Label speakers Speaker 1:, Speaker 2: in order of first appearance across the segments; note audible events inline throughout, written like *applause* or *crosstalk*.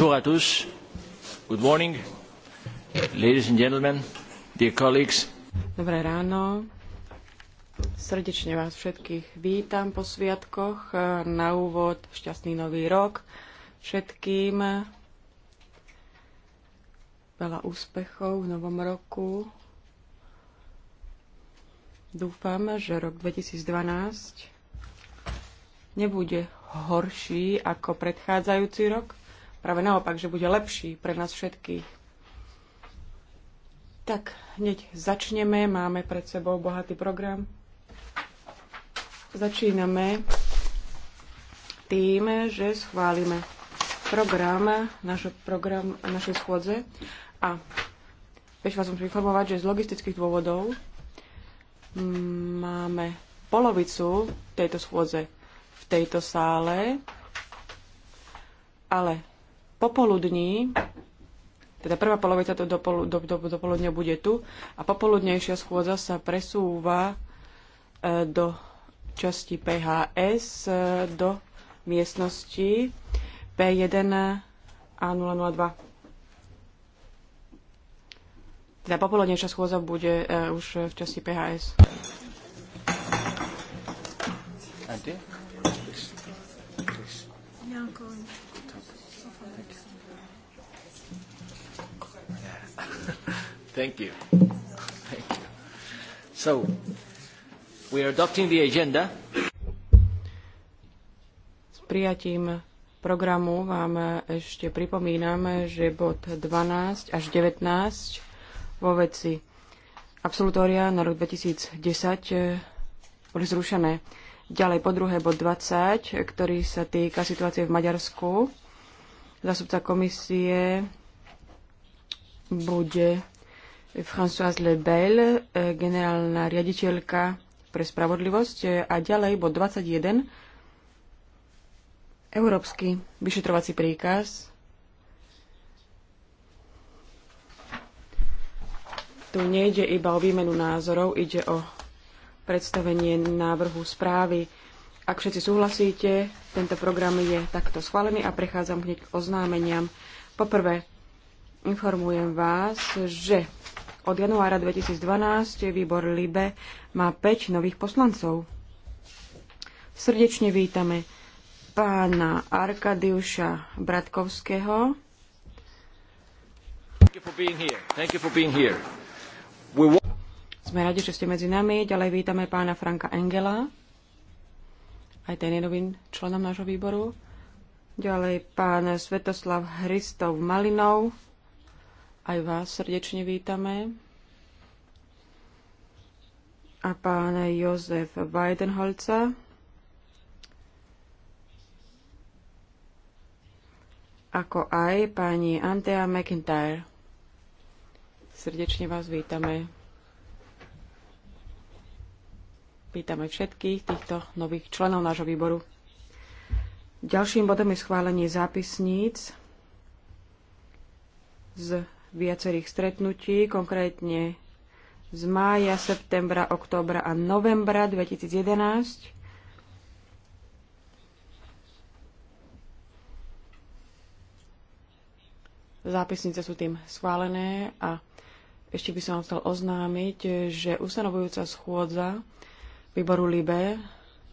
Speaker 1: Bonjour à tous. Good morning. Ladies and gentlemen, dear colleagues.
Speaker 2: Dobré ráno. Srdečne vás všetkých vítam po sviatkoch. Na úvod šťastný nový rok. Všetkým veľa úspechov v novom roku. Dúfam, že rok 2012 nebude horší ako predchádzajúci rok práve naopak, že bude lepší pre nás všetkých. Tak, hneď začneme. Máme pred sebou bohatý program. Začíname tým, že schválime program, našo program našej schôdze a veď vás musím informovať, že z logistických dôvodov mm, máme polovicu tejto schôdze v tejto sále, ale popoludní, teda prvá polovica to dopolu, do, do, bude tu a popoludnejšia schôdza sa presúva e, do časti PHS e, do miestnosti P1 a 002. Teda popoludnejšia schôza bude e, už v časti PHS. Ante? Janko.
Speaker 1: Thank you. Thank you. So, we are adopting the agenda.
Speaker 2: S prijatím programu vám ešte pripomíname, že bod 12 až 19 vo veci absolutória na rok 2010 boli zrušené. Ďalej po druhé bod 20, ktorý sa týka situácie v Maďarsku. Zastupca komisie bude Françoise Lebel, eh, generálna riaditeľka pre spravodlivosť eh, a ďalej bod 21. Európsky vyšetrovací príkaz. Tu nejde iba o výmenu názorov, ide o predstavenie návrhu správy. Ak všetci súhlasíte, tento program je takto schválený a prechádzam hneď k oznámeniam. Poprvé, informujem vás, že od januára 2012 výbor LIBE má 5 nových poslancov. Srdečne vítame pána Arkadiuša Bratkovského. Sme radi, že ste medzi nami. Ďalej vítame pána Franka Engela. Aj ten je novým členom nášho výboru. Ďalej pán Svetoslav Hristov Malinov aj vás srdečne vítame. A pána Jozef Weidenholca. ako aj pani Antea McIntyre. Srdečne vás vítame. Vítame všetkých týchto nových členov nášho výboru. Ďalším bodom je schválenie zápisníc z viacerých stretnutí, konkrétne z mája, septembra, októbra a novembra 2011. Zápisnice sú tým schválené a ešte by som vám chcel oznámiť, že ustanovujúca schôdza výboru LIBE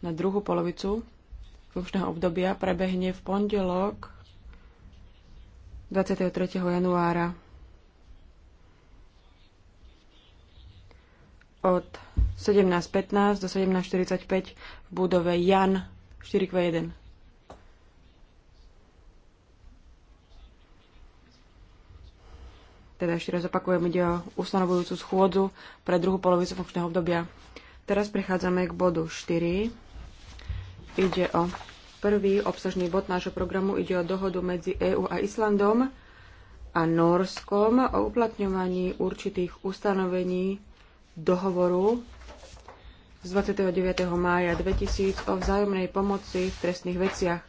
Speaker 2: na druhú polovicu funkčného obdobia prebehne v pondelok 23. januára od 17.15 do 17.45 v budove Jan 4Q1. Teda ešte raz opakujem, ide o ustanovujúcu schôdzu pre druhú polovicu funkčného obdobia. Teraz prechádzame k bodu 4. Ide o prvý obsažný bod nášho programu. Ide o dohodu medzi EÚ a Islandom a Norskom o uplatňovaní určitých ustanovení dohovoru z 29. mája 2000 o vzájomnej pomoci v trestných veciach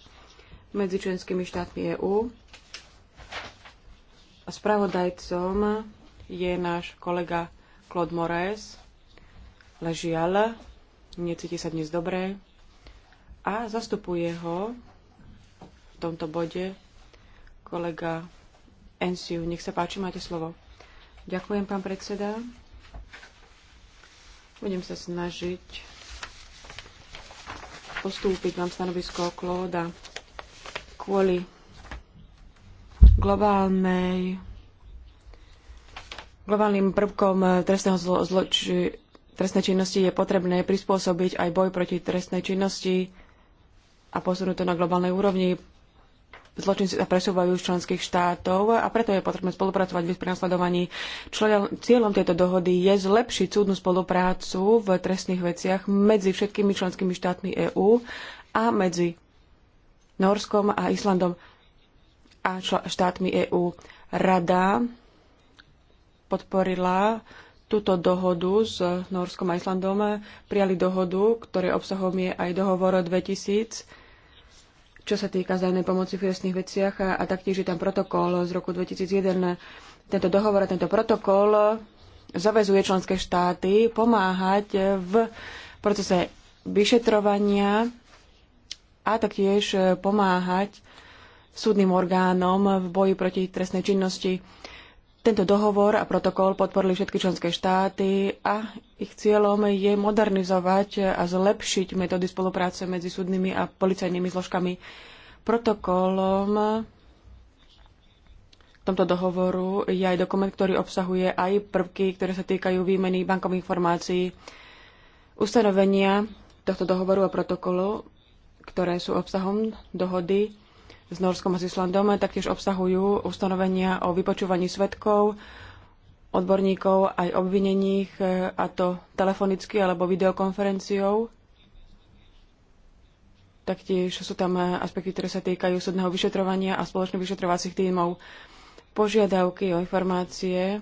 Speaker 2: medzi členskými štátmi EÚ. A spravodajcom je náš kolega Claude Moraes. Ležial, necíti sa dnes dobré a zastupuje ho v tomto bode kolega Ensiu. Nech sa páči, máte slovo. Ďakujem, pán predseda. Budem sa snažiť postúpiť vám stanovisko Klóda kvôli globálnej globálnym prvkom trestného zlo, zloči, trestnej činnosti je potrebné prispôsobiť aj boj proti trestnej činnosti a posunúť to na globálnej úrovni zločinci sa presúvajú z členských štátov a preto je potrebné spolupracovať ich prenasledovaní. Cieľom tejto dohody je zlepšiť súdnu spoluprácu v trestných veciach medzi všetkými členskými štátmi EÚ a medzi Norskom a Islandom a štátmi EÚ. Rada podporila túto dohodu s Norskom a Islandom, prijali dohodu, ktoré obsahom je aj dohovor 2000 čo sa týka vzájomnej pomoci v trestných veciach a, a taktiež je tam protokol z roku 2001. Tento dohovor a tento protokol zavezuje členské štáty pomáhať v procese vyšetrovania a taktiež pomáhať súdnym orgánom v boji proti trestnej činnosti. Tento dohovor a protokol podporili všetky členské štáty a ich cieľom je modernizovať a zlepšiť metódy spolupráce medzi súdnymi a policajnými zložkami. Protokolom tomto dohovoru je aj dokument, ktorý obsahuje aj prvky, ktoré sa týkajú výmeny bankových informácií. Ustanovenia tohto dohovoru a protokolu, ktoré sú obsahom dohody, s Norskom a s Islandom taktiež obsahujú ustanovenia o vypočúvaní svetkov, odborníkov aj obvinených, e, a to telefonicky alebo videokonferenciou. Taktiež sú tam e, aspekty, ktoré sa týkajú súdneho vyšetrovania a spoločných vyšetrovacích tímov. Požiadavky o informácie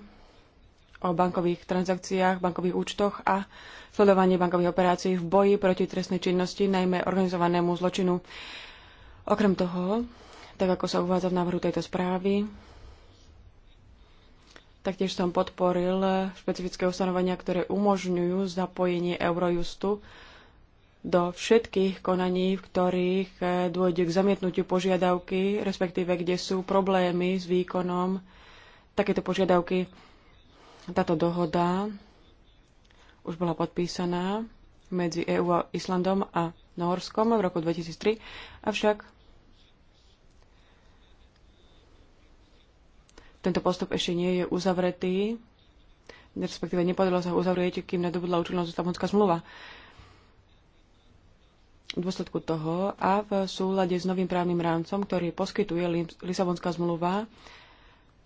Speaker 2: o bankových transakciách, bankových účtoch a sledovanie bankových operácií v boji proti trestnej činnosti, najmä organizovanému zločinu. Okrem toho, tak ako sa uvádza v návrhu tejto správy, taktiež som podporil špecifické ustanovenia, ktoré umožňujú zapojenie Eurojustu do všetkých konaní, v ktorých eh, dôjde k zamietnutiu požiadavky, respektíve kde sú problémy s výkonom takéto požiadavky. Táto dohoda už bola podpísaná medzi EU a Islandom a Norskom v roku 2003, avšak Tento postup ešte nie je uzavretý, respektíve nepodarilo sa ho uzavrieť, kým nadobudla účinnosť Lisabonská zmluva. V dôsledku toho a v súlade s novým právnym rámcom, ktorý poskytuje Lisabonská zmluva,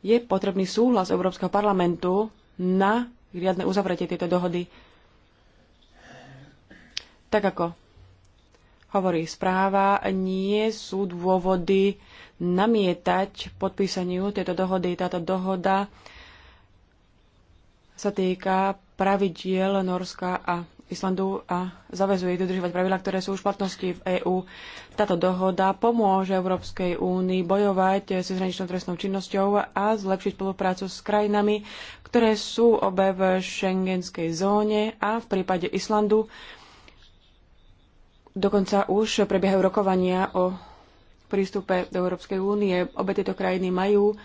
Speaker 2: je potrebný súhlas Európskeho parlamentu na riadne uzavretie tejto dohody. Tak ako hovorí správa, nie sú dôvody namietať podpísaniu tejto dohody. Táto dohoda sa týka pravidiel Norska a Islandu a zavezuje dodržovať pravidlá, ktoré sú už v platnosti v EÚ. Táto dohoda pomôže Európskej únii bojovať s zraničnou trestnou činnosťou a zlepšiť spoluprácu s krajinami, ktoré sú obe v šengenskej zóne a v prípade Islandu dokonca už prebiehajú rokovania o prístupe do Európskej únie. Obe tieto krajiny majú e,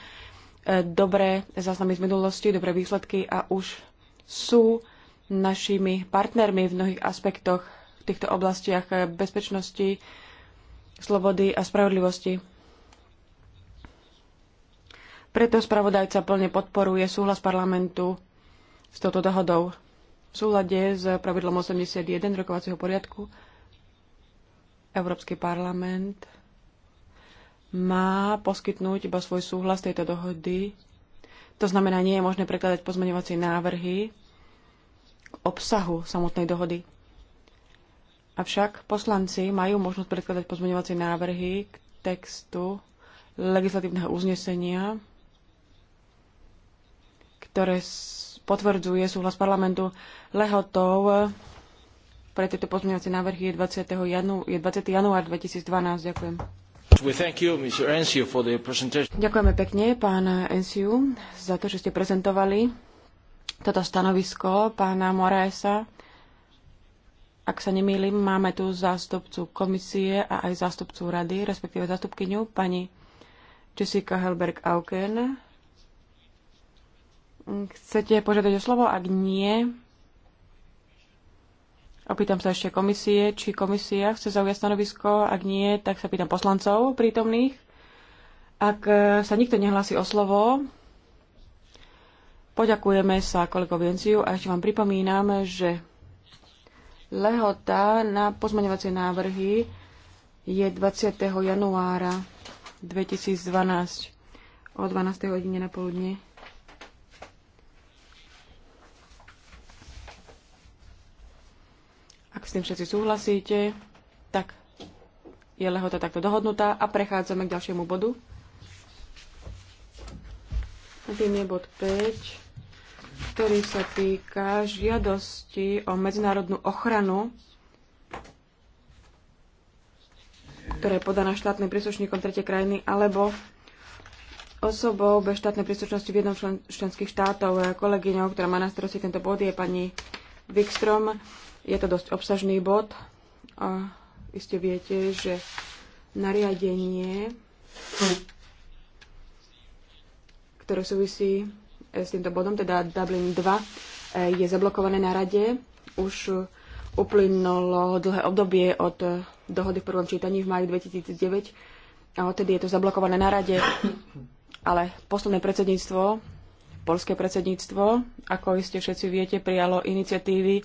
Speaker 2: dobré záznamy z minulosti, dobré výsledky a už sú našimi partnermi v mnohých aspektoch v týchto oblastiach e, bezpečnosti, slobody a spravodlivosti. Preto spravodajca plne podporuje súhlas parlamentu s touto dohodou. V súlade s pravidlom 81 rokovacieho poriadku Európsky parlament má poskytnúť iba svoj súhlas tejto dohody. To znamená, nie je možné prekladať pozmeňovacie návrhy k obsahu samotnej dohody. Avšak poslanci majú možnosť predkladať pozmeňovacie návrhy k textu legislatívneho uznesenia, ktoré potvrdzuje súhlas parlamentu lehotou. pre tieto pozmeňovacie návrhy je 20. je 20. január 2012. Ďakujem. Ďakujeme pekne, pán Ensiu, za to, že ste prezentovali toto stanovisko pána Moraesa. Ak sa nemýlim, máme tu zástupcu komisie a aj zástupcu rady, respektíve zástupkyňu pani Jessica Helberg-Auken. Chcete požiadať o slovo? Ak nie, Opýtam sa ešte komisie, či komisia chce zaujať stanovisko. Ak nie, tak sa pýtam poslancov prítomných. Ak e, sa nikto nehlási o slovo, poďakujeme sa kolegovi venciu a ešte vám pripomínam, že lehota na pozmaňovacie návrhy je 20. januára 2012 o 12. hodine na poludne. Ak s tým všetci súhlasíte, tak je lehota takto dohodnutá a prechádzame k ďalšiemu bodu. Tým je bod 5, ktorý sa týka žiadosti o medzinárodnú ochranu, ktorá je podaná štátnym príslušníkom tretej krajiny alebo osobou bez štátnej príslušnosti v jednom člen, členských štátov. Kolegyňou, ktorá má na starosti tento bod, je pani Wikström. Je to dosť obsažný bod a iste viete, že nariadenie, ktoré súvisí eh, s týmto bodom, teda Dublin 2, eh, je zablokované na rade. Už eh, uplynulo dlhé obdobie od dohody v prvom čítaní v maju 2009 a odtedy je to zablokované na rade. Ale posledné predsedníctvo, polské predsedníctvo, ako iste všetci viete, prijalo iniciatívy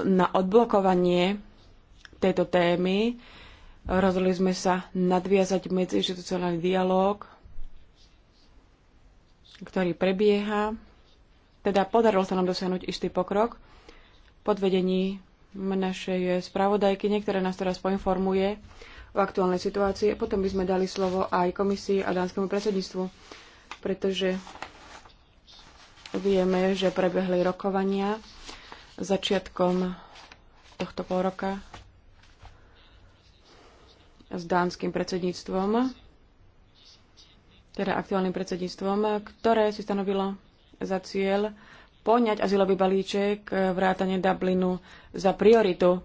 Speaker 2: na odblokovanie tejto témy. Rozhodli sme sa nadviazať medzinstitucionálny dialog, ktorý prebieha. Teda podarilo sa nám dosiahnuť istý pokrok pod vedením našej spravodajky, niektoré nás teraz poinformuje o aktuálnej situácii potom by sme dali slovo aj komisii a dánskému predsedníctvu, pretože vieme, že prebehli rokovania začiatkom tohto pol roka s dánskym predsedníctvom, teda aktuálnym predsedníctvom, ktoré si stanovilo za cieľ poňať azylový balíček vrátane Dublinu za prioritu.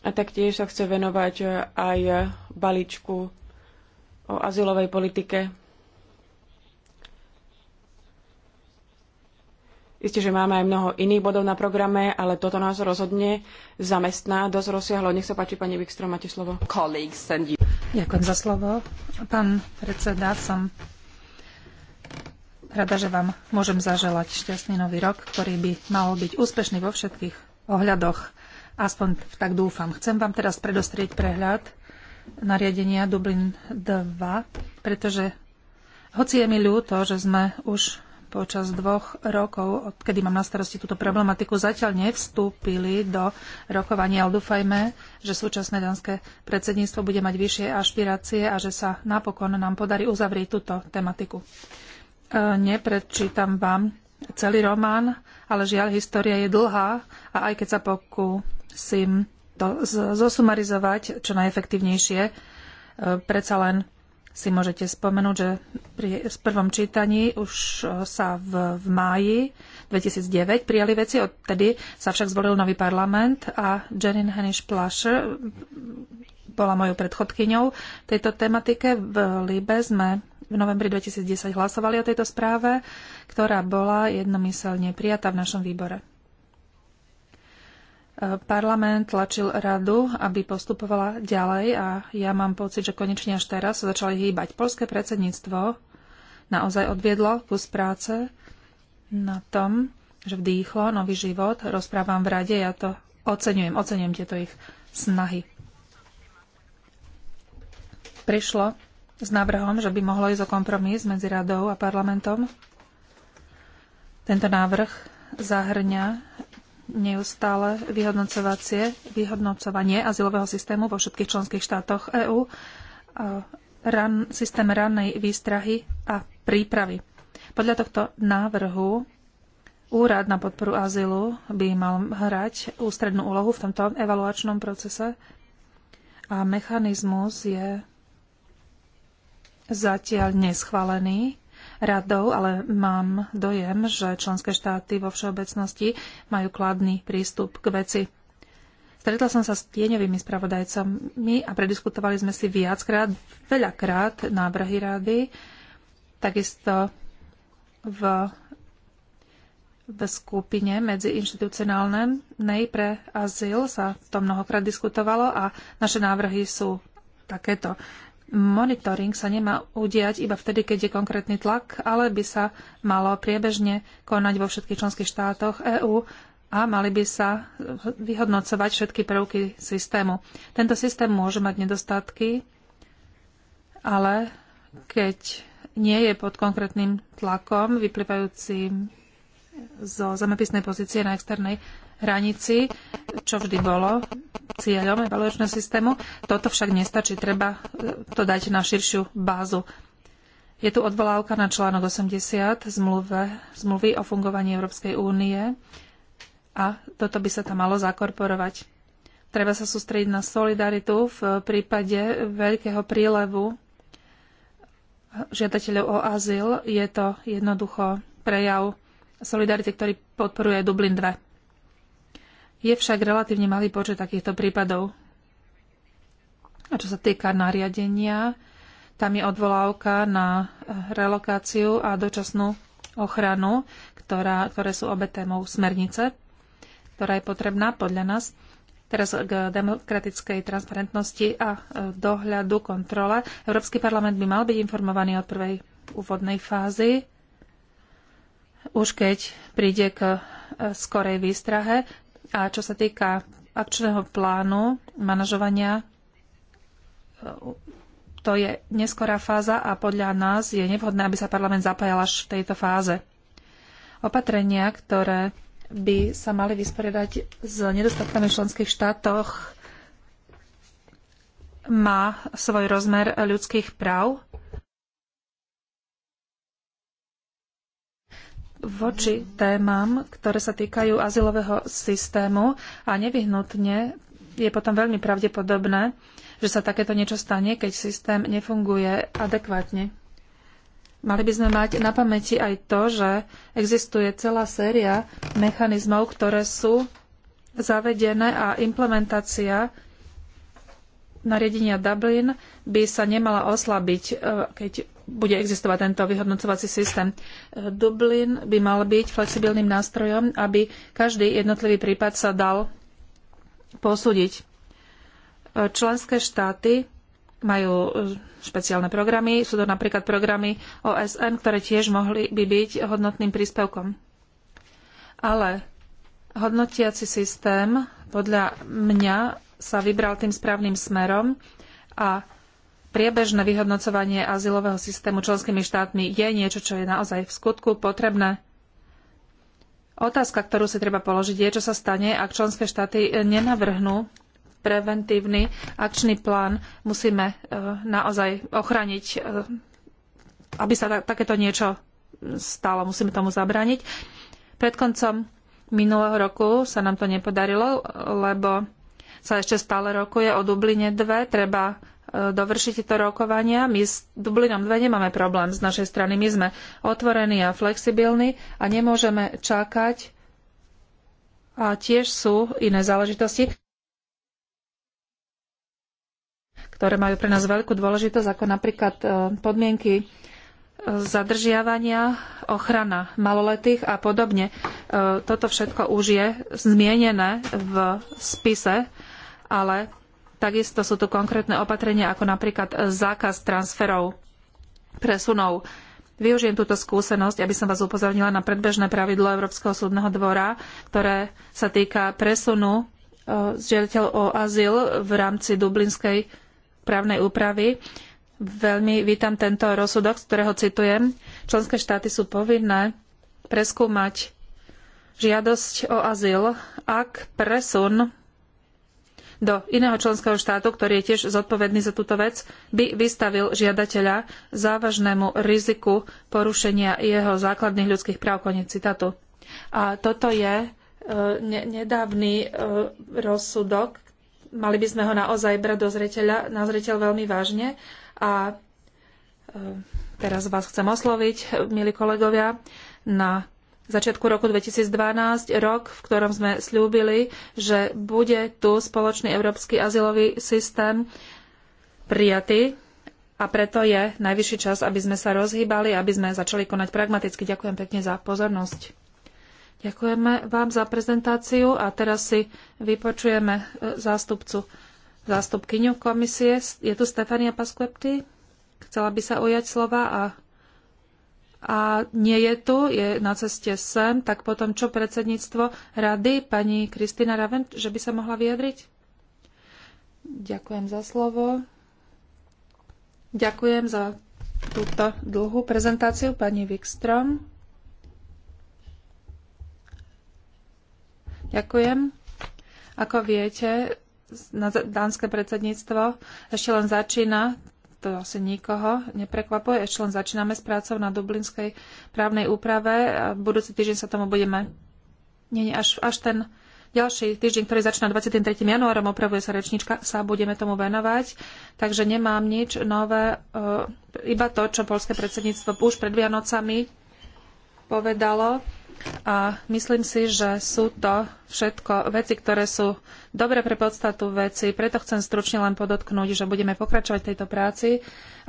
Speaker 2: A taktiež sa chce venovať aj balíčku o azylovej politike Isté, že máme aj mnoho iných bodov na programe, ale toto nás rozhodne zamestná dosť rozsiahlo. Nech sa páči, pani Wikström, máte slovo. Ďakujem
Speaker 3: za slovo. Pán predseda, som rada, že vám môžem zaželať šťastný nový rok, ktorý by mal byť úspešný vo všetkých ohľadoch. Aspoň tak dúfam. Chcem vám teraz predostrieť prehľad nariadenia Dublin 2, pretože hoci je mi ľúto, že sme už počas dvoch rokov, odkedy mám na starosti túto problematiku, zatiaľ nevstúpili do rokovania, ale dúfajme, že súčasné danské predsedníctvo bude mať vyššie ašpirácie a že sa napokon nám podarí uzavrieť túto tematiku. E, neprečítam vám celý román, ale žiaľ, história je dlhá a aj keď sa pokúsim to zosumarizovať čo najefektívnejšie, e, predsa len si môžete spomenúť, že pri prvom čítaní už eh, sa v, v máji 2009 prijali veci, odtedy sa však zvolil nový parlament a Janine Hennish Plasher mm, bola mojou predchodkyňou tejto tematike. V Líbe sme v novembri 2010 hlasovali o tejto správe, ktorá bola jednomyselne prijatá v našom výbore. Parlament tlačil radu, aby postupovala ďalej a ja mám pocit, že konečne až teraz sa začali hýbať. Polské predsedníctvo naozaj odviedlo kus práce na tom, že vdýchlo nový život. Rozprávam v rade, ja to oceňujem, oceňujem tieto ich snahy. Prišlo s návrhom, že by mohlo ísť o kompromis medzi radou a parlamentom. Tento návrh zahrňa neustále vyhodnocovacie, vyhodnocovanie azylového systému vo všetkých členských štátoch EÚ, ran, systém rannej výstrahy a prípravy. Podľa tohto návrhu úrad na podporu azylu by mal hrať ústrednú úlohu v tomto evaluačnom procese a mechanizmus je zatiaľ neschválený radou, ale mám dojem, že členské štáty vo všeobecnosti majú kladný prístup k veci. Stretla som sa s tieňovými spravodajcami a prediskutovali sme si viackrát, veľakrát návrhy rady. Takisto v, v skupine medziinstitucionálnej pre azyl sa to mnohokrát diskutovalo a naše návrhy sú takéto monitoring sa nemá udiať iba vtedy, keď je konkrétny tlak, ale by sa malo priebežne konať vo všetkých členských štátoch EÚ a mali by sa vyhodnocovať všetky prvky systému. Tento systém môže mať nedostatky, ale keď nie je pod konkrétnym tlakom vyplývajúcim zo zemepisnej pozície na externej hranici, čo vždy bolo cieľom evaluačného systému. Toto však nestačí, treba e, to dať na širšiu bázu. Je tu odvolávka na článok 80 zmluve, zmluvy o fungovaní Európskej únie a toto by sa tam malo zakorporovať. Treba sa sústrediť na solidaritu v prípade veľkého prílevu žiadateľov o azyl. Je to jednoducho prejav solidarity, ktorý podporuje Dublin 2. Je však relatívne malý počet takýchto prípadov. A čo sa týka nariadenia, tam je odvolávka na eh, relokáciu a dočasnú ochranu, ktorá, ktoré sú obe témou smernice, ktorá je potrebná podľa nás teraz k demokratickej transparentnosti a eh, dohľadu, kontrole. Európsky parlament by mal byť informovaný od prvej úvodnej fázy, už keď príde k eh, skorej výstrahe. A čo sa týka akčného plánu manažovania, e, to je neskorá fáza a podľa nás je nevhodné, aby sa parlament zapájal až v tejto fáze. Opatrenia, ktoré by sa mali vysporiadať s nedostatkami v členských štátoch, má svoj rozmer ľudských práv voči témam, ktoré sa týkajú azylového systému a nevyhnutne je potom veľmi pravdepodobné, že sa takéto niečo stane, keď systém nefunguje adekvátne. Mali by sme mať na pamäti aj to, že existuje celá séria mechanizmov, ktoré sú zavedené a implementácia nariadenia Dublin by sa nemala oslabiť, e, keď bude existovať tento vyhodnocovací systém. E, Dublin by mal byť flexibilným nástrojom, aby každý jednotlivý prípad sa dal posúdiť. E, Členské štáty majú špeciálne programy. Sú to napríklad programy OSN, ktoré tiež mohli by byť hodnotným príspevkom. Ale hodnotiaci systém podľa mňa sa vybral tým správnym smerom a priebežné vyhodnocovanie azylového systému členskými štátmi je niečo, čo je naozaj v skutku potrebné. Otázka, ktorú si treba položiť, je, čo sa stane, ak členské štáty nenavrhnú preventívny akčný plán. Musíme e, naozaj ochrániť, e, aby sa takéto niečo stalo. Musíme tomu zabrániť. Pred koncom minulého roku sa nám to nepodarilo, lebo sa ešte stále rokuje o Dubline 2. Treba e, dovršiť tieto rokovania. My s Dublinom 2 nemáme problém z našej strany. My sme otvorení a flexibilní a nemôžeme čakať. A tiež sú iné záležitosti, ktoré majú pre nás veľkú dôležitosť, ako napríklad e, podmienky e, zadržiavania, ochrana maloletých a podobne. Toto všetko už je zmienené v spise ale takisto sú tu konkrétne opatrenia, ako napríklad zákaz transferov, presunov. Využijem túto skúsenosť, aby som vás upozornila na predbežné pravidlo Európskeho súdneho dvora, ktoré sa týka presunu e, žiadateľov o azyl v rámci dublinskej právnej úpravy. Veľmi vítam tento rozsudok, z ktorého citujem. Členské štáty sú povinné preskúmať žiadosť o azyl, ak presun do iného členského štátu, ktorý je tiež zodpovedný za túto vec, by vystavil žiadateľa závažnému riziku porušenia jeho základných ľudských práv. Koniec citátu. A toto je e, nedávny e, rozsudok. Mali by sme ho naozaj brať do zreteľa, na zreteľ veľmi vážne. A e, teraz vás chcem osloviť, milí kolegovia, na začiatku roku 2012, rok, v ktorom sme slúbili, že bude tu spoločný európsky azylový systém prijatý a preto je najvyšší čas, aby sme sa rozhýbali, aby sme začali konať pragmaticky. Ďakujem pekne za pozornosť. Ďakujeme vám za prezentáciu a teraz si vypočujeme e, zástupcu, zástupkyňu komisie. Je tu Stefania Pasquepty? Chcela by sa ujať slova a a nie je tu, je na ceste sem, tak potom čo predsedníctvo rady, pani Kristýna Raven, že by sa mohla vyjadriť? Ďakujem za slovo. Ďakujem za túto dlhú prezentáciu pani Wikstrom. Ďakujem. Ako viete, dánske predsedníctvo ešte len začína to asi nikoho neprekvapuje. Ešte len začíname s prácou na dublinskej právnej úprave a budúci týždeň sa tomu budeme... Nie, nie, až, až ten ďalší týždeň, ktorý začína 23. januárom, opravuje sa rečnička, sa budeme tomu venovať. Takže nemám nič nové, e, iba to, čo polské predsedníctvo už pred Vianocami povedalo. A myslím si, že sú to všetko veci, ktoré sú dobre pre podstatu veci. Preto chcem stručne len podotknúť, že budeme pokračovať v tejto práci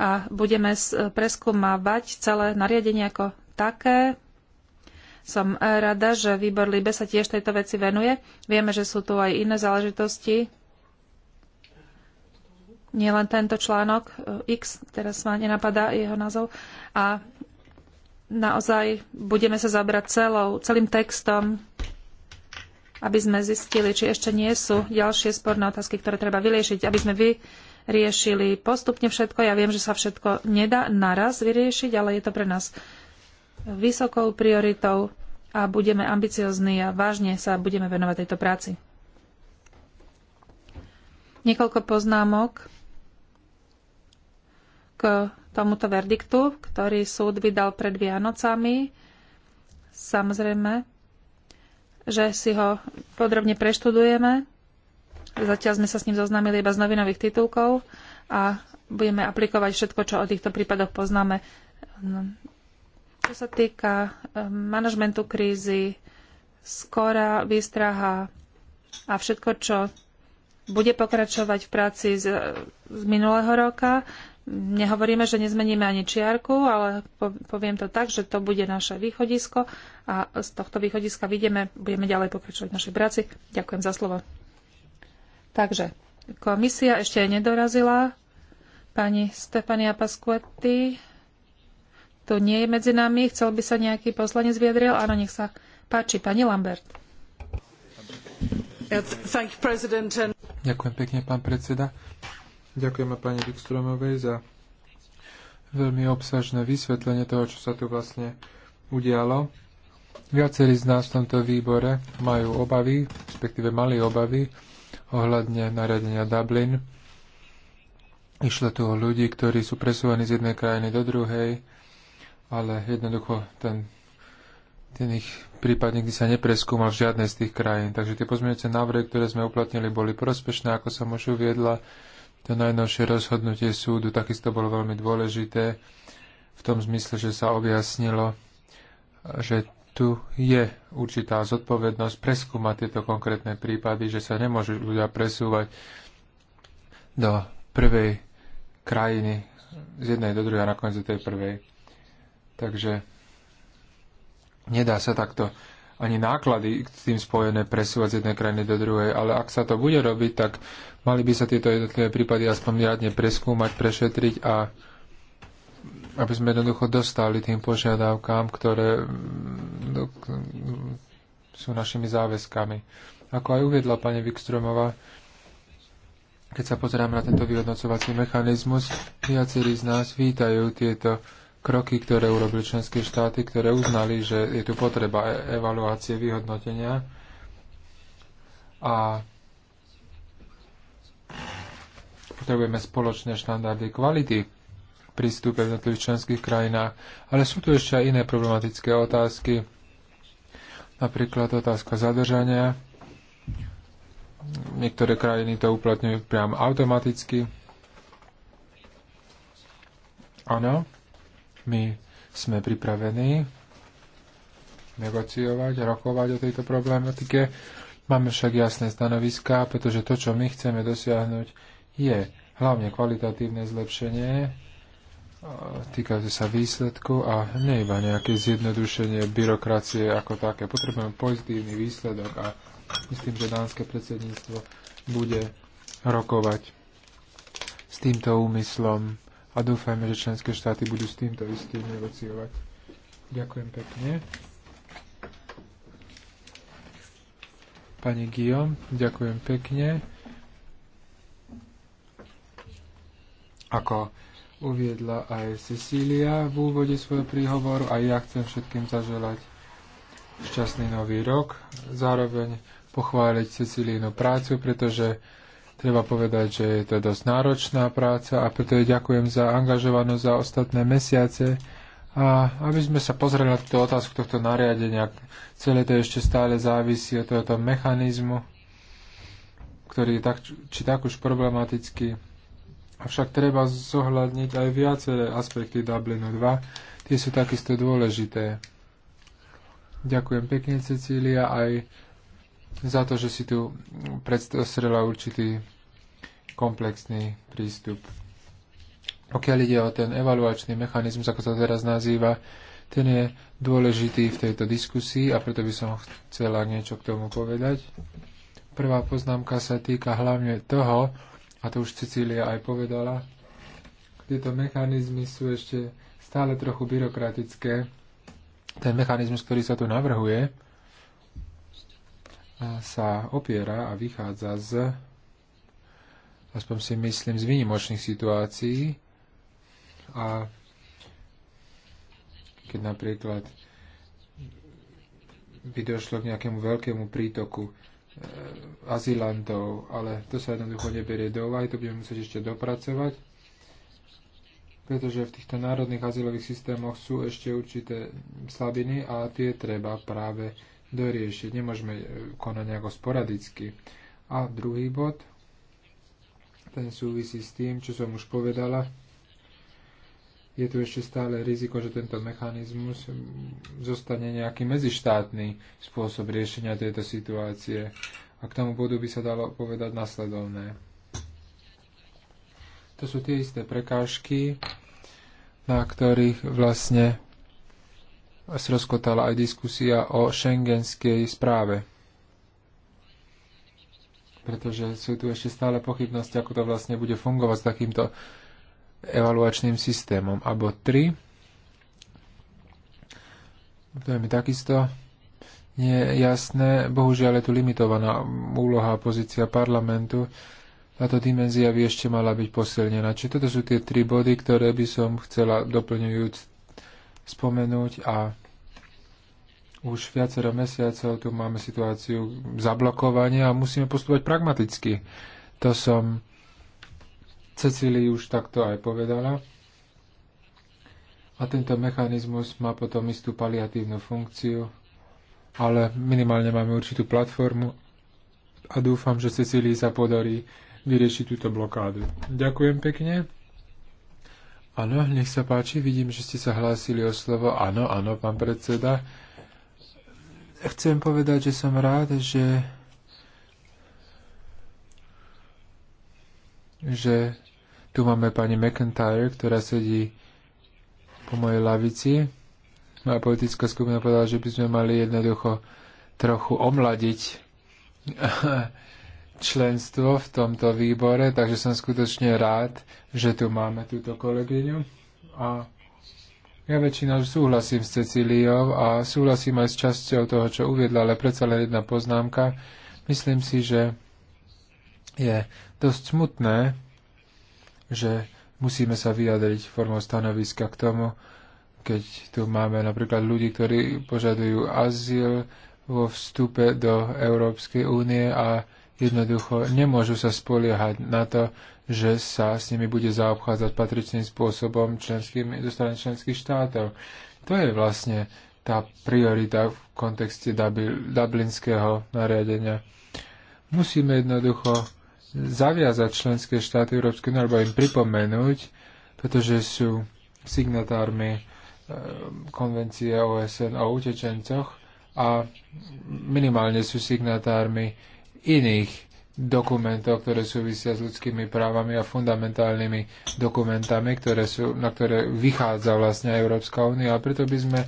Speaker 3: a budeme preskúmavať celé nariadenie ako také. Som rada, že výbor Libe sa tiež tejto veci venuje. Vieme, že sú tu aj iné záležitosti. Nielen tento článok eh, X, teraz ma nenapadá jeho názov. A naozaj budeme sa zabrať celou, celým textom, aby sme zistili, či ešte nie sú ďalšie sporné otázky, ktoré treba vyriešiť, aby sme vyriešili postupne všetko. Ja viem, že sa všetko nedá naraz vyriešiť, ale je to pre nás vysokou prioritou a budeme ambiciozní a vážne sa budeme venovať tejto práci. Niekoľko poznámok k tomuto verdiktu, ktorý súd vydal pred Vianocami. Samozrejme, že si ho podrobne preštudujeme. Zatiaľ sme sa s ním zoznámili iba z novinových titulkov a budeme aplikovať všetko, čo o týchto prípadoch poznáme. Čo sa týka eh, manažmentu krízy, skora výstraha a všetko, čo bude pokračovať v práci z, z minulého roka, Nehovoríme, že nezmeníme ani čiarku, ale poviem to tak, že to bude naše východisko a z tohto východiska vidíme, budeme ďalej pokračovať v našej práci. Ďakujem za slovo. Takže, komisia ešte nedorazila. Pani Stefania Pasquetti tu nie je medzi nami. Chcel by sa nejaký poslanec vyjadril? Áno, nech sa páči. Pani Lambert.
Speaker 4: Ďakujem pekne, pán predseda. Ďakujeme pani Vikstromovej za veľmi obsažné vysvetlenie toho, čo sa tu vlastne udialo. Viacerí z nás v tomto výbore majú obavy, respektíve mali obavy ohľadne nariadenia Dublin. Išlo tu o ľudí, ktorí sú presúvaní z jednej krajiny do druhej, ale jednoducho ten, ten ich prípad nikdy sa nepreskúmal v žiadnej z tých krajín. Takže tie pozmeňujúce návrhy, ktoré sme uplatnili, boli prospešné, ako som už uviedla to najnovšie rozhodnutie súdu takisto bolo veľmi dôležité v tom zmysle, že sa objasnilo, že tu je určitá zodpovednosť preskúmať tieto konkrétne prípady, že sa nemôžu ľudia presúvať do prvej krajiny, z jednej do druhej a nakoniec do tej prvej. Takže nedá sa takto ani náklady s tým spojené presúvať z jednej krajiny do druhej. Ale ak sa to bude robiť, tak mali by sa tieto jednotlivé prípady aspoň riadne preskúmať, prešetriť a aby sme jednoducho dostali tým požiadavkám, ktoré mm, sú našimi záväzkami. Ako aj uviedla pani Vikstromová, keď sa pozeráme na tento vyhodnocovací mechanizmus, viacerí z nás vítajú tieto kroky, ktoré urobili členské štáty, ktoré uznali, že je tu potreba e- evaluácie, vyhodnotenia. A potrebujeme spoločné štandardy kvality prístupe v jednotlivých členských krajinách. Ale sú tu ešte aj iné problematické otázky, napríklad otázka zadržania. Niektoré krajiny to uplatňujú priam automaticky. Áno. My sme pripravení negociovať, rokovať o tejto problematike. Máme však jasné stanoviská, pretože to, čo my chceme dosiahnuť, je hlavne kvalitatívne zlepšenie týkajúce sa výsledku a nie iba nejaké zjednodušenie byrokracie ako také. Potrebujeme pozitívny výsledok a myslím, že dánske predsedníctvo bude rokovať s týmto úmyslom a dúfajme, že členské štáty budú s týmto istým negociovať. Ďakujem pekne. Pani Guillaume, ďakujem pekne. Ako uviedla aj Cecília v úvode svojho príhovoru a ja chcem všetkým zaželať šťastný nový rok. Zároveň pochváliť Cecilínu prácu, pretože Treba povedať, že je to dosť náročná práca a preto ďakujem za angažovanosť za ostatné mesiace. A aby sme sa pozreli na túto otázku tohto nariadenia, celé to ešte stále závisí od tohoto mechanizmu, ktorý je tak, či tak už problematický. Avšak treba zohľadniť aj viaceré aspekty Dublinu 2, tie sú takisto dôležité. Ďakujem pekne, Cecília, aj za to, že si tu predstavila určitý komplexný prístup. Pokiaľ ide o ten evaluačný mechanizmus, ako sa teraz nazýva, ten je dôležitý v tejto diskusii a preto by som chcela niečo k tomu povedať. Prvá poznámka sa týka hlavne toho, a to už Cecília aj povedala, tieto mechanizmy sú ešte stále trochu byrokratické. Ten mechanizmus, ktorý sa tu navrhuje, sa opiera a vychádza z aspoň si myslím, z výnimočných situácií. A keď napríklad by došlo k nejakému veľkému prítoku e, azylantov, ale to sa jednoducho neberie do úvahy, to budeme musieť ešte dopracovať, pretože v týchto národných azylových systémoch sú ešte určité slabiny a tie treba práve doriešiť. Nemôžeme e, konať nejako sporadicky. A druhý bod – ten súvisí s tým, čo som už povedala. Je tu ešte stále riziko, že tento mechanizmus zostane nejaký medzištátny spôsob riešenia tejto situácie. A k tomu bodu by sa dalo povedať nasledovné. To sú tie isté prekážky, na ktorých vlastne rozkotala aj diskusia o šengenskej správe pretože sú tu ešte stále pochybnosti, ako to vlastne bude fungovať s takýmto evaluačným systémom. Abo 3, to je mi takisto nie je jasné, bohužiaľ je tu limitovaná úloha a pozícia parlamentu, táto dimenzia by ešte mala byť posilnená. Čiže toto sú tie tri body, ktoré by som chcela doplňujúc spomenúť a už viacero mesiacov tu máme situáciu zablokovania a musíme postupovať pragmaticky. To som Cecílii už takto aj povedala. A tento mechanizmus má potom istú paliatívnu funkciu, ale minimálne máme určitú platformu a dúfam, že Cecílii sa podarí vyriešiť túto blokádu. Ďakujem pekne. Áno, nech sa páči, vidím, že ste sa hlásili o slovo. Áno, áno, pán predseda chcem povedať, že som rád, že že tu máme pani McIntyre, ktorá sedí po mojej lavici. Moja politická skupina povedala, že by sme mali jednoducho trochu omladiť *laughs* členstvo v tomto výbore, takže som skutočne rád, že tu máme túto kolegyňu a ja väčšinou súhlasím s Cecíliou a súhlasím aj s časťou toho, čo uviedla, ale predsa len jedna poznámka. Myslím si, že je dosť smutné, že musíme sa vyjadriť formou stanoviska k tomu, keď tu máme napríklad ľudí, ktorí požadujú azyl vo vstupe do Európskej únie a jednoducho nemôžu sa spoliehať na to, že sa s nimi bude zaobchádzať patričným spôsobom členským, zo strany členských štátov. To je vlastne tá priorita v kontexte dublinského nariadenia. Musíme jednoducho zaviazať členské štáty Európskej únie, alebo im pripomenúť, pretože sú signatármi e, konvencie OSN o utečencoch a minimálne sú signatármi iných dokumentov, ktoré súvisia s ľudskými právami a fundamentálnymi dokumentami, ktoré sú, na ktoré vychádza vlastne Európska únia. A preto by sme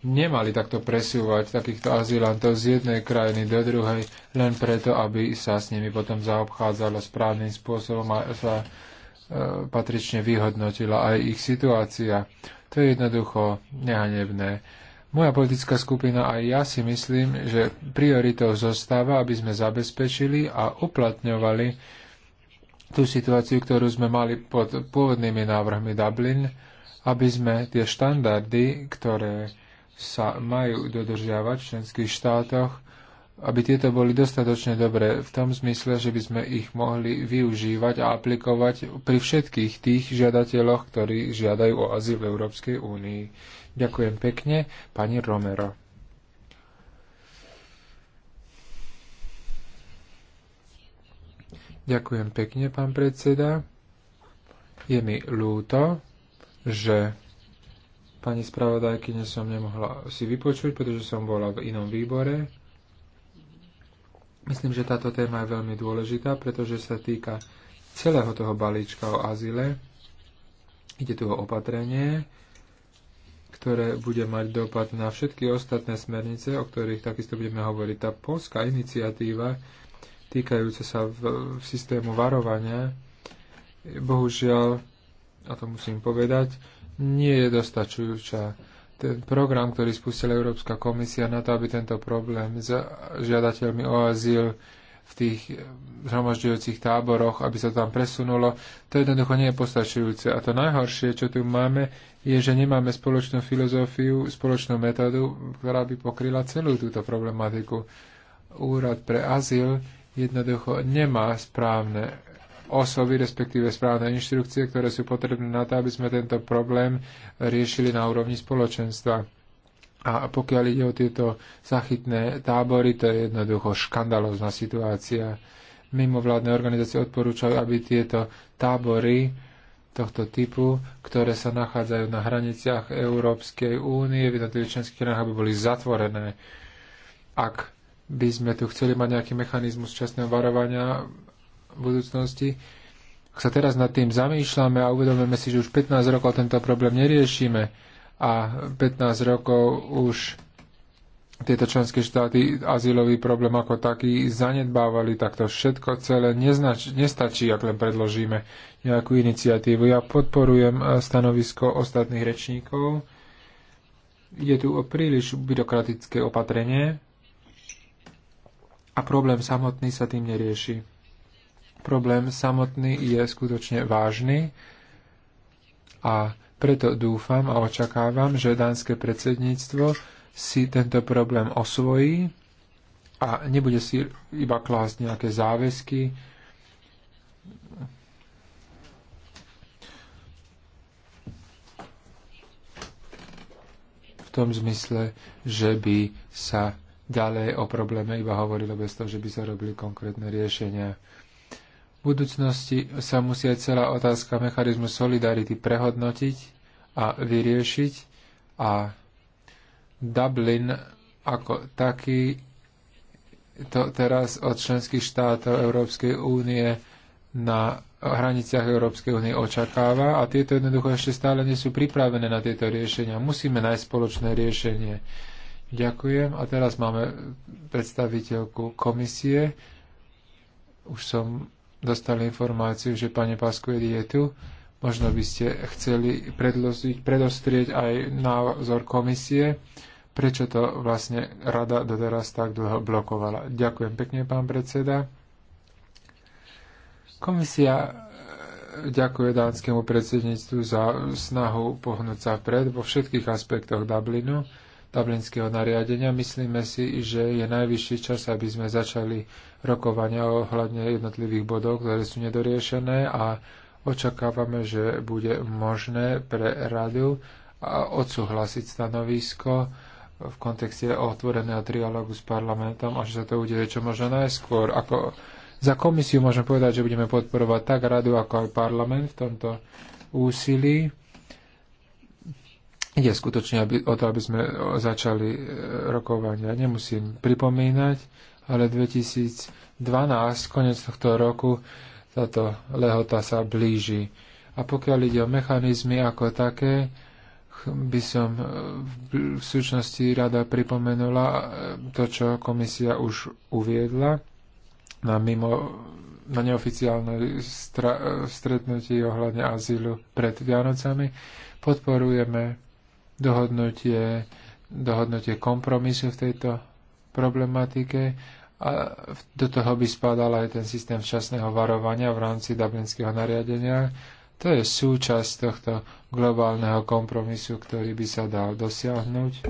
Speaker 4: nemali takto presúvať takýchto azylantov z jednej krajiny do druhej, len preto, aby sa s nimi potom zaobchádzalo správnym spôsobom a sa e, patrične vyhodnotila aj ich situácia. To je jednoducho nehanebné. Moja politická skupina aj ja si myslím, že prioritou zostáva, aby sme zabezpečili a uplatňovali tú situáciu, ktorú sme mali pod pôvodnými návrhmi Dublin, aby sme tie štandardy, ktoré sa majú dodržiavať v členských štátoch, aby tieto boli dostatočne dobré v tom zmysle, že by sme ich mohli využívať a aplikovať pri všetkých tých žiadateľoch, ktorí žiadajú o azyl v Európskej únii. Ďakujem pekne, pani Romero. Ďakujem pekne, pán predseda. Je mi ľúto, že pani spravodajky som nemohla si vypočuť, pretože som bola v inom výbore Myslím, že táto téma je veľmi dôležitá, pretože sa týka celého toho balíčka o azile. Ide tu o opatrenie, ktoré bude mať dopad na všetky ostatné smernice, o ktorých takisto budeme hovoriť. Tá polská iniciatíva týkajúca sa v, v systému varovania, bohužiaľ, a to musím povedať, nie je dostačujúca ten program, ktorý spustila Európska komisia na to, aby tento problém s žiadateľmi o azyl v tých zhromažďujúcich táboroch, aby sa tam presunulo, to jednoducho nie je postačujúce. A to najhoršie, čo tu máme, je, že nemáme spoločnú filozofiu, spoločnú metódu, ktorá by pokryla celú túto problematiku. Úrad pre azyl jednoducho nemá správne osoby, respektíve správne inštrukcie, ktoré sú potrebné na to, aby sme tento problém riešili na úrovni spoločenstva. A pokiaľ ide o tieto zachytné tábory, to je jednoducho škandalozná situácia. Mimovládne organizácie odporúčajú, aby tieto tábory tohto typu, ktoré sa nachádzajú na hraniciach Európskej únie v jednotlivých členských krajinách, aby boli zatvorené. Ak by sme tu chceli mať nejaký mechanizmus časného varovania, budúcnosti, ak sa teraz nad tým zamýšľame a uvedomíme si, že už 15 rokov tento problém neriešime a 15 rokov už tieto členské štáty azylový problém ako taký zanedbávali, tak to všetko celé neznač- nestačí, ak len predložíme nejakú iniciatívu. Ja podporujem eh, stanovisko ostatných rečníkov. Je tu o príliš byrokratické opatrenie a problém samotný sa tým nerieši. Problém samotný je skutočne vážny a preto dúfam a očakávam, že dánske predsedníctvo si tento problém osvojí a nebude si iba klásť nejaké záväzky, V tom zmysle, že by sa ďalej o probléme iba hovorilo bez toho, že by sa robili konkrétne riešenia budúcnosti sa musia celá otázka mechanizmu solidarity prehodnotiť a vyriešiť a Dublin ako taký to teraz od členských štátov Európskej únie na hraniciach Európskej únie očakáva a tieto jednoducho ešte stále nie sú pripravené na tieto riešenia. Musíme nájsť spoločné riešenie. Ďakujem. A teraz máme predstaviteľku komisie. Už som dostali informáciu, že pani Pasquedi je tu. Možno by ste chceli predložiť, predostrieť aj názor komisie, prečo to vlastne rada doteraz tak dlho blokovala. Ďakujem pekne, pán predseda. Komisia eh, ďakuje dánskemu predsedníctvu za snahu pohnúť sa vpred vo všetkých aspektoch Dublinu, dublinského nariadenia. Myslíme si, že je najvyšší čas, aby sme začali rokovania ohľadne jednotlivých bodov, ktoré sú nedoriešené a očakávame, že bude možné pre radu odsúhlasiť stanovisko v kontexte otvoreného trialógu s parlamentom a že sa to udeje čo možno najskôr. Ako za komisiu môžem povedať, že budeme podporovať tak radu, ako aj parlament v tomto úsilí. Ide skutočne o to, aby sme začali e, rokovania. Nemusím pripomínať, ale 2012, konec tohto roku, táto lehota sa blíži. A pokiaľ ide o mechanizmy ako také, by som e, v súčnosti rada pripomenula e, to, čo komisia už uviedla na, mimo, na neoficiálne stra, e, stretnutí ohľadne azylu pred Vianocami. Podporujeme dohodnutie, dohodnutie kompromisu v tejto problematike a do toho by spadal aj ten systém včasného varovania v rámci dublinského nariadenia. To je súčasť tohto globálneho kompromisu, ktorý by sa dal dosiahnuť.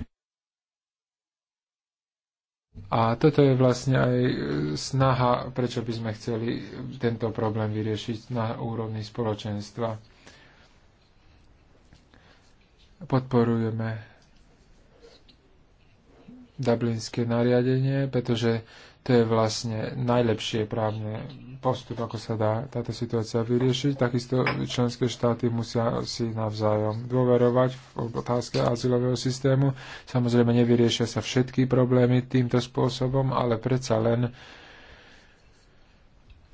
Speaker 4: A toto je vlastne aj snaha, prečo by sme chceli tento problém vyriešiť na úrovni spoločenstva. Podporujeme dublinské nariadenie, pretože to je vlastne najlepšie právne postup, ako sa dá táto situácia vyriešiť. Takisto členské štáty musia si navzájom dôverovať v otázke azylového systému. Samozrejme, nevyriešia sa všetky problémy týmto spôsobom, ale predsa len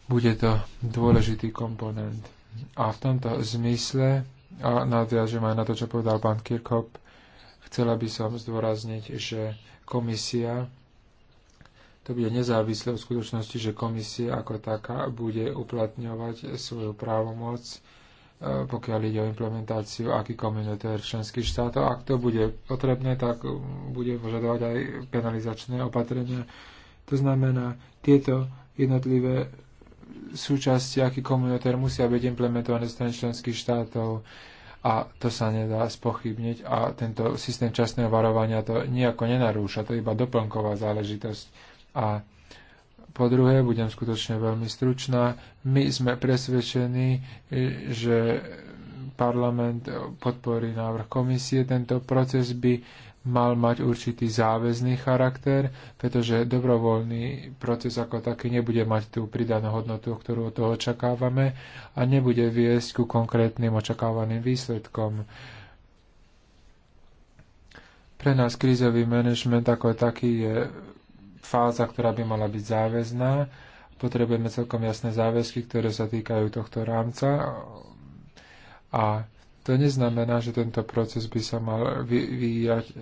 Speaker 4: bude to dôležitý komponent. A v tomto zmysle, a nadviažem aj na to, čo povedal pán Kirchhoff, chcela by som zdôrazniť, že komisia to bude nezávislé od skutočnosti, že komisia ako taká bude uplatňovať svoju právomoc, e, pokiaľ ide o implementáciu aký komunitér členských štátov. Ak to bude potrebné, tak e, bude požadovať aj penalizačné opatrenia. To znamená, tieto jednotlivé súčasti aký komunitér musia byť implementované z členských štátov a to sa nedá spochybniť a tento systém časného varovania to nejako nenarúša, to je iba doplnková záležitosť. A po druhé, budem skutočne veľmi stručná, my sme presvedčení, že parlament podporí návrh komisie. Tento proces by mal mať určitý záväzný charakter, pretože dobrovoľný proces ako taký nebude mať tú pridanú hodnotu, ktorú od toho očakávame a nebude viesť ku konkrétnym očakávaným výsledkom. Pre nás krízový manažment ako taký je fáza, ktorá by mala byť záväzná. Potrebujeme celkom jasné záväzky, ktoré sa týkajú tohto rámca a to neznamená, že tento proces by sa mal vyvíjať mm,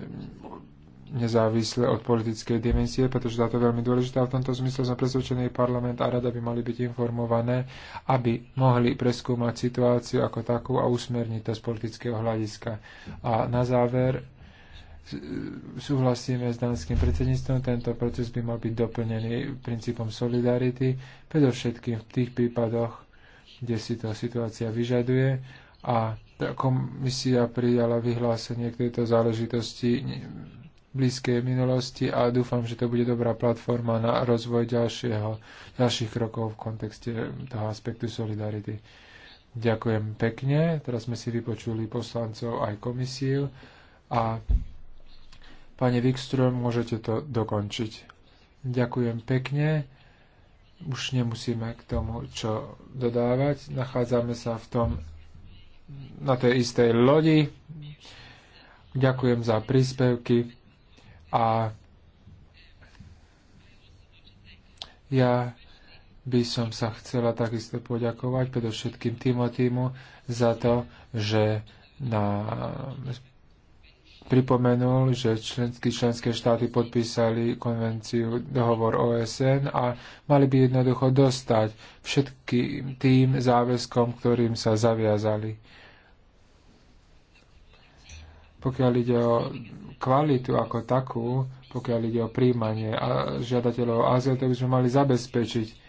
Speaker 4: nezávisle od politickej dimenzie, pretože táto je veľmi dôležitá. V tomto zmysle sme presvedčení, parlament a rada by mali byť informované, aby mohli preskúmať situáciu ako takú a usmerniť to z politického hľadiska. A na záver súhlasíme s danským predsedníctvom, tento proces by mal byť doplnený princípom solidarity, predovšetkým v tých prípadoch, kde si to situácia vyžaduje a komisia prijala vyhlásenie k tejto záležitosti blízkej minulosti a dúfam, že to bude dobrá platforma na rozvoj ďalšieho, ďalších krokov v kontexte toho aspektu solidarity. Ďakujem pekne. Teraz sme si vypočuli poslancov aj komisiu a pani Wikström, môžete to dokončiť. Ďakujem pekne. Už nemusíme k tomu, čo dodávať. Nachádzame sa v tom na tej istej lodi. Ďakujem za príspevky a ja by som sa chcela takisto poďakovať predovšetkým Timotímu za to, že na, pripomenul, že členské, členské štáty podpísali konvenciu dohovor OSN a mali by jednoducho dostať všetkým tým záväzkom, ktorým sa zaviazali. Pokiaľ ide o kvalitu ako takú, pokiaľ ide o príjmanie a žiadateľov azyl, to by sme mali zabezpečiť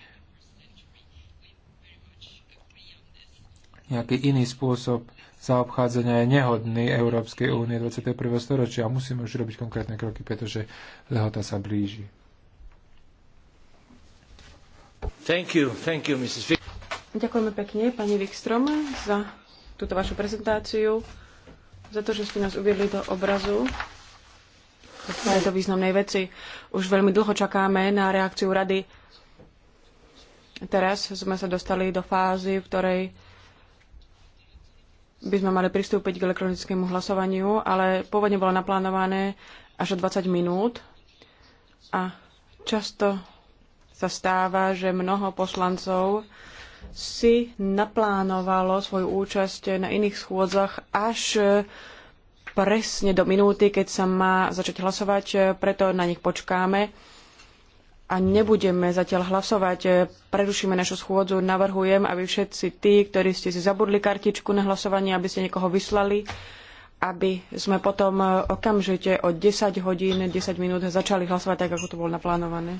Speaker 4: nejaký iný spôsob zaobchádzania je nehodný Európskej únie 21. storočia a musíme už robiť konkrétne kroky, pretože lehota sa blíži.
Speaker 1: Thank you, thank you, Mrs. Vick. Ďakujeme
Speaker 2: pekne, pani Wikström, za túto vašu prezentáciu, za to, že ste nás uviedli do obrazu tejto významnej veci. Už veľmi dlho čakáme na reakciu rady. Teraz sme sa dostali do fázy, v ktorej by sme mali pristúpiť k elektronickému hlasovaniu, ale pôvodne bolo naplánované až o 20 minút. A často sa stáva, že mnoho poslancov si naplánovalo svoju účasť na iných schôdzach až presne do minúty, keď sa má začať hlasovať, preto na nich počkáme a nebudeme zatiaľ hlasovať. Prerušíme našu schôdzu. Navrhujem, aby všetci tí, ktorí ste si zabudli kartičku na hlasovanie, aby ste niekoho vyslali, aby sme potom okamžite o 10 hodín, 10 minút začali hlasovať tak, ako to bolo naplánované.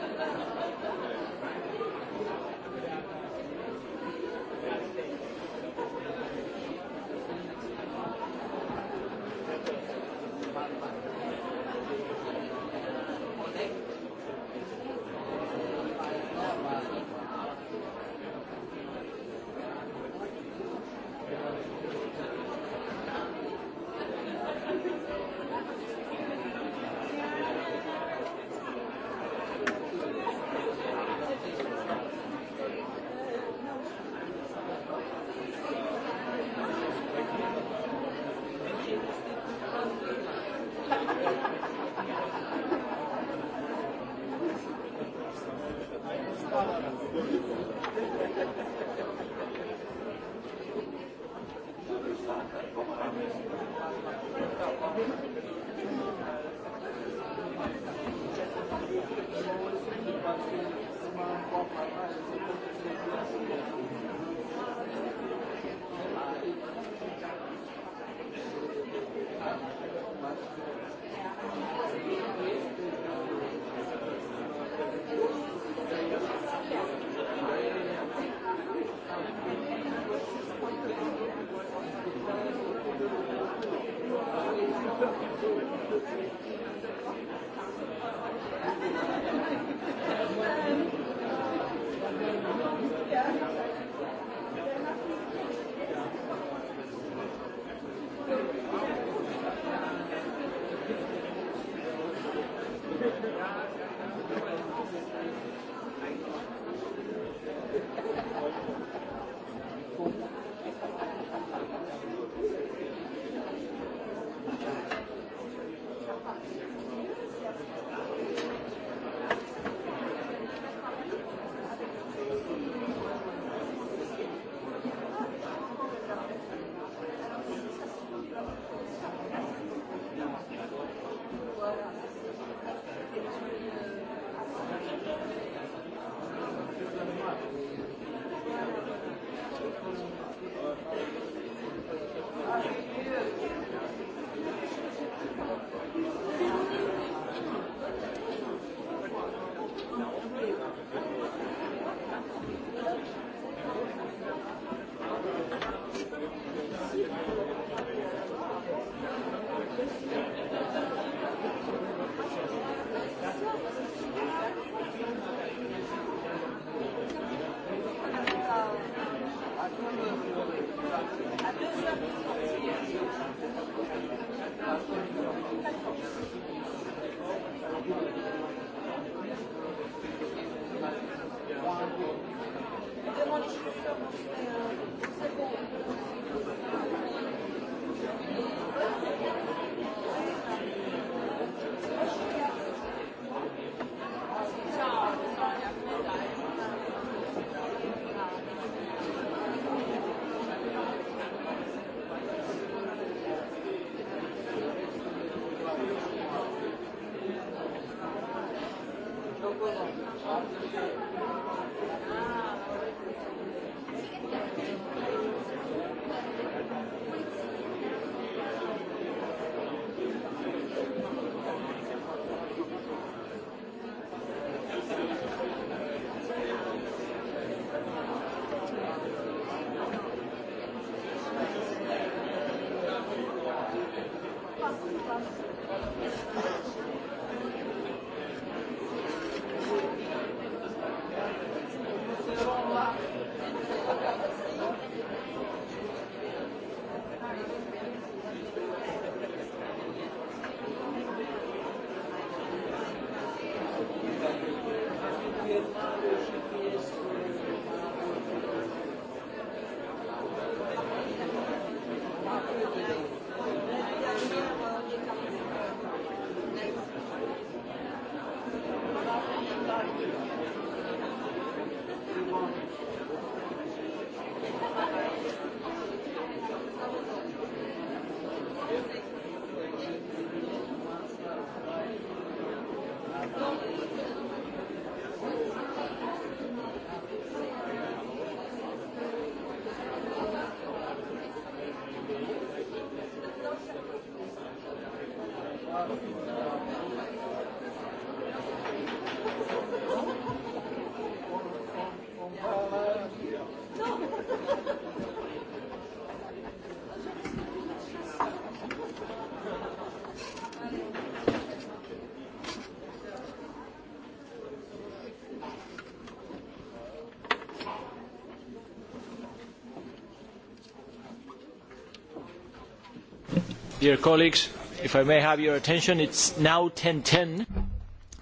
Speaker 1: Dear colleagues, if I may have your attention, it's now 10.10.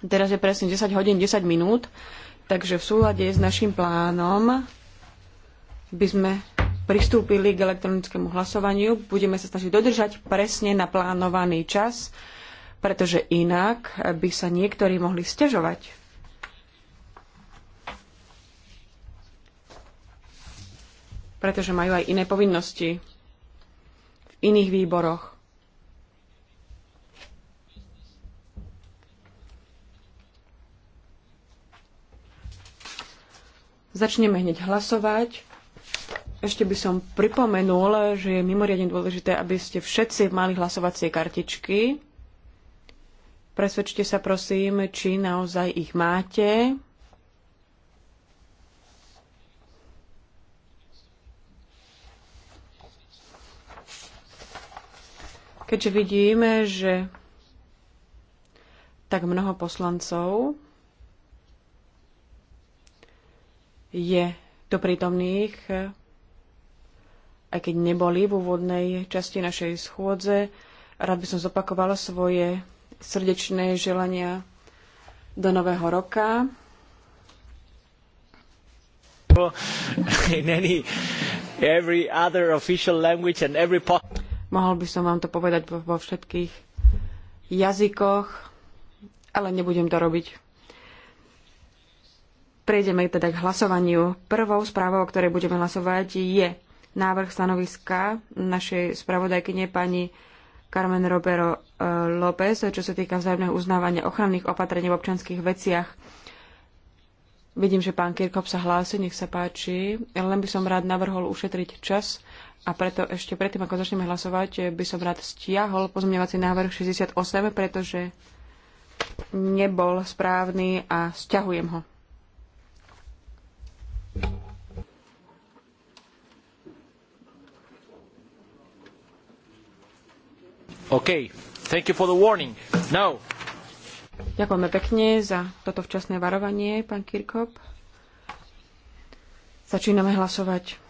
Speaker 2: Teraz je presne 10 hodín 10 minút, takže v súlade s našim plánom by sme pristúpili k elektronickému hlasovaniu. Budeme sa snažiť dodržať presne naplánovaný čas, pretože inak by sa niektorí mohli stežovať. pretože majú aj iné povinnosti v iných výboroch. Začneme hneď hlasovať. Ešte by som pripomenul, že je mimoriadne dôležité, aby ste všetci mali hlasovacie kartičky. Presvedčte sa prosím, či naozaj ich máte. Keďže vidíme, že tak mnoho poslancov je do prítomných, aj keď neboli v úvodnej časti našej schôdze. Rád by som zopakovala svoje srdečné želania do nového roka. Mohol by som vám to povedať vo všetkých jazykoch, ale nebudem to robiť. Prejdeme teda k hlasovaniu. Prvou správou, o ktorej budeme hlasovať, je návrh stanoviska našej spravodajkyne pani Carmen Robero eh, López, čo sa týka vzájomného uznávania ochranných opatrení v občanských veciach. Vidím, že pán Kirkop sa hlási, nech sa páči. Len by som rád navrhol ušetriť čas a preto ešte predtým, ako začneme hlasovať, by som rád stiahol pozmeňovací návrh 68, pretože nebol správny a stiahujem ho.
Speaker 1: OK, thank you for the warning.
Speaker 2: Ďakujeme pekne za toto včasné varovanie, pán Kirkop. Začíname hlasovať.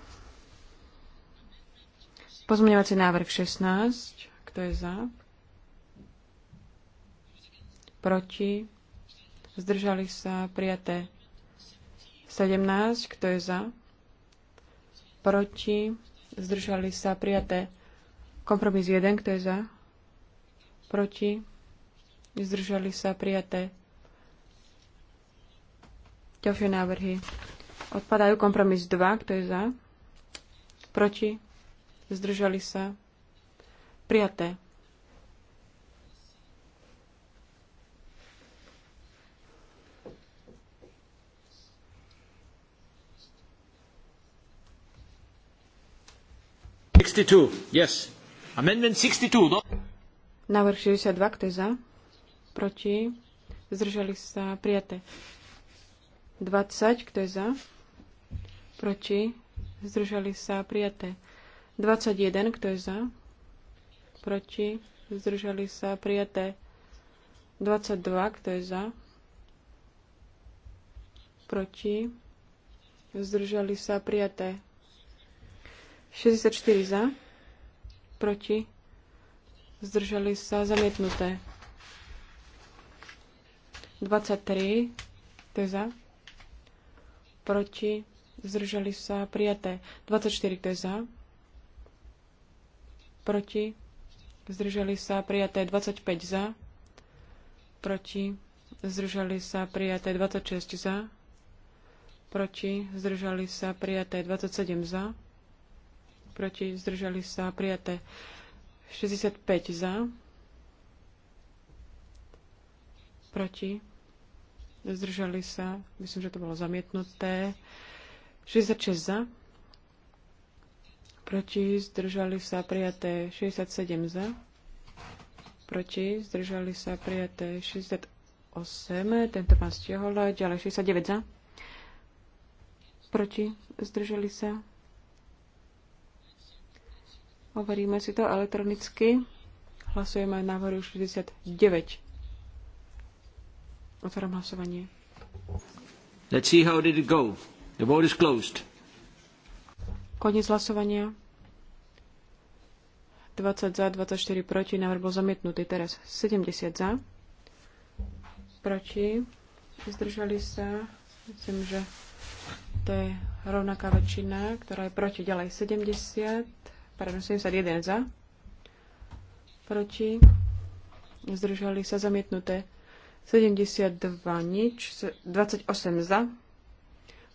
Speaker 2: Pozmeňovací návrh 16. Kto je za? Proti? Zdržali sa prijaté 17. Kto je za? Proti? Zdržali sa prijaté kompromis 1. Kto je za? proti, zdržali sa prijaté. Ďalšie návrhy. Odpadajú kompromis 2, kto je za, proti, zdržali sa prijaté.
Speaker 1: Yes. amendment 62.
Speaker 2: Návrh 62, kto je za? Proti? Zdržali sa prijaté. 20, kto je za? Proti? Zdržali sa prijaté. 21, kto je za? Proti? Zdržali sa prijaté. 22, kto je za? Proti? Zdržali sa prijaté. 64 za? Proti? zdržali sa zamietnuté. 23, Teza. je za, proti, zdržali sa prijaté. 24, Teza. za, proti, zdržali sa prijaté. 25 za, proti, zdržali sa prijaté. 26 za, proti, zdržali sa prijaté. 27 za, proti, zdržali sa prijaté. 65 za. Proti. Zdržali sa. Myslím, že to bolo zamietnuté. 66 za. Proti. Zdržali sa. Prijaté 67 za. Proti. Zdržali sa. Prijaté 68. Tento pán stiahol. Ďalej 69 za. Proti. Zdržali sa. Overíme si to elektronicky. Hlasujeme na návrhu 69. Otváram hlasovanie.
Speaker 1: Let's see how did it go. The vote is closed.
Speaker 2: Koniec hlasovania. 20 za, 24 proti. Návrh bol zamietnutý. Teraz 70 za. Proti. Zdržali sa. Myslím, že to je rovnaká väčšina, ktorá je proti. Ďalej 70 Paragraf 71 za. Proti. Zdržali sa zamietnuté. 72 nič. 28 za.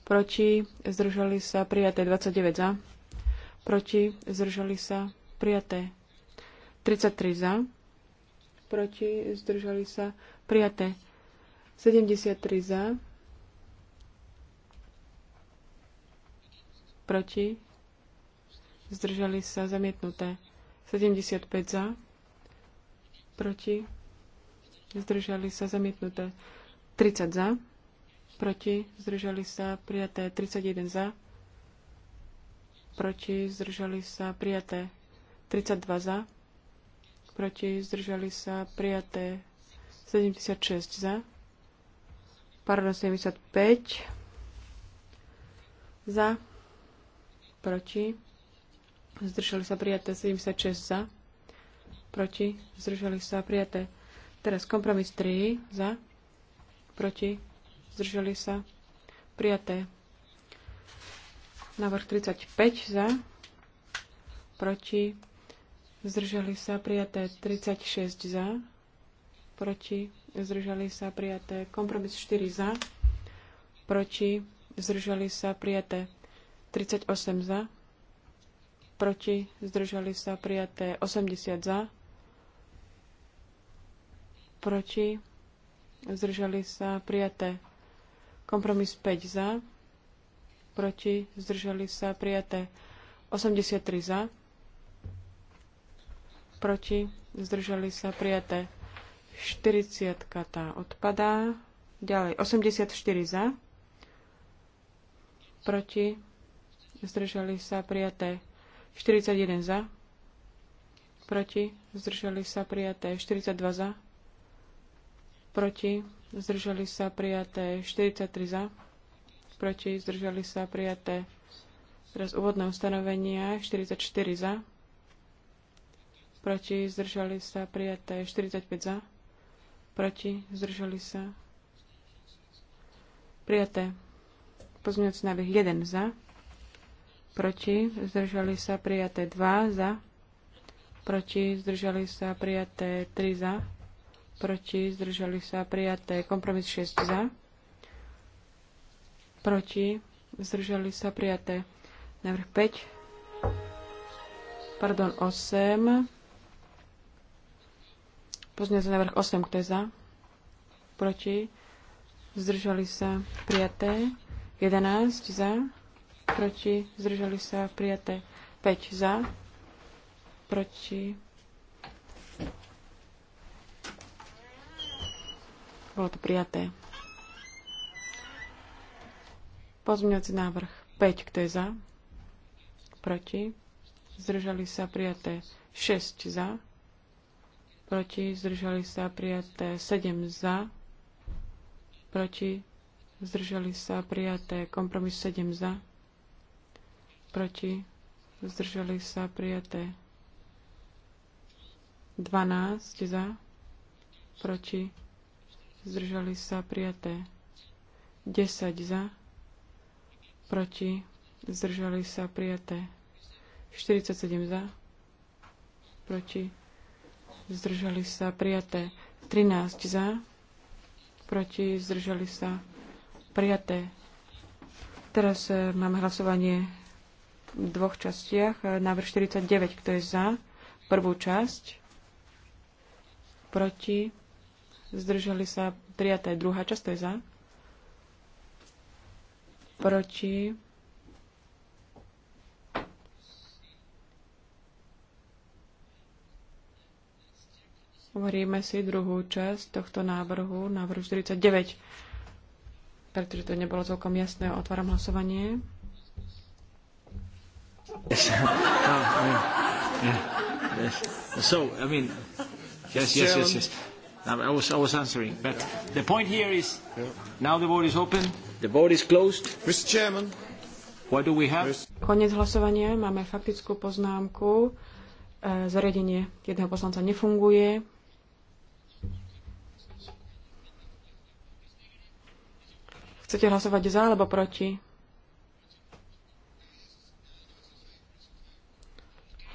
Speaker 2: Proti. Zdržali sa prijaté 29 za. Proti. Zdržali sa prijaté 33 za. Proti. Zdržali sa prijaté 73 za. Proti zdržali sa zamietnuté. 75 za, proti, zdržali sa zamietnuté. 30 za, proti, zdržali sa prijaté. 31 za, proti, zdržali sa prijaté. 32 za, proti, zdržali sa prijaté. 76 za, pardon, 75 za, proti, Zdržali sa prijaté 76 za. Proti. Zdržali sa prijaté. Teraz kompromis 3 za. Proti. Zdržali sa prijaté. Návrh 35 za. Proti. Zdržali sa prijaté 36 za. Proti. Zdržali sa prijaté kompromis 4 za. Proti. Zdržali sa prijaté 38 za proti, zdržali sa prijaté 80 za, proti, zdržali sa prijaté kompromis 5 za, proti, zdržali sa prijaté 83 za, proti, zdržali sa prijaté 40 tá odpadá, ďalej 84 za, proti, zdržali sa prijaté 41 za, proti, zdržali sa prijaté 42 za, proti, zdržali sa prijaté 43 za, proti, zdržali sa prijaté teraz úvodné ustanovenia 44 za, proti, zdržali sa prijaté 45 za, proti, zdržali sa prijaté pozmeňujúce návrh 1 za, proti, zdržali sa prijaté 2 za, proti, zdržali sa prijaté 3 za, proti, zdržali sa prijaté kompromis 6 za, proti, zdržali sa prijaté návrh 5, pardon 8, sa návrh 8, kto je za, proti, zdržali sa prijaté 11 za, proti, zdržali sa prijaté 5 za, proti, bolo to prijaté. Pozmeňovací návrh 5, kto je za, proti, zdržali sa prijaté 6 za, proti, zdržali sa prijaté 7 za, proti, zdržali sa prijaté kompromis 7 za, proti, zdržali sa prijaté 12 za, proti, zdržali sa prijaté 10 za, proti, zdržali sa prijaté 47 za, proti, zdržali sa prijaté 13 za, proti, zdržali sa prijaté. Teraz eh, máme hlasovanie dvoch častiach. E, návrh 49, kto je za prvú časť, proti, zdržali sa prijaté druhá časť, to je za, proti, Hovoríme si druhú časť tohto návrhu, návrh 49, pretože to nebolo celkom jasné. Otváram hlasovanie.
Speaker 1: *laughs* Oh, so, I mean, yes, yes, yes, yes. I was, I was answering, but the point here is now the vote is open, the vote is closed. Mr. Chairman. What do we have?
Speaker 2: Konec hlasovania, máme faktickú poznámku. E, zariadenie jedného poslanca nefunguje. Chcete hlasovať za alebo proti?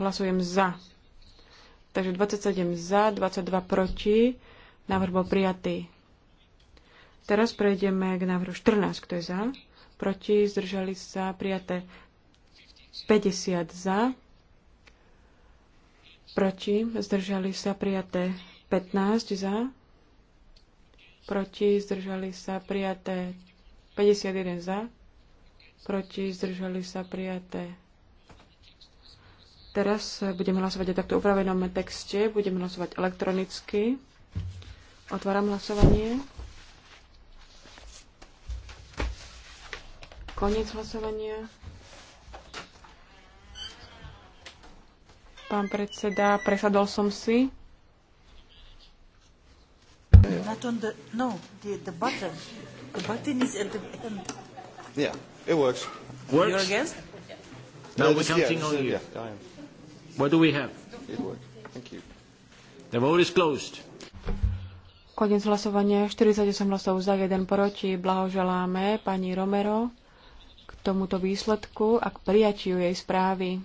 Speaker 2: Hlasujem za. Takže 27 za, 22 proti. Návrh bol prijatý. Teraz prejdeme k návrhu 14. Kto je za? Proti. Zdržali sa prijaté 50 za. Proti. Zdržali sa prijaté 15 za. Proti. Zdržali sa prijaté 51 za. Proti. Zdržali sa prijaté Teraz budeme hlasovať o takto upravenom texte. Budeme hlasovať elektronicky. Otváram hlasovanie. Koniec hlasovania. Pán predseda, presadol som si. Not on the, no, the, the button. The button is at the end.
Speaker 4: Yeah, it works. Works? You're against?
Speaker 1: No, no we're counting yeah, on you. Yeah, I am. What do we have? It worked. Thank you. The vote is closed.
Speaker 2: Koniec hlasovania. 48 hlasov za, 1 proti. Blahoželáme pani Romero k tomuto výsledku a k prijatiu jej správy.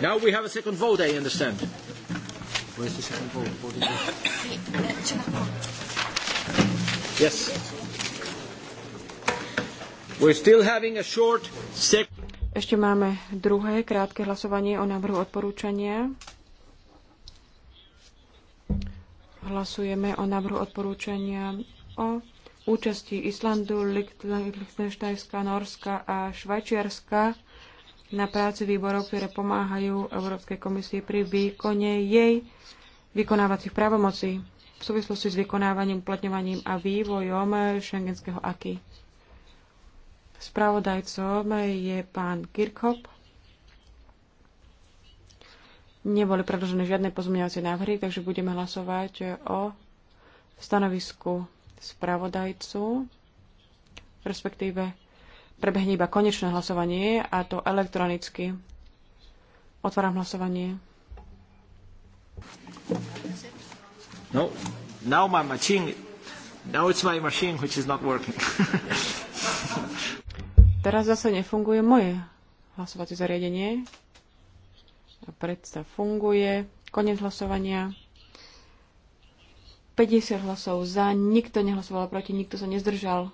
Speaker 1: Now we have a second vote, I understand. Where's the second vote? vote yes. We're still having a short second.
Speaker 2: Ešte máme druhé krátke hlasovanie o návrhu odporúčania. Hlasujeme o návrhu odporúčania o účasti Islandu, Liechtensteinska, Norska a Švajčiarska na práci výborov, ktoré pomáhajú Európskej komisii pri výkone jej vykonávacích právomocí v súvislosti s vykonávaním, uplatňovaním a vývojom šengenského aky. Spravodajcom je pán Kirchhoff. Neboli predložené žiadne pozmeňovacie návrhy, takže budeme hlasovať o stanovisku spravodajcu, respektíve prebehne iba konečné hlasovanie a to elektronicky. Otváram hlasovanie.
Speaker 1: No, now my machine, now it's my machine which is not working. *laughs*
Speaker 2: Teraz zase nefunguje moje hlasovacie zariadenie. A predsa funguje. Konec hlasovania. 50 hlasov za, nikto nehlasoval proti, nikto sa nezdržal.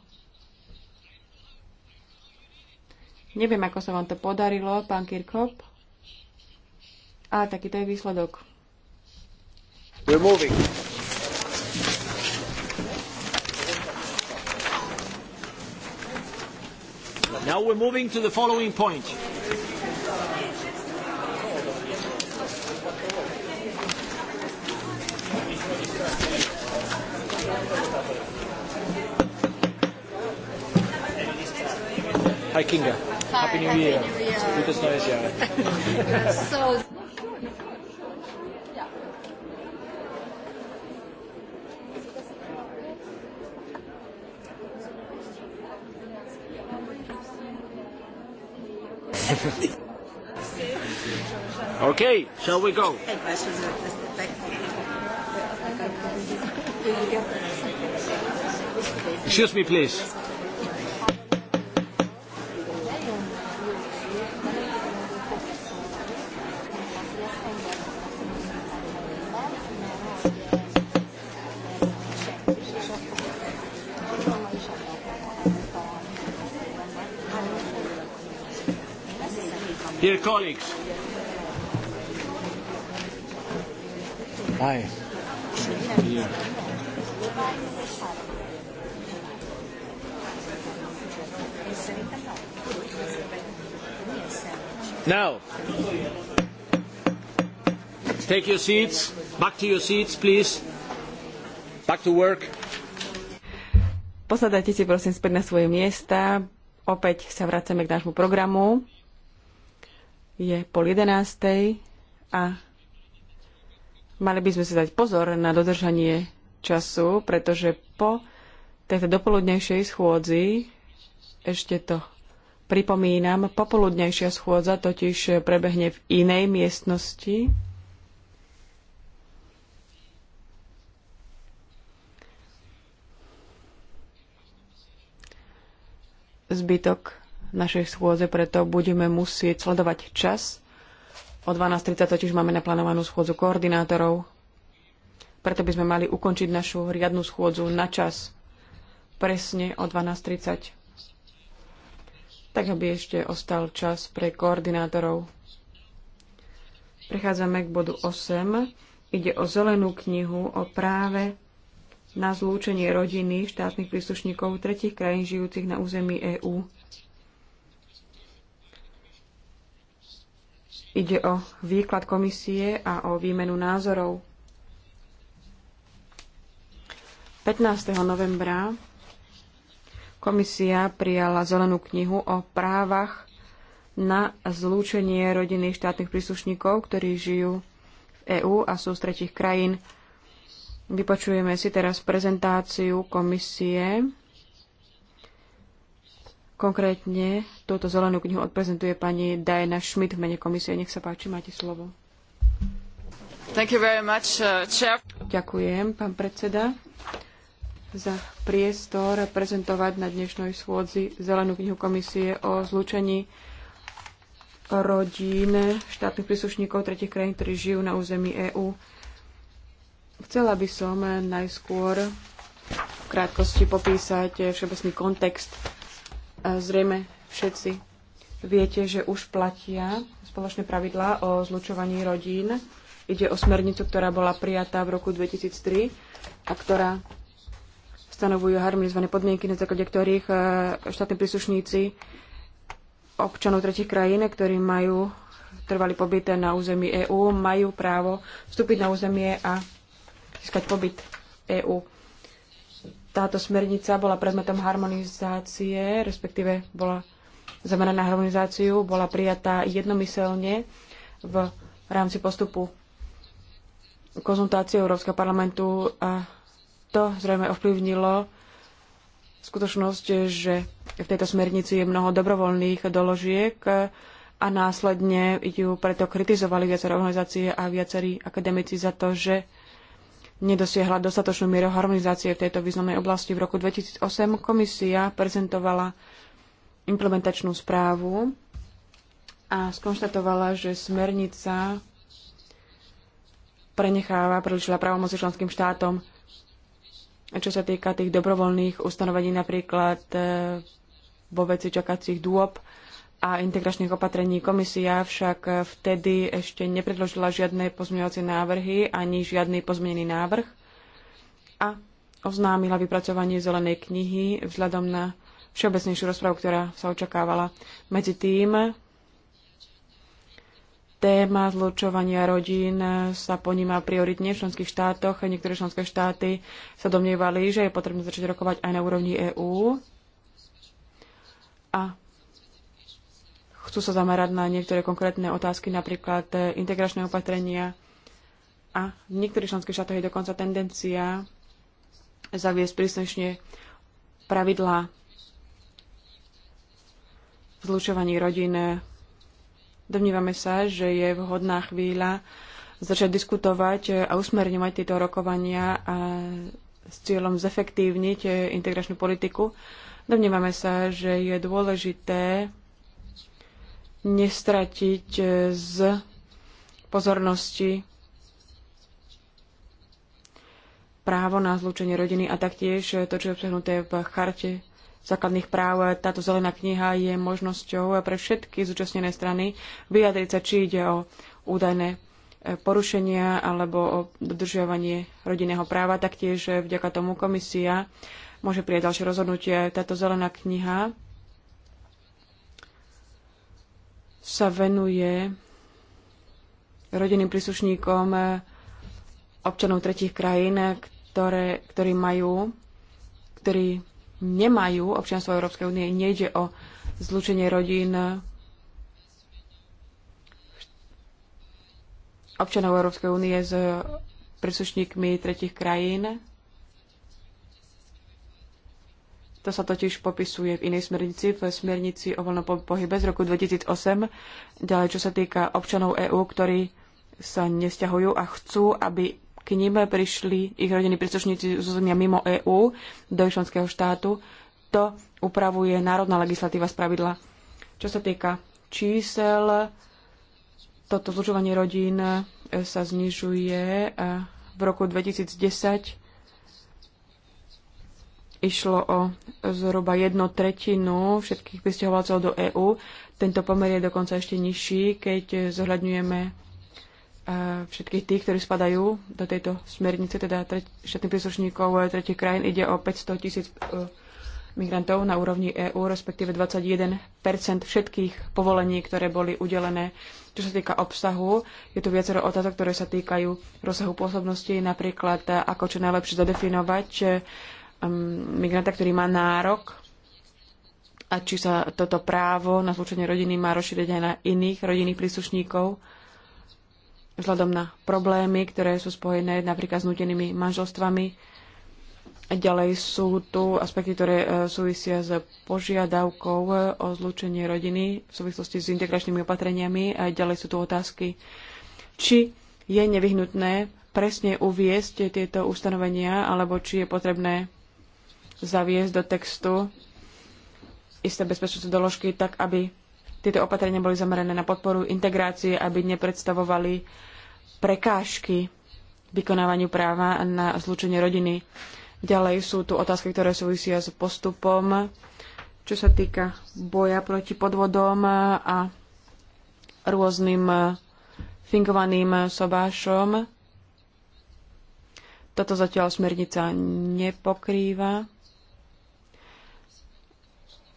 Speaker 2: Neviem, ako sa vám to podarilo, pán Kirkop. A to je výsledok.
Speaker 1: We're moving. Now we're moving to the following point. Hi Kinga. Hi, Happy New Happy Year. New Year. Gutes neues Jahr. *laughs* so *laughs* okay, shall we go? Excuse me, please. Dear colleagues. Hi. Now, take your seats. Back to your seats, please. Back to work.
Speaker 2: Posadajte si prosím späť na svoje miesta. Opäť sa vracame k nášmu programu je pol jedenástej a mali by sme si dať pozor na dodržanie času, pretože po tejto dopoludnejšej schôdzi, ešte to pripomínam, popoludnejšia schôdza totiž prebehne v inej miestnosti. Zbytok našej schôdze, preto budeme musieť sledovať čas. O 12.30 totiž máme naplánovanú schôdzu koordinátorov. Preto by sme mali ukončiť našu riadnu schôdzu na čas. Presne o 12.30. Tak, aby ešte ostal čas pre koordinátorov. Prechádzame k bodu 8. Ide o zelenú knihu o práve na zlúčenie rodiny štátnych príslušníkov tretich krajín žijúcich na území EÚ Ide o výklad komisie a o výmenu názorov. 15. novembra komisia prijala zelenú knihu o právach na zlúčenie rodinných štátnych príslušníkov, ktorí žijú v EÚ a sú z tretich krajín. Vypočujeme si teraz prezentáciu komisie Konkrétne túto zelenú knihu odprezentuje pani Diana Schmidt v mene komisie. Nech sa páči, máte slovo. Much, uh, Ďakujem, pán predseda, za priestor prezentovať na dnešnej schôdzi zelenú knihu komisie o zlúčení rodín štátnych príslušníkov tretich krajín, ktorí žijú na území EÚ. Chcela by som najskôr v krátkosti popísať všeobecný kontext Zrejme všetci viete, že už platia spoločné pravidlá o zlučovaní rodín. Ide o smernicu, ktorá bola prijatá v roku 2003 a ktorá stanovujú harmonizované podmienky, na základe ktorých e, štátni príslušníci občanov tretich krajín, ktorí majú trvalý pobyt na území EÚ, majú právo vstúpiť na územie a získať pobyt EÚ táto smernica bola predmetom harmonizácie, respektíve bola zameraná na harmonizáciu, bola prijatá jednomyselne v rámci postupu konzultácie Európskeho parlamentu a to zrejme ovplyvnilo skutočnosť, že v tejto smernici je mnoho dobrovoľných doložiek a následne ju preto kritizovali viaceré organizácie a viacerí akademici za to, že nedosiahla dostatočnú mieru harmonizácie v tejto významnej oblasti. V roku 2008 komisia prezentovala implementačnú správu a skonštatovala, že smernica prenecháva, prelišila právomoci členským štátom, čo sa týka tých dobrovoľných ustanovení napríklad eh, vo veci čakacích dôb a integračných opatrení. Komisia však vtedy ešte nepredložila žiadne pozmeňovacie návrhy ani žiadny pozmenený návrh a oznámila vypracovanie zelenej knihy vzhľadom na všeobecnejšiu rozpravu, ktorá sa očakávala. Medzi tým téma zlučovania rodín sa poníma prioritne v členských štátoch. Niektoré členské štáty sa domnievali, že je potrebné začať rokovať aj na úrovni EÚ. A chcú sa zamerať na niektoré konkrétne otázky, napríklad e, integračné opatrenia a v niektorých členských štátoch je dokonca tendencia zaviesť prísnešne pravidlá v zlučovaní rodín. Domnívame sa, že je vhodná chvíľa začať diskutovať a usmerňovať tieto rokovania a s cieľom zefektívniť e, integračnú politiku. Domnívame sa, že je dôležité nestratiť e, z pozornosti právo na zlúčenie rodiny a taktiež e, to, čo je obsahnuté v charte základných práv. E, táto zelená kniha je možnosťou pre všetky zúčastnené strany vyjadriť sa, či ide o údajné porušenia alebo o dodržiavanie rodinného práva. Taktiež vďaka tomu komisia môže prijať ďalšie rozhodnutie. Táto zelená kniha sa venuje rodinným príslušníkom eh, občanov tretich krajín, ktoré, ktorí majú, ktorí nemajú občianstvo Európskej únie. Nejde o zlučenie rodín eh, občanov Európskej únie s príslušníkmi tretich krajín. To sa totiž popisuje v inej smernici, v smernici o voľnom pohybe z roku 2008. Ďalej, čo sa týka občanov EÚ, ktorí sa nesťahujú a chcú, aby k ním prišli ich rodiny príslušníci zo zemia mimo EÚ do členského štátu. To upravuje národná legislatíva spravidla. Čo sa týka čísel, toto zlučovanie rodín e, sa znižuje e, v roku 2010 Išlo o zhruba jednu tretinu všetkých pristahovalcov do EÚ. Tento pomer je dokonca ešte nižší, keď zohľadňujeme e, všetkých tých, ktorí spadajú do tejto smernice, teda štátnych príslušníkov e, tretich krajín, ide o 500 tisíc e, migrantov na úrovni EÚ, respektíve 21 všetkých povolení, ktoré boli udelené. Čo sa týka obsahu, je tu viacero otázok, ktoré sa týkajú rozsahu pôsobnosti, napríklad ako čo najlepšie zadefinovať Um, migranta, ktorý má nárok a či sa toto právo na zlučenie rodiny má rozšíriť aj na iných rodinných príslušníkov vzhľadom na problémy, ktoré sú spojené napríklad s nutenými manželstvami. Ďalej sú tu aspekty, ktoré e, súvisia s požiadavkou e, o zlúčenie rodiny v súvislosti s integračnými opatreniami. A ďalej sú tu otázky, či je nevyhnutné presne uviesť tieto ustanovenia, alebo či je potrebné zaviesť do textu isté bezpečnostné doložky tak, aby tieto opatrenia boli zamerané na podporu integrácie, aby nepredstavovali prekážky vykonávaniu práva na zlúčenie rodiny. Ďalej sú tu otázky, ktoré súvisia s postupom, čo sa týka boja proti podvodom a rôznym fingovaným sobášom. Toto zatiaľ smernica nepokrýva.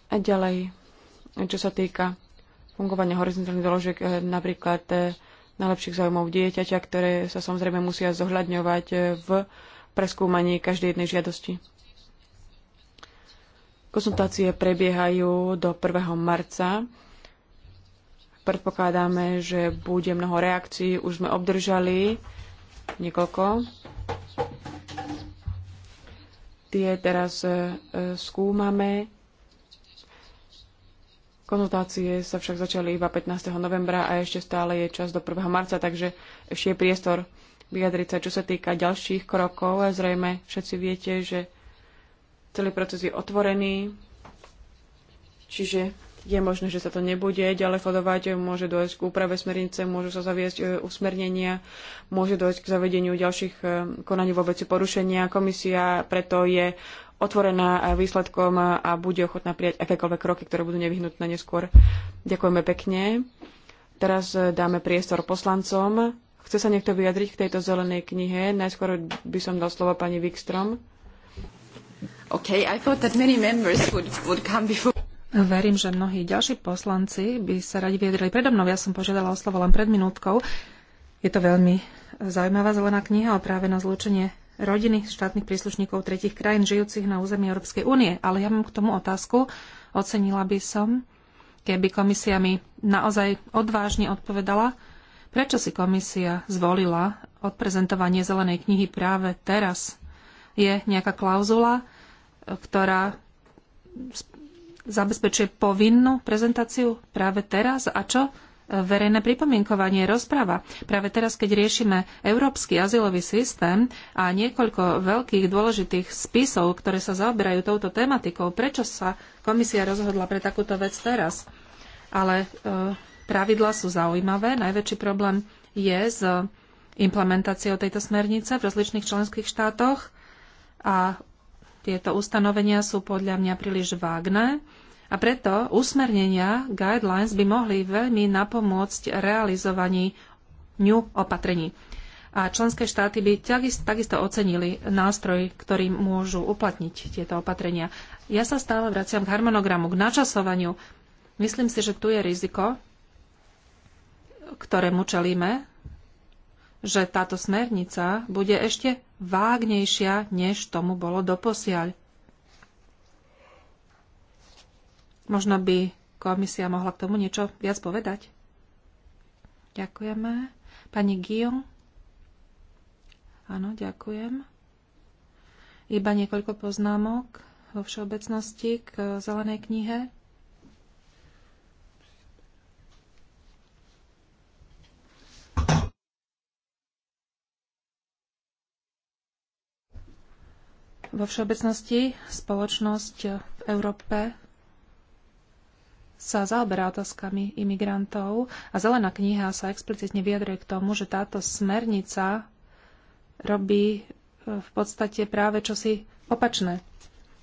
Speaker 2: A ďalej, čo sa týka fungovania horizontálnych doložiek, eh, napríklad eh, najlepších záujmov dieťaťa, ktoré sa samozrejme musia zohľadňovať eh, v preskúmaní každej jednej žiadosti. Konzultácie prebiehajú do 1. marca. Predpokladáme, že bude mnoho reakcií. Už sme obdržali niekoľko. Tie teraz skúmame Konzultácie sa však začali iba 15. novembra a ešte stále je čas do 1. marca, takže ešte je priestor vyjadriť sa, čo sa týka ďalších krokov. A zrejme všetci viete, že celý proces je otvorený, čiže je možné, že sa to nebude ďalej fodovať, môže dojsť k úprave smernice, môžu sa zaviesť e, usmernenia, môže dojsť k zavedeniu ďalších e, konaní vo veci porušenia. Komisia preto je otvorená výsledkom a bude ochotná prijať akékoľvek kroky, ktoré budú nevyhnutné neskôr. Ďakujeme pekne. Teraz dáme priestor poslancom. Chce sa niekto vyjadriť k tejto zelenej knihe? Najskôr by som dal slovo pani Wikstrom.
Speaker 3: Okay, I thought that many members would, would come before. Verím, že mnohí ďalší poslanci by sa radi vyjadrili predo mnou. Ja som požiadala o slovo len pred minútkou. Je to veľmi zaujímavá zelená kniha o práve na zlúčenie rodiny štátnych príslušníkov tretich krajín žijúcich na území Európskej únie. Ale ja mám k tomu otázku. Ocenila by som, keby komisia mi naozaj odvážne odpovedala, prečo si komisia zvolila odprezentovanie zelenej knihy práve teraz. Je nejaká klauzula, ktorá zabezpečuje povinnú prezentáciu práve teraz? A čo verejné pripomienkovanie, rozprava. Práve teraz, keď riešime európsky azylový systém a niekoľko veľkých dôležitých spisov, ktoré sa zaoberajú touto tematikou, prečo sa komisia rozhodla pre takúto vec teraz? Ale e, pravidla sú zaujímavé. Najväčší problém je s implementáciou tejto smernice v rozličných členských štátoch a tieto ustanovenia sú podľa mňa príliš vágné a preto usmernenia, guidelines by mohli veľmi napomôcť realizovaní ňu opatrení. A členské štáty by takisto, takisto ocenili nástroj, ktorým môžu uplatniť tieto opatrenia. Ja sa stále vraciam k harmonogramu, k načasovaniu. Myslím si, že tu je riziko, ktorému čelíme, že táto smernica bude ešte vágnejšia, než tomu bolo doposiaľ. Možno by komisia mohla k tomu niečo viac povedať. Ďakujeme. Pani Guillaume? Áno, ďakujem. Iba niekoľko poznámok vo všeobecnosti k zelenej knihe. Vo všeobecnosti spoločnosť v Európe sa zaoberá otázkami imigrantov a Zelená kniha sa explicitne vyjadruje k tomu, že táto smernica robí e, v podstate práve čosi opačné.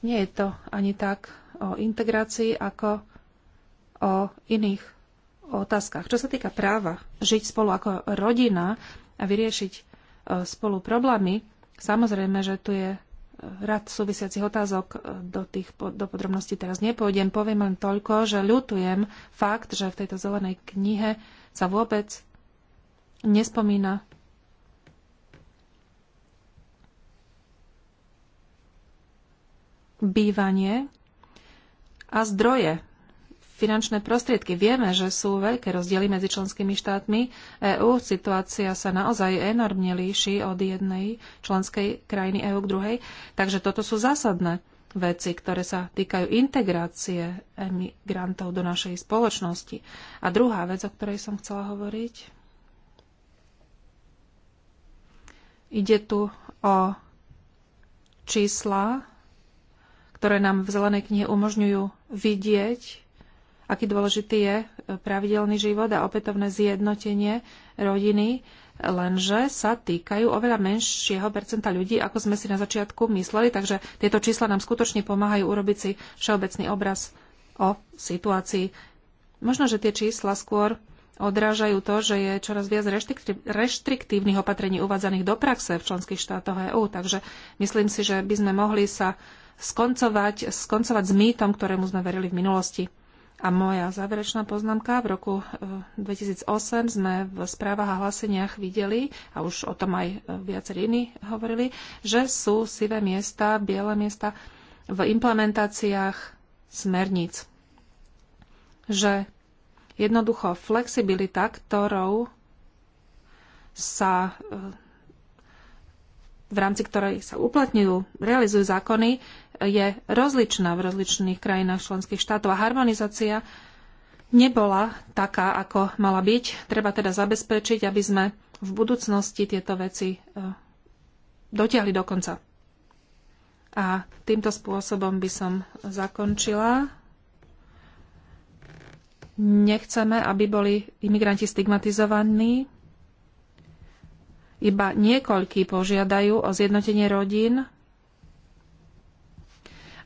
Speaker 3: Nie je to ani tak o integrácii, ako o iných otázkach. Čo sa týka práva žiť spolu ako rodina a vyriešiť e, spolu problémy, samozrejme, že tu je rad súvisiacich otázok e, do, tých, do podrobností teraz nepôjdem. Poviem len toľko, že ľutujem fakt, že v tejto zelenej knihe sa vôbec nespomína bývanie a zdroje finančné prostriedky. Vieme, že sú veľké rozdiely medzi členskými štátmi EÚ. Situácia sa naozaj enormne líši od jednej členskej krajiny EÚ k druhej. Takže toto sú zásadné veci, ktoré sa týkajú integrácie emigrantov do našej spoločnosti. A druhá vec, o ktorej som chcela hovoriť, ide tu o čísla, ktoré nám v Zelenej knihe umožňujú vidieť, aký dôležitý je e, pravidelný život a opätovné zjednotenie rodiny, lenže sa týkajú oveľa menšieho percenta ľudí, ako sme si na začiatku mysleli, takže tieto čísla nám skutočne pomáhajú urobiť si všeobecný obraz o situácii. Možno, že tie čísla skôr odrážajú to, že je čoraz viac reštriktívnych opatrení uvádzaných do praxe v členských štátoch EÚ. Takže myslím si, že by sme mohli sa skoncovať, skoncovať s mýtom, ktorému sme verili v minulosti. A moja záverečná poznámka, v roku 2008 eh, sme v správach a hlaseniach videli, a už o tom aj eh, viacerí iní hovorili, že sú sivé miesta, biele miesta v implementáciách smerníc. Že jednoducho flexibilita, ktorou sa eh, v rámci ktorej sa uplatňujú, realizujú zákony, je rozličná v rozličných krajinách členských štátov a harmonizácia nebola taká, ako mala byť. Treba teda zabezpečiť, aby sme v budúcnosti tieto veci e, dotiahli do konca. A týmto spôsobom by som zakončila. Nechceme, aby boli imigranti stigmatizovaní. Iba niekoľkí požiadajú o zjednotenie rodín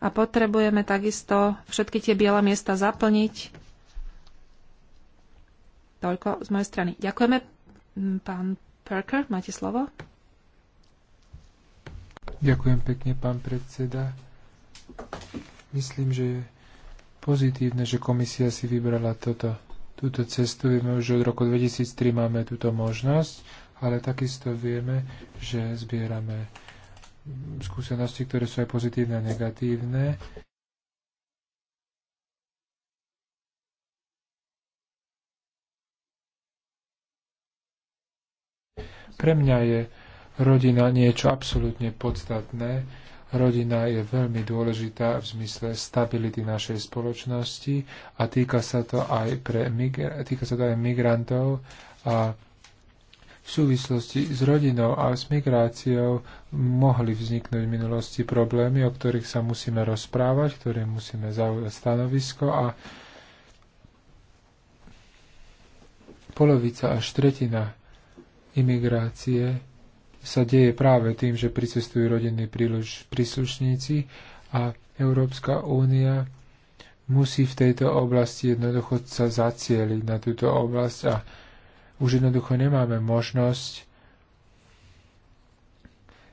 Speaker 3: a potrebujeme takisto všetky tie biele miesta zaplniť. Toľko z mojej strany. Ďakujeme. Mm, pán Perker, máte slovo.
Speaker 4: Ďakujem pekne, pán predseda. Myslím, že je pozitívne, že komisia si vybrala toto, túto cestu. Vieme už, že od roku 2003 máme túto možnosť, ale takisto vieme, že zbierame skúsenosti, ktoré sú aj pozitívne a negatívne. Pre mňa je rodina niečo absolútne podstatné. Rodina je veľmi dôležitá v zmysle stability našej spoločnosti a týka sa to aj, pre, týka sa to aj migrantov a v súvislosti s rodinou a s migráciou mohli vzniknúť v minulosti problémy, o ktorých sa musíme rozprávať, ktoré musíme zaujať stanovisko a polovica až tretina imigrácie sa deje práve tým, že pricestujú rodinní príslušníci a Európska únia musí v tejto oblasti jednoducho sa zacieliť na túto oblasť a už jednoducho nemáme možnosť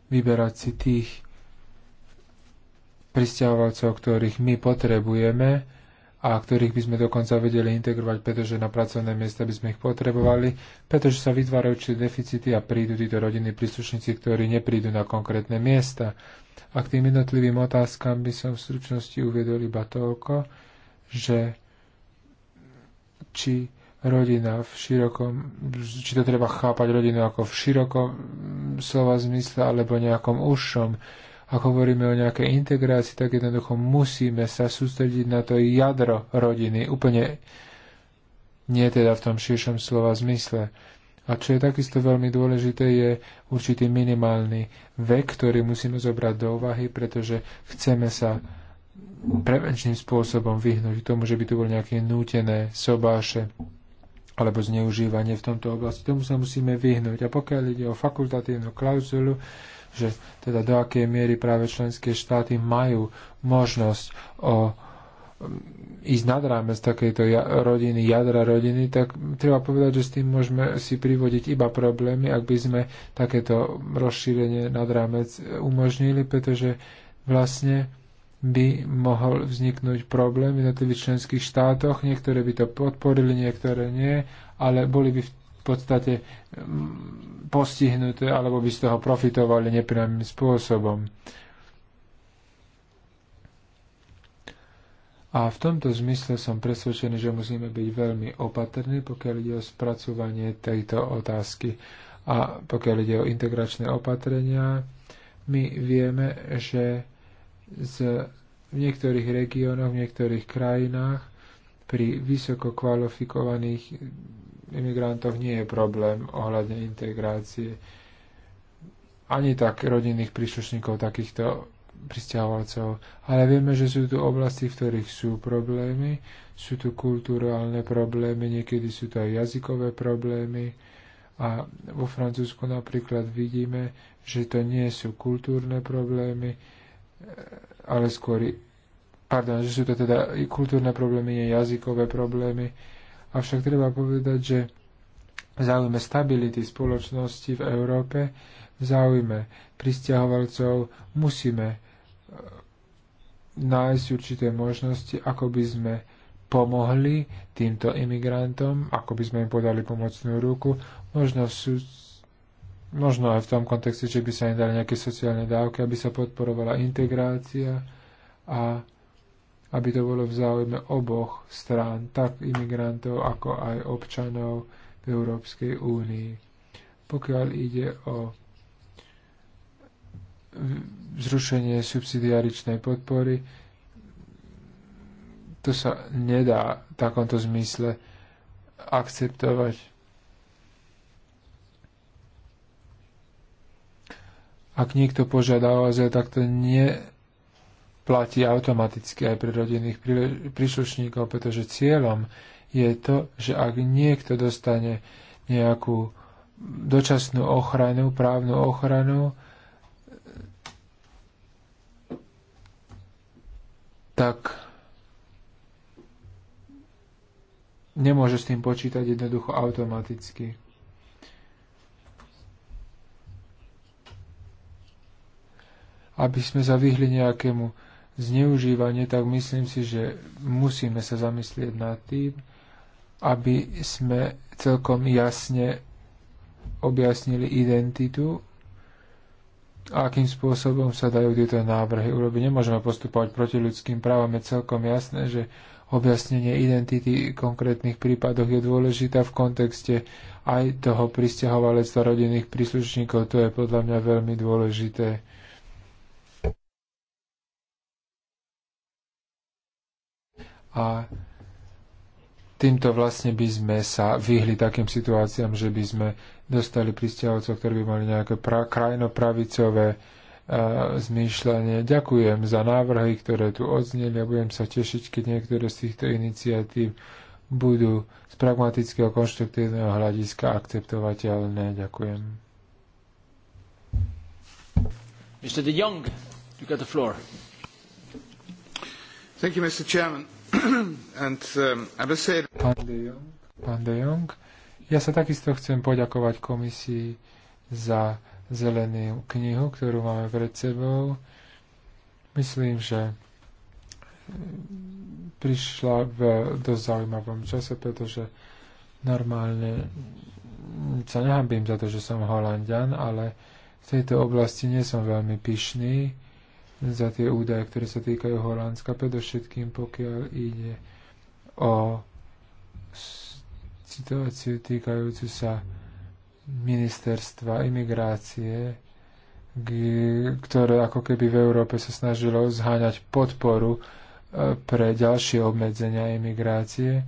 Speaker 4: vyberať si tých pristahovalcov, ktorých my potrebujeme a ktorých by sme dokonca vedeli integrovať, pretože na pracovné miesta by sme ich potrebovali, pretože sa vytvárajú určité deficity a prídu títo rodinní príslušníci, ktorí neprídu na konkrétne miesta. A k tým jednotlivým otázkam by som v stručnosti uvedol iba toľko, že či rodina v širokom, či to treba chápať rodinu ako v širokom slova zmysle alebo nejakom užšom. Ak hovoríme o nejakej integrácii, tak jednoducho musíme sa sústrediť na to jadro rodiny, úplne nie teda v tom širšom slova zmysle. A čo je takisto veľmi dôležité, je určitý minimálny vek, ktorý musíme zobrať do úvahy, pretože chceme sa prevenčným spôsobom vyhnúť k tomu, že by tu bol nejaké nútené sobáše alebo zneužívanie v tomto oblasti. Tomu sa musíme vyhnúť. A pokiaľ ide o fakultatívnu klauzulu, že teda do akej miery práve členské štáty majú možnosť o mm, ísť nad rámec takejto rodiny, jadra rodiny, tak treba povedať, že s tým môžeme si privodiť iba problémy, ak by sme takéto rozšírenie nad rámec umožnili, pretože vlastne by mohol vzniknúť problém v jednotlivých členských štátoch. Niektoré by to podporili, niektoré nie, ale boli by v podstate mm, postihnuté alebo by z toho profitovali nepriamým spôsobom. A v tomto zmysle som presvedčený, že musíme byť veľmi opatrní, pokiaľ ide o spracovanie tejto otázky. A pokiaľ ide o integračné opatrenia, my vieme, že z, v niektorých regiónoch, v niektorých krajinách pri vysoko kvalifikovaných imigrantoch nie je problém ohľadne integrácie ani tak rodinných príslušníkov takýchto pristahovalcov. Ale vieme, že sú tu oblasti, v ktorých sú problémy, sú tu kulturálne problémy, niekedy sú to aj jazykové problémy. A vo Francúzsku napríklad vidíme, že to nie sú kultúrne problémy, ale skôr, pardon, že sú to teda i kultúrne problémy, nie jazykové problémy. Avšak treba povedať, že v záujme stability spoločnosti v Európe, v záujme pristahovalcov musíme e, nájsť určité možnosti, ako by sme pomohli týmto imigrantom, ako by sme im podali pomocnú ruku, možno v možno aj v tom kontexte, že by sa im dali nejaké sociálne dávky, aby sa podporovala integrácia a aby to bolo v záujme oboch strán, tak imigrantov, ako aj občanov v Európskej únii. Pokiaľ ide o zrušenie subsidiaričnej podpory, to sa nedá v takomto zmysle akceptovať Ak niekto požiada o azyl, tak to nie platí automaticky aj pre rodinných príslušníkov, pretože cieľom je to, že ak niekto dostane nejakú dočasnú ochranu, právnu ochranu, tak nemôže s tým počítať jednoducho automaticky. aby sme sa vyhli nejakému zneužívaniu, tak myslím si, že musíme sa zamyslieť nad tým, aby sme celkom jasne objasnili identitu a akým spôsobom sa dajú tieto návrhy urobiť. Nemôžeme postupovať proti ľudským právom Je celkom jasné, že objasnenie identity v konkrétnych prípadoch je dôležité v kontexte aj toho pristahovalectva rodinných príslušníkov. To je podľa mňa veľmi dôležité. a týmto vlastne by sme sa vyhli takým situáciám, že by sme dostali pristiahovcov, ktorí by mali nejaké pra- krajnopravicové e, zmýšľanie. Ďakujem za návrhy, ktoré tu odzneli a budem sa tešiť, keď niektoré z týchto iniciatív budú z pragmatického konštruktívneho hľadiska akceptovateľné. Ďakujem.
Speaker 1: Mr. De Jong,
Speaker 4: you got the floor. Thank you, Mr. Chairman. *clears throat* And, um, say... Pán De Jong, pán De Jong, ja sa takisto chcem poďakovať komisii za zelenú knihu, ktorú máme pred sebou. Myslím, že eh, prišla v dosť zaujímavom čase, pretože normálne sa nehambím za to, že som holandian, ale v tejto oblasti nie som veľmi pyšný za tie údaje, ktoré sa týkajú Holandska, predovšetkým pokiaľ ide o situáciu týkajúcu sa ministerstva imigrácie, ktoré ako keby v Európe sa snažilo zháňať podporu e, pre ďalšie obmedzenia imigrácie.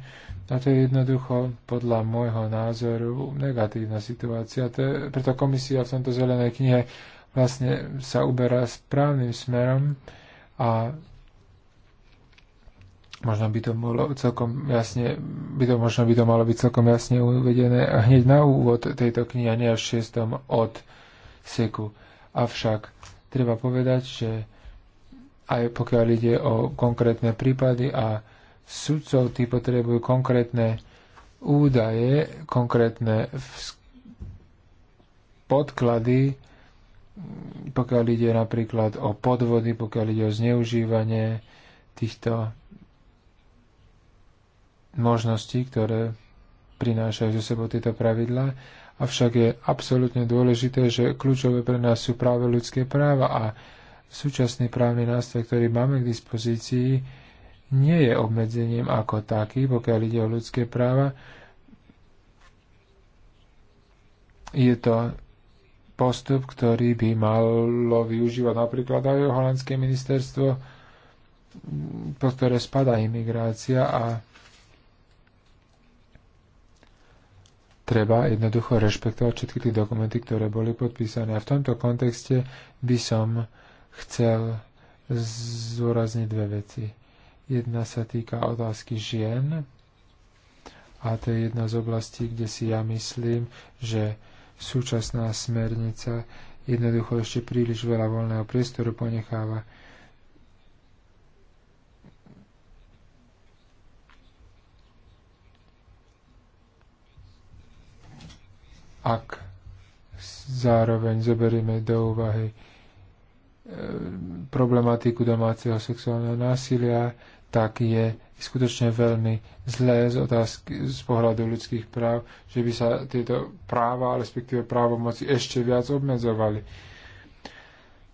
Speaker 4: A to je jednoducho podľa môjho názoru negatívna situácia. To je, preto komisia v tomto zelenej knihe vlastne sa uberá správnym smerom a možno by to bolo celkom jasne, by to, možno by to malo byť celkom jasne uvedené a hneď na úvod tejto knihy a nie až v šiestom od seku. Avšak treba povedať, že aj pokiaľ ide o konkrétne prípady a sudcov, tí potrebujú konkrétne údaje, konkrétne podklady, pokiaľ ide napríklad o podvody, pokiaľ ide o zneužívanie týchto možností, ktoré prinášajú zo sebou tieto pravidlá. Avšak je absolútne dôležité, že kľúčové pre nás sú práve ľudské práva a súčasný právny nástroj, ktorý máme k dispozícii, nie je obmedzením ako taký, pokiaľ ide o ľudské práva. Je to postup, ktorý by malo využívať napríklad aj holandské ministerstvo, po ktoré spadá imigrácia a treba jednoducho rešpektovať všetky tie dokumenty, ktoré boli podpísané. A v tomto kontexte by som chcel zúrazniť dve veci. Jedna sa týka otázky žien a to je jedna z oblastí, kde si ja myslím, že súčasná smernica jednoducho ešte príliš veľa voľného priestoru ponecháva. Ak zároveň zoberieme do úvahy e, problematiku domáceho sexuálneho násilia, tak je skutočne veľmi zlé z otázky z pohľadu ľudských práv, že by sa tieto práva, respektíve právomoci ešte viac obmedzovali.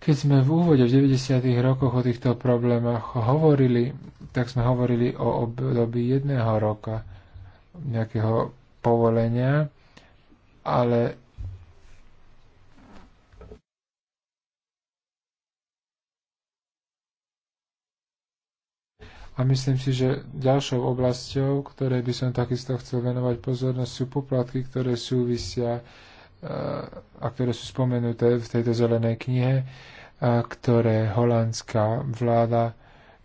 Speaker 4: Keď sme v úvode v 90. rokoch o týchto problémach hovorili, tak sme hovorili o období jedného roka nejakého povolenia, ale A myslím si, že ďalšou oblasťou, ktorej by som takisto chcel venovať pozornosť, sú poplatky, ktoré súvisia e, a ktoré sú spomenuté v tejto zelenej knihe, a e, ktoré holandská vláda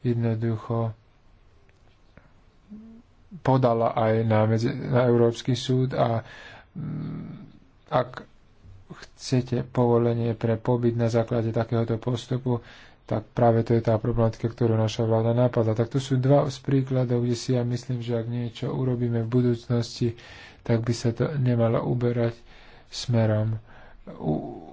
Speaker 4: jednoducho podala aj na, medzi, na Európsky súd a mm, ak chcete povolenie pre pobyt na základe takéhoto postupu, tak práve to je tá problematika, ktorú naša vláda napadla. Tak to sú dva z príkladov, kde si ja myslím, že ak niečo urobíme v budúcnosti, tak by sa to nemalo uberať smerom u,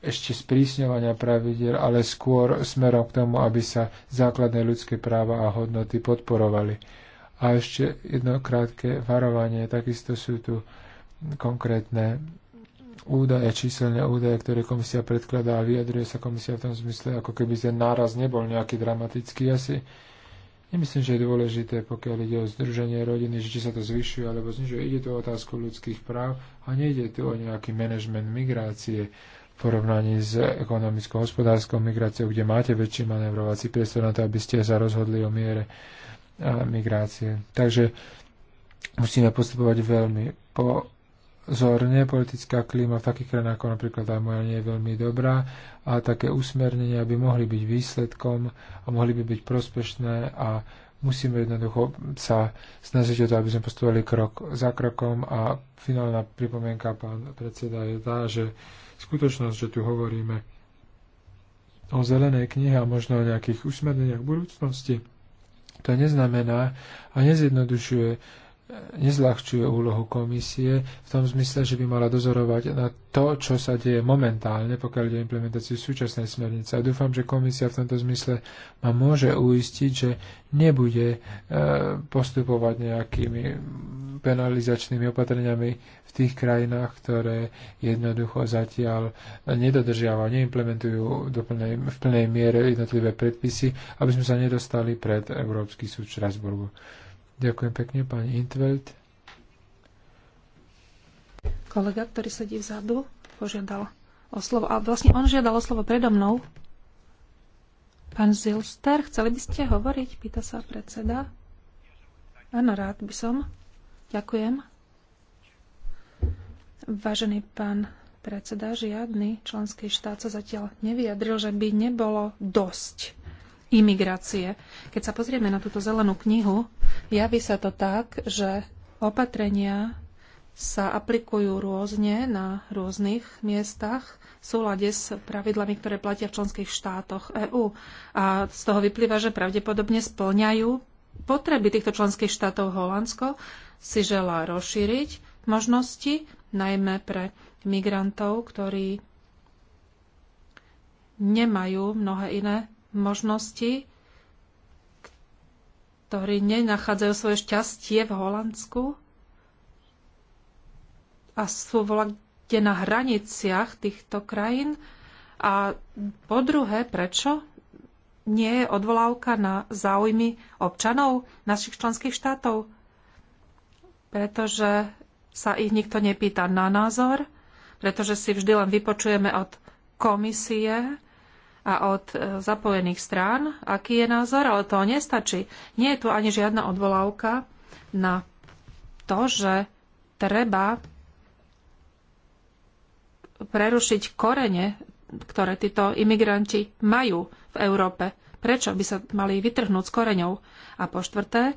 Speaker 4: ešte sprísňovania pravidel, ale skôr smerom k tomu, aby sa základné ľudské práva a hodnoty podporovali. A ešte jedno krátke varovanie, takisto sú tu konkrétne údaje, číselné údaje, ktoré komisia predkladá a vyjadruje sa komisia v tom zmysle, ako keby ten náraz nebol nejaký dramatický asi. Nemyslím, že je dôležité, pokiaľ ide o združenie rodiny, že či sa to zvyšuje alebo znižuje. Ide tu o otázku ľudských práv a nejde tu o nejaký manažment migrácie v porovnaní s ekonomickou hospodárskou migráciou, kde máte väčší manevrovací priestor na to, aby ste sa rozhodli o miere migrácie. Takže musíme postupovať veľmi po zorne. Politická klíma v takých krajinách ako napríklad aj moja nie je veľmi dobrá a také usmernenia by mohli byť výsledkom a mohli by byť prospešné a musíme jednoducho sa snažiť o to, aby sme postupovali krok za krokom a finálna pripomienka pán predseda je tá, že skutočnosť, že tu hovoríme o zelenej knihe a možno o nejakých usmerneniach budúcnosti, to neznamená a nezjednodušuje nezľahčuje úlohu komisie v tom zmysle, že by mala dozorovať na to, čo sa deje momentálne, pokiaľ ide o implementáciu súčasnej smernice. A dúfam, že komisia v tomto zmysle ma môže uistiť, že nebude e, postupovať nejakými penalizačnými opatreniami v tých krajinách, ktoré jednoducho zatiaľ nedodržiavajú, neimplementujú do plnej, v plnej miere jednotlivé predpisy, aby sme sa nedostali pred Európsky súd Štrasburgu. Ďakujem pekne, pani Intveld.
Speaker 3: Kolega, ktorý sedí vzadu, požiadal o slovo. A vlastne on žiadal o slovo predo mnou. Pán Zilster, chceli by ste hovoriť? Pýta sa predseda. Áno, rád by som. Ďakujem. Vážený pán predseda, žiadny členský štát sa zatiaľ nevyjadril, že by nebolo dosť imigrácie. Keď sa pozrieme na túto zelenú knihu, javí sa to tak, že opatrenia sa aplikujú rôzne na rôznych miestach v súlade s pravidlami, ktoré platia v členských štátoch EÚ. A z toho vyplýva, že pravdepodobne splňajú potreby týchto členských štátov Holandsko si želá rozšíriť možnosti, najmä pre migrantov, ktorí nemajú mnohé iné možnosti, ktorí nenachádzajú svoje šťastie v Holandsku a sú kde na hraniciach týchto krajín. A po druhé, prečo nie je odvolávka na záujmy občanov našich členských štátov? Pretože sa ich nikto nepýta na názor, pretože si vždy len vypočujeme od komisie, a od e, zapojených strán, aký je názor, ale to nestačí. Nie je tu ani žiadna odvolávka na to, že treba prerušiť korene, ktoré títo imigranti majú v Európe. Prečo by sa mali vytrhnúť s koreňou? A po štvrté,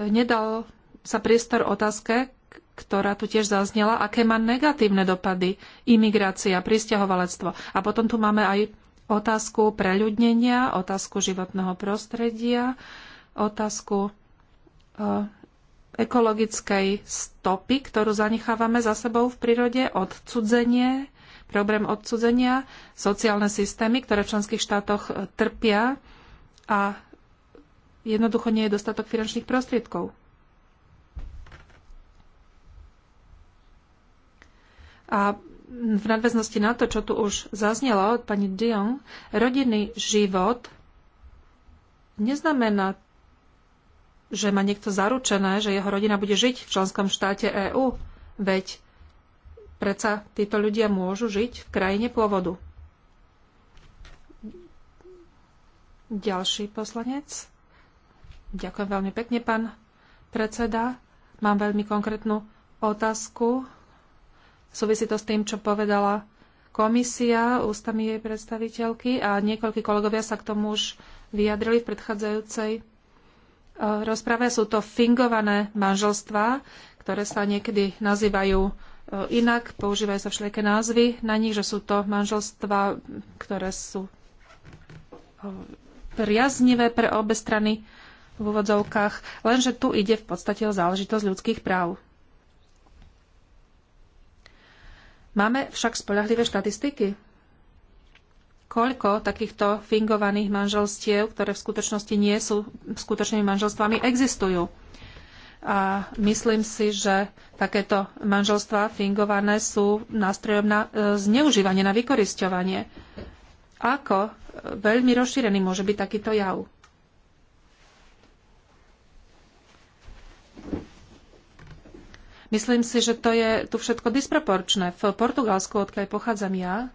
Speaker 3: nedal sa priestor otázke, ktorá tu tiež zaznela, aké má negatívne dopady imigrácia, pristahovalectvo. A potom tu máme aj otázku preľudnenia, otázku životného prostredia, otázku e, ekologickej stopy, ktorú zanechávame za sebou v prírode, odcudzenie, problém odcudzenia, sociálne systémy, ktoré v členských štátoch e, trpia a jednoducho nie je dostatok finančných prostriedkov. A v nadväznosti na to, čo tu už zaznelo od pani Dion, rodinný život neznamená, že má niekto zaručené, že jeho rodina bude žiť v členskom štáte EÚ. Veď predsa títo ľudia môžu žiť v krajine pôvodu. Ďalší poslanec. Ďakujem veľmi pekne, pán predseda. Mám veľmi konkrétnu otázku Súvisí to s tým, čo povedala komisia ústami jej predstaviteľky a niekoľkí kolegovia sa k tomu už vyjadrili v predchádzajúcej e, rozprave. Sú to fingované manželstvá, ktoré sa niekedy nazývajú e, inak, používajú sa všelijaké názvy na nich, že sú to manželstvá, ktoré sú e, priaznivé pre obe strany v úvodzovkách, lenže tu ide v podstate o záležitosť ľudských práv. Máme však spolahlivé štatistiky? Koľko takýchto fingovaných manželstiev, ktoré v skutočnosti nie sú skutočnými manželstvami, existujú? A myslím si, že takéto manželstvá fingované sú nástrojom na e, zneužívanie, na vykorisťovanie. Ako e, veľmi rozšírený môže byť takýto jav? Myslím si, že to je tu všetko disproporčné. V Portugalsku, odkiaľ pochádzam ja,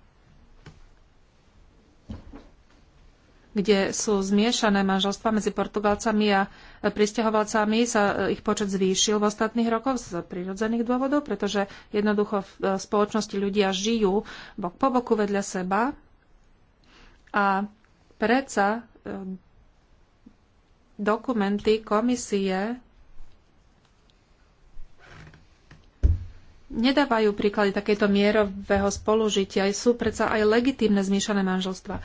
Speaker 3: kde sú zmiešané manželstva medzi Portugalcami a pristahovalcami, sa eh, ich počet zvýšil v ostatných rokoch z prirodzených dôvodov, pretože jednoducho v eh, spoločnosti ľudia žijú bok po boku vedľa seba a predsa eh, dokumenty komisie nedávajú príklady takéto mierového spolužitia. Sú predsa aj legitímne zmiešané manželstva.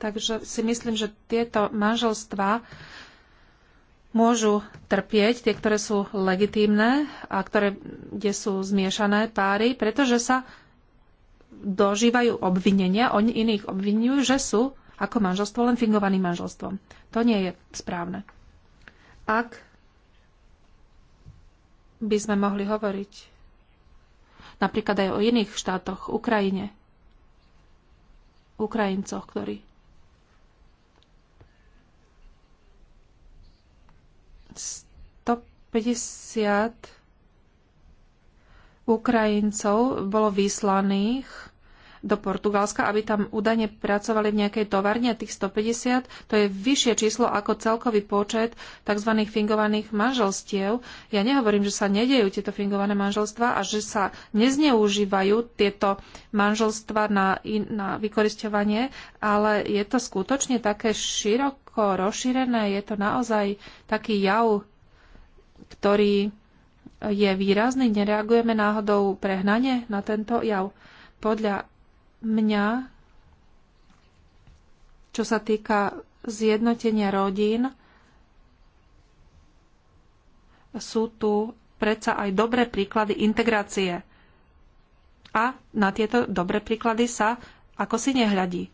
Speaker 3: Takže si myslím, že tieto manželstva môžu trpieť, tie, ktoré sú legitímne a ktoré, kde sú zmiešané páry, pretože sa dožívajú obvinenia, oni iných obvinujú, že sú ako manželstvo len fingovaným manželstvom. To nie je správne. Ak by sme mohli hovoriť napríklad aj o iných štátoch, Ukrajine, Ukrajincoch, ktorí Stop 50 Ukrajincov bolo vyslaných do Portugalska, aby tam údajne pracovali v nejakej továrne, tých 150, to je vyššie číslo ako celkový počet tzv. fingovaných manželstiev. Ja nehovorím, že sa nedejú tieto fingované manželstva a že sa nezneužívajú tieto manželstva na, na vykoristovanie, ale je to skutočne také široko rozšírené, je to naozaj taký jav, ktorý je výrazný? Nereagujeme náhodou prehnane na tento jav? Podľa mňa, čo sa týka zjednotenia rodín, sú tu predsa aj dobré príklady integrácie. A na tieto dobré príklady sa ako si nehľadí.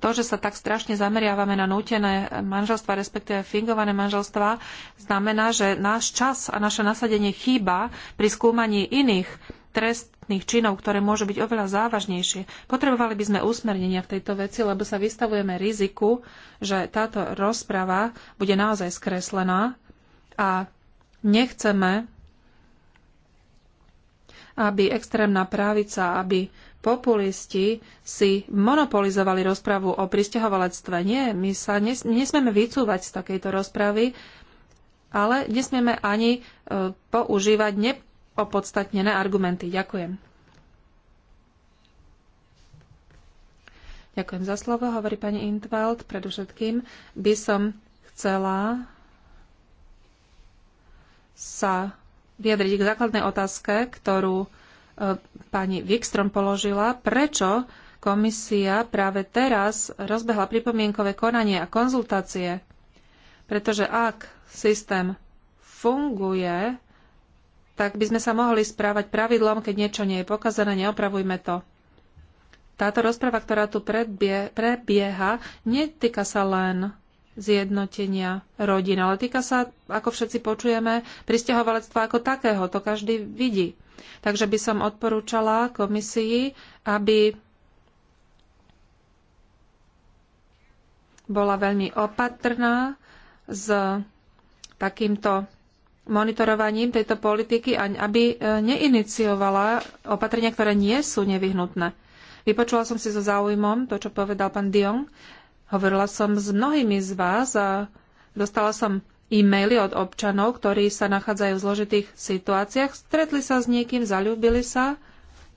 Speaker 3: to, že sa tak strašne zameriavame na nútené manželstva, respektíve fingované manželstva, znamená, že náš čas a naše nasadenie chýba pri skúmaní iných trestných činov, ktoré môžu byť oveľa závažnejšie. Potrebovali by sme usmernenia v tejto veci, lebo sa vystavujeme riziku, že táto rozprava bude naozaj skreslená a nechceme, aby extrémna právica, aby populisti si monopolizovali rozpravu o pristahovalectve. Nie, my sa nes- nesmieme vycúvať z takejto rozpravy, ale nesmieme ani e, používať neopodstatnené argumenty. Ďakujem. Ďakujem za slovo, hovorí pani Intveld. Predovšetkým by som chcela sa vyjadriť k základnej otázke, ktorú pani Wikström položila, prečo komisia práve teraz rozbehla pripomienkové konanie a konzultácie. Pretože ak systém funguje, tak by sme sa mohli správať pravidlom, keď niečo nie je pokazané, neopravujme to. Táto rozprava, ktorá tu predbie, prebieha, netýka sa len zjednotenia rodín, ale týka sa, ako všetci počujeme, pristahovalectva ako takého. To každý vidí. Takže by som odporúčala komisii, aby bola veľmi opatrná s takýmto monitorovaním tejto politiky a aby e, neiniciovala opatrenia, ktoré nie sú nevyhnutné. Vypočula som si so záujmom to, čo povedal pán Dion. Hovorila som s mnohými z vás a dostala som e-maily od občanov, ktorí sa nachádzajú v zložitých situáciách, stretli sa s niekým, zalúbili sa,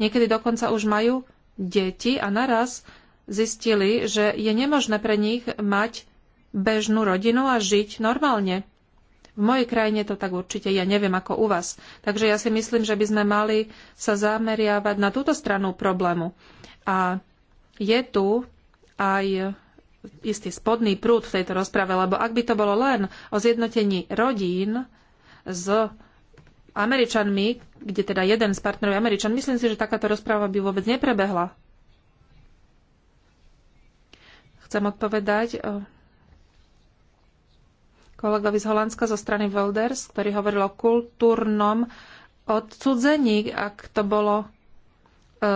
Speaker 3: niekedy dokonca už majú deti a naraz zistili, že je nemožné pre nich mať bežnú rodinu a žiť normálne. V mojej krajine to tak určite, ja neviem ako u vás. Takže ja si myslím, že by sme mali sa zameriavať na túto stranu problému. A je tu aj istý spodný prúd v tejto rozprave, lebo ak by to bolo len o zjednotení rodín s Američanmi, kde teda jeden z partnerov je Američan, myslím si, že takáto rozpráva by vôbec neprebehla. Chcem odpovedať eh, kolegovi z Holandska zo strany Welders, ktorý hovoril o kultúrnom odcudzení, ak to bolo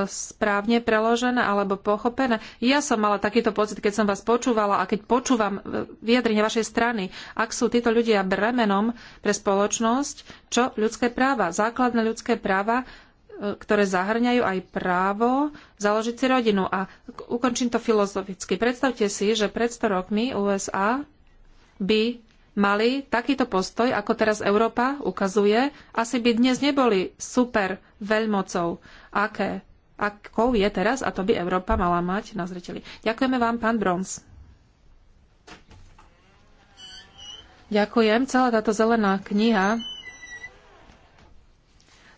Speaker 3: správne preložené alebo pochopené. Ja som mala takýto pocit, keď som vás počúvala a keď počúvam e, vyjadrenie vašej strany, ak sú títo ľudia bremenom pre spoločnosť, čo ľudské práva, základné ľudské práva, e, ktoré zahrňajú aj právo založiť si rodinu. A ukončím to filozoficky. Predstavte si, že pred 100 rokmi USA by mali takýto postoj, ako teraz Európa ukazuje, asi by dnes neboli super veľmocou. Aké? akou je teraz a to by Európa mala mať na zreteli. Ďakujeme vám, pán Brons. Ďakujem. Celá táto zelená kniha,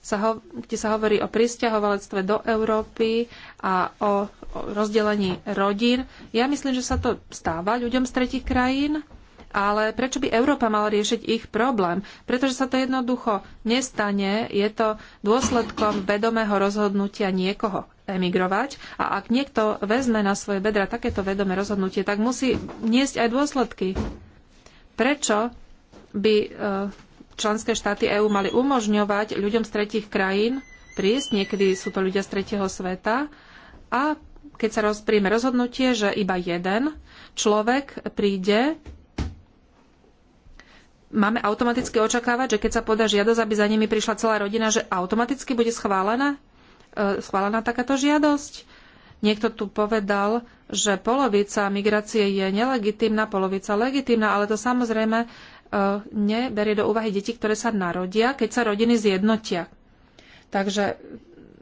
Speaker 3: sa ho, kde sa hovorí o pristahovalectve do Európy a o, o rozdelení rodín. Ja myslím, že sa to stáva ľuďom z tretich krajín ale prečo by Európa mala riešiť ich problém? Pretože sa to jednoducho nestane, je to dôsledkom vedomého rozhodnutia niekoho emigrovať a ak niekto vezme na svoje bedra takéto vedomé rozhodnutie, tak musí niesť aj dôsledky. Prečo by e, členské štáty EÚ mali umožňovať ľuďom z tretich krajín prísť, niekedy sú to ľudia z tretieho sveta, a keď sa príjme rozhodnutie, že iba jeden človek príde máme automaticky očakávať, že keď sa podá žiadosť, aby za nimi prišla celá rodina, že automaticky bude schválená, e, schválená takáto žiadosť? Niekto tu povedal, že polovica migrácie je nelegitímna, polovica legitímna, ale to samozrejme e, neberie do úvahy deti, ktoré sa narodia, keď sa rodiny zjednotia. Takže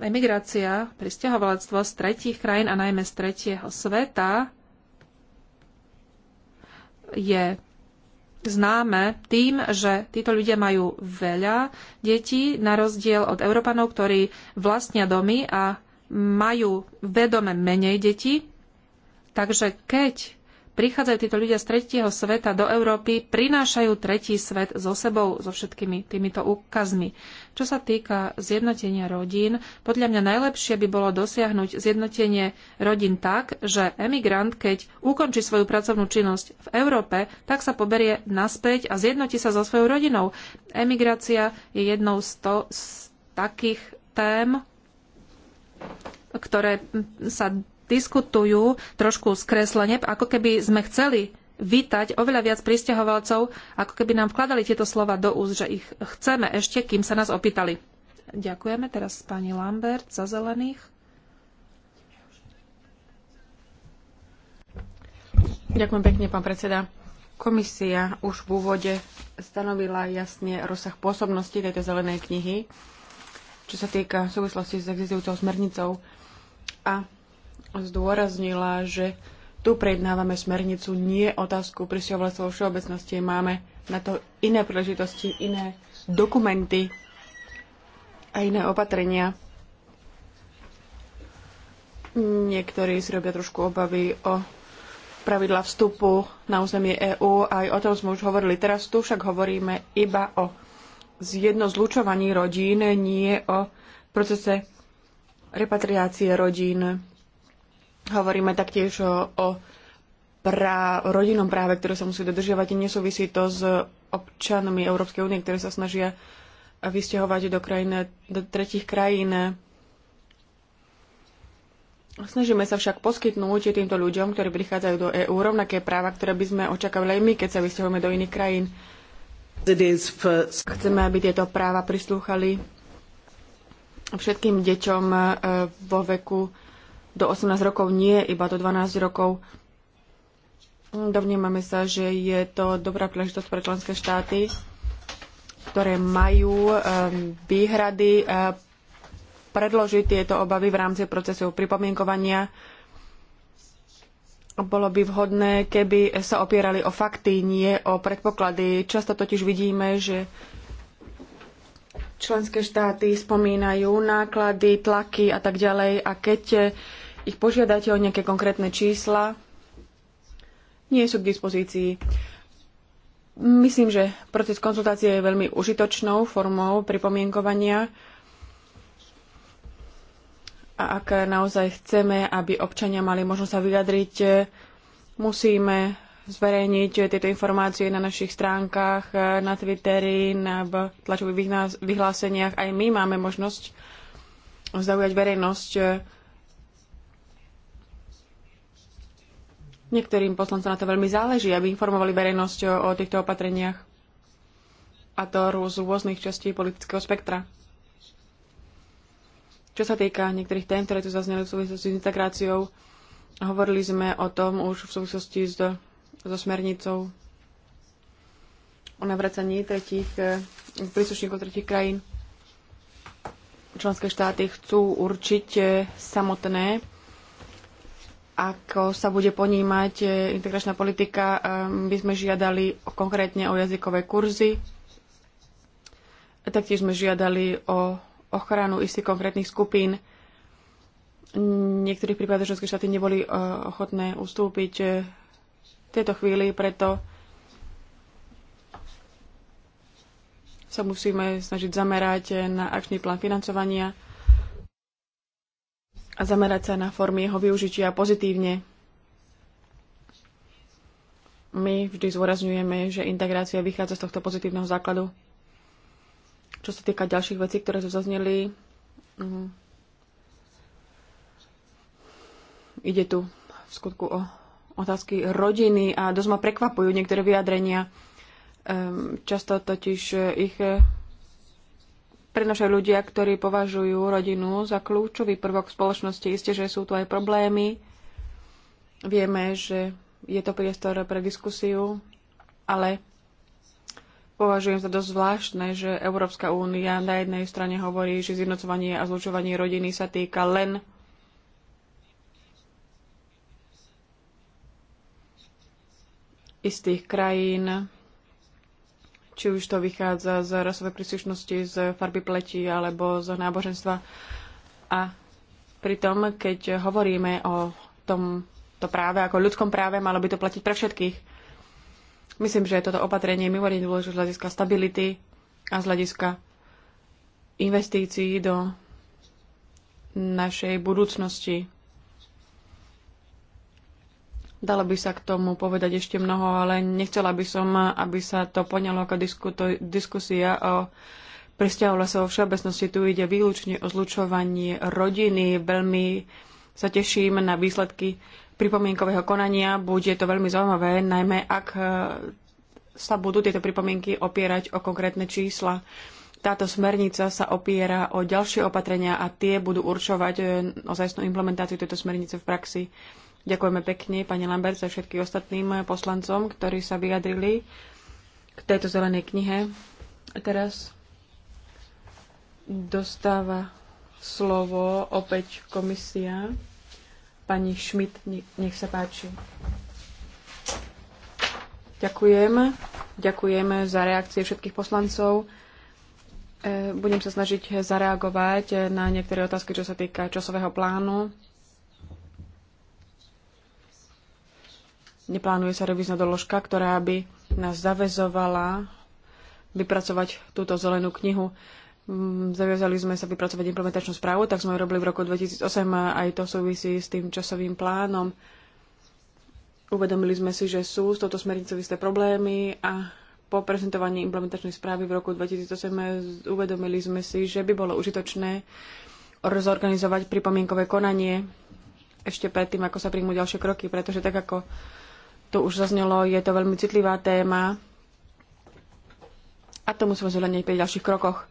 Speaker 3: emigrácia, pristahovalectvo z tretích krajín a najmä z tretieho sveta je známe tým, že títo ľudia majú veľa detí, na rozdiel od Európanov, ktorí vlastnia domy a majú vedome menej detí. Takže keď prichádzajú títo ľudia z tretieho sveta do Európy, prinášajú tretí svet so sebou, so všetkými týmito úkazmi. Čo sa týka zjednotenia rodín, podľa mňa najlepšie by bolo dosiahnuť zjednotenie rodín tak, že emigrant, keď ukončí svoju pracovnú činnosť v Európe, tak sa poberie naspäť a zjednotí sa so svojou rodinou. Emigrácia je jednou z, to, z takých tém, ktoré sa diskutujú trošku skreslene, ako keby sme chceli vítať oveľa viac pristahovalcov, ako keby nám vkladali tieto slova do úst, že ich chceme ešte, kým sa nás opýtali. Ďakujeme teraz pani Lambert za zelených.
Speaker 2: Ďakujem pekne, pán predseda. Komisia už v úvode stanovila jasne rozsah pôsobnosti tejto zelenej knihy, čo sa týka súvislosti s existujúcou smernicou. A zdôraznila, že tu prejednávame smernicu, nie otázku vo všeobecnosti. Máme na to iné príležitosti, iné dokumenty a iné opatrenia. Niektorí si robia trošku obavy o pravidla vstupu na územie EÚ. Aj o tom sme už hovorili. Teraz tu však hovoríme iba o zjednozlučovaní rodín, nie o procese repatriácie rodín Hovoríme taktiež o, o pra, rodinnom práve, ktoré sa musí dodržiavať. Nesúvisí to s občanmi Európskej únie, ktoré sa snažia vysťahovať do, krajine, do tretich krajín. Snažíme sa však poskytnúť týmto ľuďom, ktorí prichádzajú do EÚ, rovnaké práva, ktoré by sme očakávali aj my, keď sa vysťahujeme do iných krajín. Chceme, aby tieto práva prislúchali všetkým deťom eh, vo veku do 18 rokov, nie iba do 12 rokov. Dovnímame sa, že je to dobrá príležitosť pre členské štáty, ktoré majú ehm, výhrady ehm, predložiť tieto obavy v rámci procesu pripomienkovania. Bolo by vhodné, keby sa opierali o fakty, nie o predpoklady. Často totiž vidíme, že členské štáty spomínajú náklady, tlaky a tak ďalej. A keď ich požiadate o nejaké konkrétne čísla, nie sú k dispozícii. Myslím, že proces konzultácie je veľmi užitočnou formou pripomienkovania a ak naozaj chceme, aby občania mali možnosť sa vyjadriť, musíme zverejniť tieto informácie na našich stránkach, na Twitteri, na tlačových vyhláseniach. Aj my máme možnosť zaujať verejnosť Niektorým poslancom na to veľmi záleží, aby informovali verejnosť o, o týchto opatreniach. A to z rôznych častí politického spektra. Čo sa týka niektorých tém, ktoré tu zazneli v súvislosti s integráciou, hovorili sme o tom už v súvislosti s, so smernicou o navracaní tretich, e, príslušníkov tretích krajín. Členské štáty chcú určiť samotné ako sa bude ponímať e, integračná politika, e, by sme žiadali konkrétne o jazykové kurzy. Taktiež sme žiadali o ochranu istých konkrétnych skupín. niektorých prípadoch členské štáty neboli e, ochotné ustúpiť v tejto chvíli, preto sa musíme snažiť zamerať na akčný plán financovania a zamerať sa na formy jeho využitia pozitívne. My vždy zvorazňujeme, že integrácia vychádza z tohto pozitívneho základu. Čo sa týka ďalších vecí, ktoré tu zazneli, uh, ide tu v skutku o otázky rodiny a dosť ma prekvapujú niektoré vyjadrenia. Um, často totiž eh, ich eh, prenašajú ľudia, ktorí považujú rodinu za kľúčový prvok v spoločnosti. Isté, že sú tu aj problémy. Vieme, že je to priestor pre diskusiu, ale považujem za dosť zvláštne, že Európska únia na jednej strane hovorí, že zjednocovanie a zlučovanie rodiny sa týka len istých krajín, či už to vychádza z rasovej príslušnosti, z farby pleti alebo z náboženstva. A pritom, keď hovoríme o tomto práve ako ľudskom práve, malo by to platiť pre všetkých. Myslím, že toto opatrenie je mimoriadne dôležité z hľadiska stability a z hľadiska investícií do našej budúcnosti. Dalo by sa k tomu povedať ešte mnoho, ale nechcela by som, aby sa to poňalo ako diskuto, diskusia o presťahu lesov všeobecnosti. Tu ide výlučne o zlučovanie rodiny. Veľmi sa teším na výsledky pripomienkového konania. Bude to veľmi zaujímavé, najmä ak e, sa budú tieto pripomienky opierať o konkrétne čísla. Táto smernica sa opiera o ďalšie opatrenia a tie budú určovať e, ozajstnú implementáciu tejto smernice v praxi. Ďakujeme pekne pani Lambert a všetkým ostatným poslancom, ktorí sa vyjadrili k tejto zelenej knihe. A teraz dostáva slovo opäť komisia. Pani Schmidt, nech sa páči. Ďakujem. Ďakujem za reakcie všetkých poslancov. E, budem sa snažiť zareagovať na niektoré otázky, čo sa týka časového plánu Neplánuje sa revízna doložka, ktorá by nás zavezovala vypracovať túto zelenú knihu. Mm, zaviazali sme sa vypracovať implementačnú správu, tak sme ju robili v roku 2008 a aj to súvisí s tým časovým plánom. Uvedomili sme si, že sú s touto smernicou isté problémy a po prezentovaní implementačnej správy v roku 2008 uvedomili sme si, že by bolo užitočné rozorganizovať pripomienkové konanie ešte predtým, ako sa príjmú ďalšie kroky, pretože tak ako tu už zaznelo, je to veľmi citlivá téma a to musíme zhľadniť pri ďalších krokoch.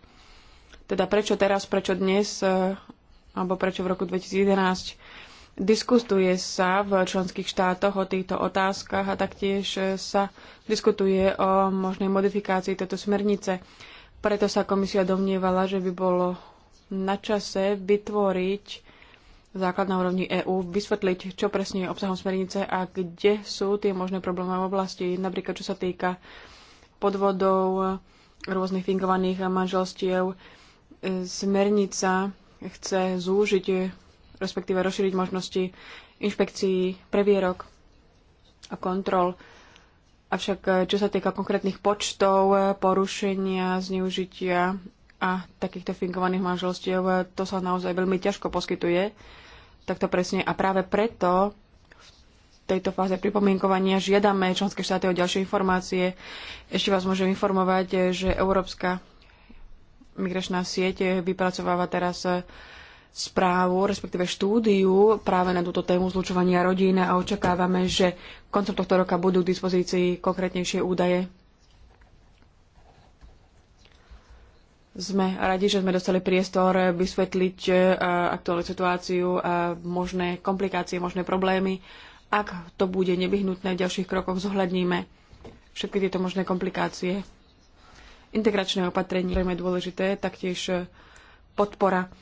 Speaker 2: Teda prečo teraz, prečo dnes, e, alebo prečo v roku 2011 diskutuje sa v členských štátoch o týchto otázkach a taktiež sa diskutuje o možnej modifikácii tejto smernice. Preto sa komisia domnievala, že by bolo na čase vytvoriť základ na úrovni EÚ vysvetliť, čo presne je obsahom smernice a kde sú tie možné problémové oblasti, napríklad čo sa týka podvodov, rôznych fingovaných manželstiev. Smernica chce zúžiť, respektíve rozšíriť možnosti inšpekcií, previerok a kontrol. Avšak čo sa týka konkrétnych počtov, porušenia, zneužitia a takýchto finkovaných manželstiev, eh, to sa naozaj veľmi ťažko poskytuje. Takto presne. A práve preto v tejto fáze pripomienkovania žiadame členské štáty o ďalšie informácie. Ešte vás môžem informovať, eh, že Európska migračná sieť eh, vypracováva teraz správu, respektíve štúdiu práve na túto tému zlučovania rodín a očakávame, že koncom tohto roka budú k dispozícii konkrétnejšie údaje Sme radi, že sme dostali priestor vysvetliť e, aktuálnu situáciu a možné komplikácie, možné problémy. Ak to bude nevyhnutné v ďalších krokoch, zohľadníme všetky tieto možné komplikácie. Integračné opatrenie je dôležité, taktiež podpora.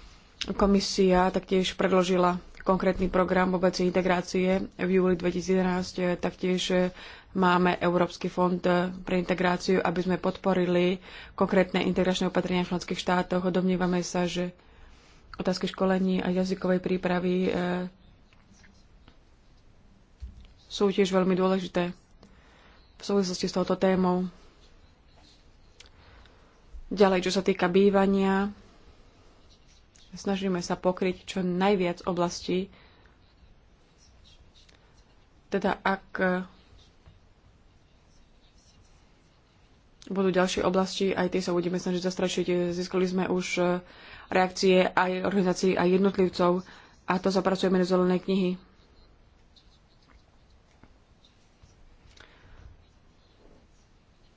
Speaker 2: Komisia taktiež predložila konkrétny program v integrácie v júli 2011. Eh, taktiež eh, máme Európsky fond eh, pre integráciu, aby sme podporili konkrétne integračné opatrenia v členských štátoch. Domnívame sa, že otázky školení a jazykovej prípravy sú tiež veľmi dôležité v súvislosti s touto témou. Ďalej, čo sa týka bývania, Snažíme sa pokryť čo najviac oblastí. Teda ak e, budú ďalšie oblasti, aj tie sa budeme snažiť zastrašiť. E, získali sme už e, reakcie aj organizácií, aj jednotlivcov a to zapracujeme do zelenej knihy.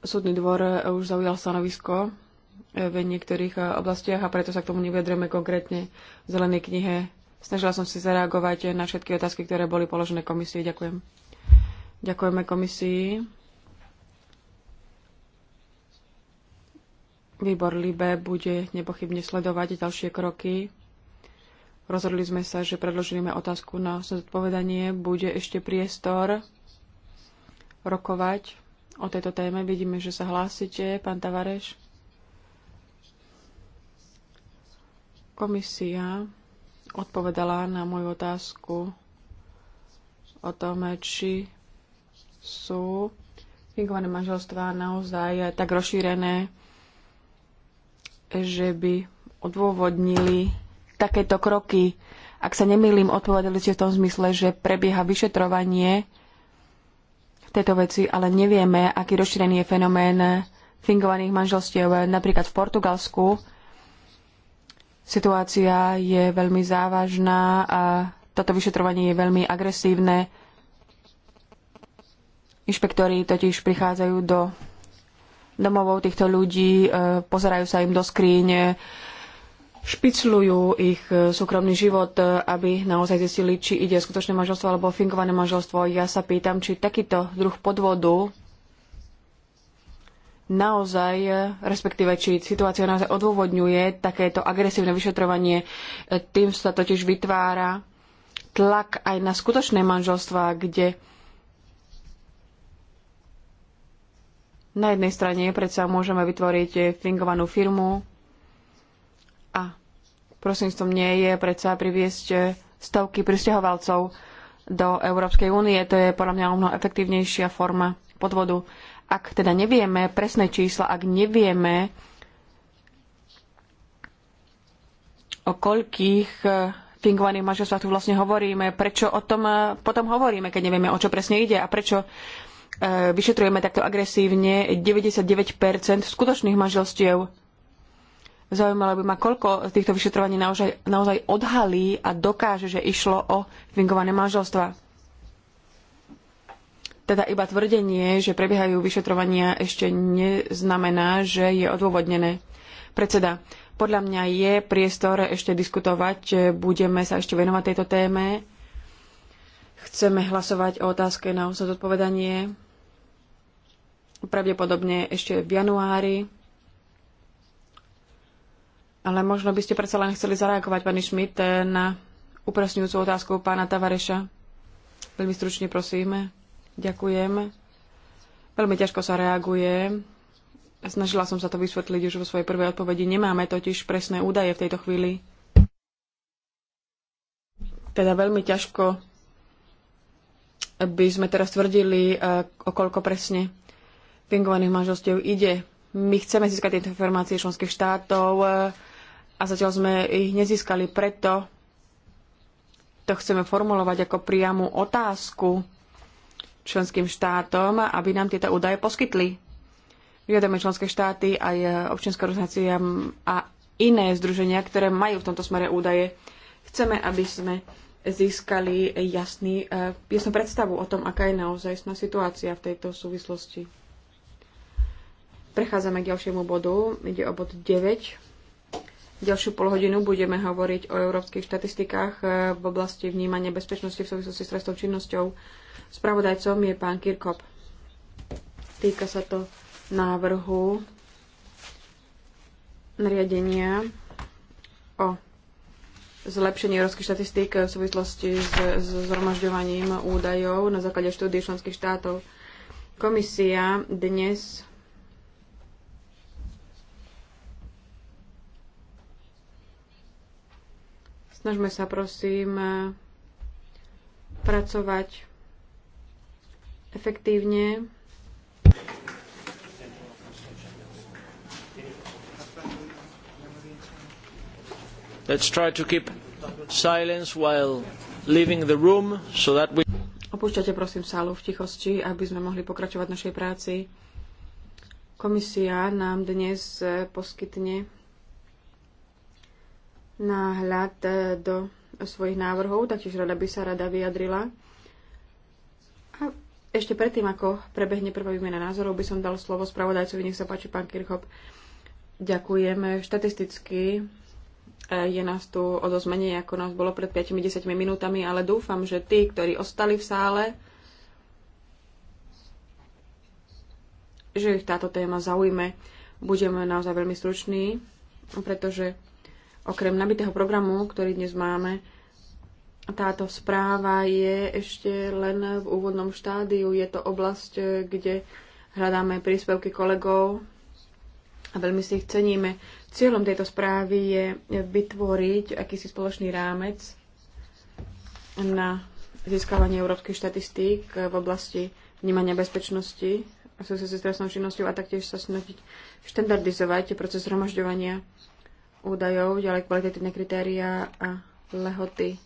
Speaker 2: Súdny dvor už zaujal stanovisko v niektorých eh, oblastiach a preto sa k tomu nevyjadrujeme konkrétne v zelenej knihe. Snažila som si zareagovať na všetky otázky, ktoré boli položené komisii. Ďakujem. Ďakujeme komisii. Výbor Libe bude nepochybne sledovať ďalšie kroky. Rozhodli sme sa, že predložíme otázku na zodpovedanie. Bude ešte priestor rokovať o tejto téme. Vidíme, že sa hlásite, pán Tavareš. Komisia odpovedala na moju otázku o tom, či sú fingované manželstvá naozaj tak rozšírené, že by odôvodnili takéto kroky. Ak sa nemýlim, odpovedali ste v tom zmysle, že prebieha vyšetrovanie v tejto veci, ale nevieme, aký rozšírený je fenomén fingovaných manželstiev napríklad v Portugalsku Situácia je veľmi závažná a toto vyšetrovanie je veľmi agresívne. Inšpektori totiž prichádzajú do domovov týchto ľudí, e, pozerajú sa im do skríne, špicľujú ich e, súkromný život, e, aby naozaj zistili, či ide skutočné manželstvo alebo finkované manželstvo. Ja sa pýtam, či takýto druh podvodu naozaj, e, respektíve či situácia naozaj odôvodňuje takéto agresívne vyšetrovanie. E, tým sa totiž vytvára tlak aj na skutočné manželstvá, kde na jednej strane predsa môžeme vytvoriť fingovanú firmu a prosím som, nie je predsa priviesť e, stovky pristahovalcov do Európskej únie. To je podľa mňa mnoho efektívnejšia forma podvodu ak teda nevieme presné čísla, ak nevieme, o koľkých e, fingovaných manželstvách tu vlastne hovoríme, prečo o tom e, potom hovoríme, keď nevieme, o čo presne ide a prečo e, vyšetrujeme takto agresívne 99% skutočných manželstiev. Zaujímalo by ma, koľko z týchto vyšetrovaní naozaj, naozaj odhalí a dokáže, že išlo o fingované manželstva. Teda iba tvrdenie, že prebiehajú vyšetrovania, ešte neznamená, že je odôvodnené. Predseda, podľa mňa je priestor ešte diskutovať, budeme sa ešte venovať tejto téme. Chceme hlasovať o otázke na osad odpovedanie. Pravdepodobne ešte v januári. Ale možno by ste predsa len chceli zareagovať, pani Schmidt, na upresňujúcu otázku pána Tavareša. Veľmi stručne prosíme. Ďakujem. Veľmi ťažko sa reaguje. Snažila som sa to vysvetliť už vo svojej prvej odpovedi. Nemáme totiž presné údaje v tejto chvíli. Teda veľmi ťažko by sme teraz tvrdili, eh, koľko presne fingovaných manželstiev ide. My chceme získať tieto informácie členských štátov eh, a zatiaľ sme ich nezískali, preto to chceme formulovať ako priamu otázku členským štátom, aby nám tieto údaje poskytli. Žiadame členské štáty, aj občianská organizácie a iné združenia, ktoré majú v tomto smere údaje. Chceme, aby sme získali jasný, e, jasnú predstavu o tom, aká je naozaj situácia v tejto súvislosti. Prechádzame k ďalšiemu bodu. Ide o bod 9. Ďalšiu polhodinu budeme hovoriť o európskych štatistikách e, v oblasti vnímania bezpečnosti v súvislosti s trestnou činnosťou. Spravodajcom je pán Kirkop. Týka sa to návrhu nariadenia o zlepšení európskych štatistík v súvislosti s, s zhromažďovaním údajov na základe štúdie členských štátov. Komisia dnes snažme sa prosím pracovať efektívne.
Speaker 1: Let's try to keep silence while leaving the room so that we
Speaker 2: Opúšťate prosím sálu v tichosti, aby sme mohli pokračovať našej práci. Komisia nám dnes eh, poskytne náhľad eh, do svojich návrhov, taktiež rada by sa rada vyjadrila ešte predtým, ako prebehne prvá výmena názorov, by som dal slovo spravodajcovi. Nech sa páči, pán Kirchhoff. Ďakujeme. Štatisticky e, je nás tu o dosť menej, ako nás bolo pred 5-10 minútami, ale dúfam, že tí, ktorí ostali v sále, že ich táto téma zaujme. Budeme naozaj veľmi struční, pretože okrem nabitého programu, ktorý dnes máme, táto správa je ešte len v úvodnom štádiu. Je to oblasť, kde hľadáme príspevky kolegov a veľmi si ich ceníme. Cieľom tejto správy je vytvoriť akýsi spoločný rámec na získavanie európskych štatistík v oblasti vnímania bezpečnosti a súvisí s trestnou činnosťou a taktiež sa snažiť štandardizovať proces zhromažďovania údajov, ďalej kvalitatívne kritéria a lehoty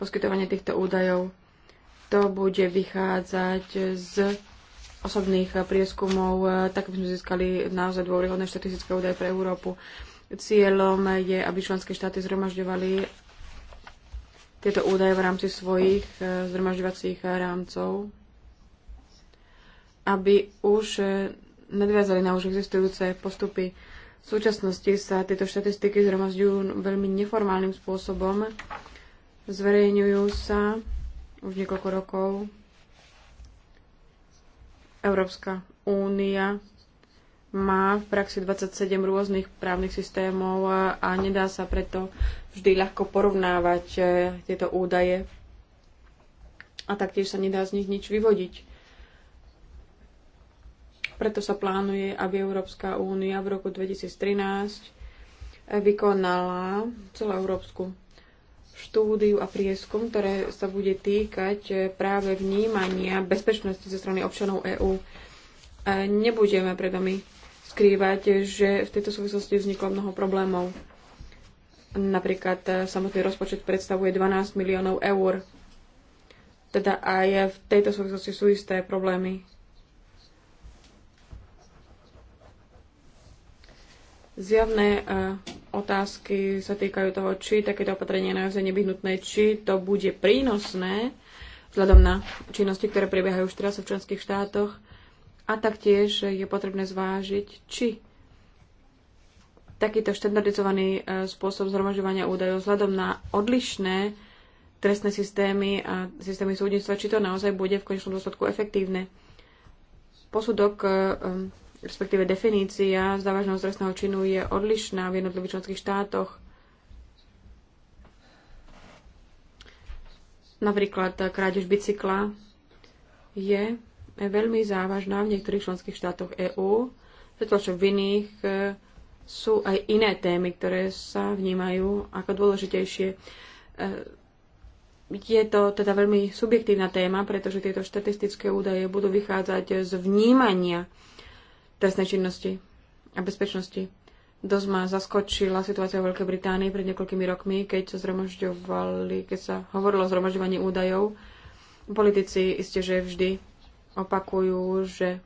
Speaker 2: poskytovanie týchto údajov. To bude vychádzať z osobných prieskumov, e, tak aby sme získali naozaj dôveryhodné štatistické údaje pre Európu. Cieľom je, aby členské štáty zhromažďovali tieto údaje v rámci svojich e, zhromažďovacích rámcov, aby už e, nadviazali na už existujúce postupy. V súčasnosti sa tieto štatistiky zhromažďujú veľmi neformálnym spôsobom Zverejňujú sa už niekoľko rokov. Európska únia má v praxi 27 rôznych právnych systémov a nedá sa preto vždy ľahko porovnávať eh, tieto údaje. A taktiež sa nedá z nich nič vyvodiť. Preto sa plánuje, aby Európska únia v roku 2013 eh, vykonala celoeurópsku štúdiu a prieskum, ktoré sa bude týkať eh, práve vnímania bezpečnosti zo strany občanov EÚ. Nebudeme pred vami skrývať, že v tejto súvislosti vzniklo mnoho problémov. Napríklad eh, samotný rozpočet predstavuje 12 miliónov eur. Teda aj v tejto súvislosti sú isté problémy. Zjavné e, otázky sa týkajú toho, či takéto opatrenie je naozaj nevyhnutné, či to bude prínosné vzhľadom na činnosti, ktoré prebiehajú už teraz v členských štátoch. A taktiež je potrebné zvážiť, či takýto štandardizovaný e, spôsob zhromažďovania údajov vzhľadom na odlišné trestné systémy a systémy súdnictva, či to naozaj bude v konečnom dôsledku efektívne. Posudok e, respektíve definícia závažného trestného činu je odlišná v jednotlivých členských štátoch. Napríklad krádež bicykla je veľmi závažná v niektorých členských štátoch EÚ, pretože v iných e, sú aj iné témy, ktoré sa vnímajú ako dôležitejšie. E, je to teda veľmi subjektívna téma, pretože tieto štatistické údaje budú vychádzať z vnímania trestnej činnosti a bezpečnosti. Dosť ma zaskočila situácia v Veľkej Británii pred niekoľkými rokmi, keď sa zhromažďovali, keď sa hovorilo o zhromažďovaní údajov. Politici isté, že vždy opakujú, že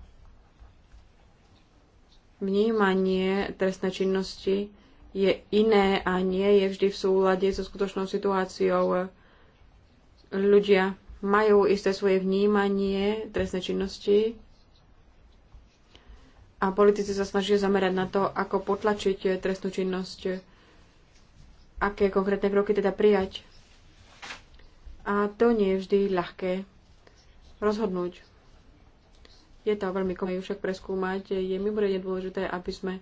Speaker 2: vnímanie trestnej činnosti je iné a nie je vždy v súlade so skutočnou situáciou. Ľudia majú isté svoje vnímanie trestnej činnosti, a politici sa snažia zamerať na to, ako potlačiť trestnú činnosť, aké konkrétne kroky teda prijať. A to nie je vždy ľahké rozhodnúť. Je to veľmi komajú však preskúmať. Je mimoriadne dôležité, aby sme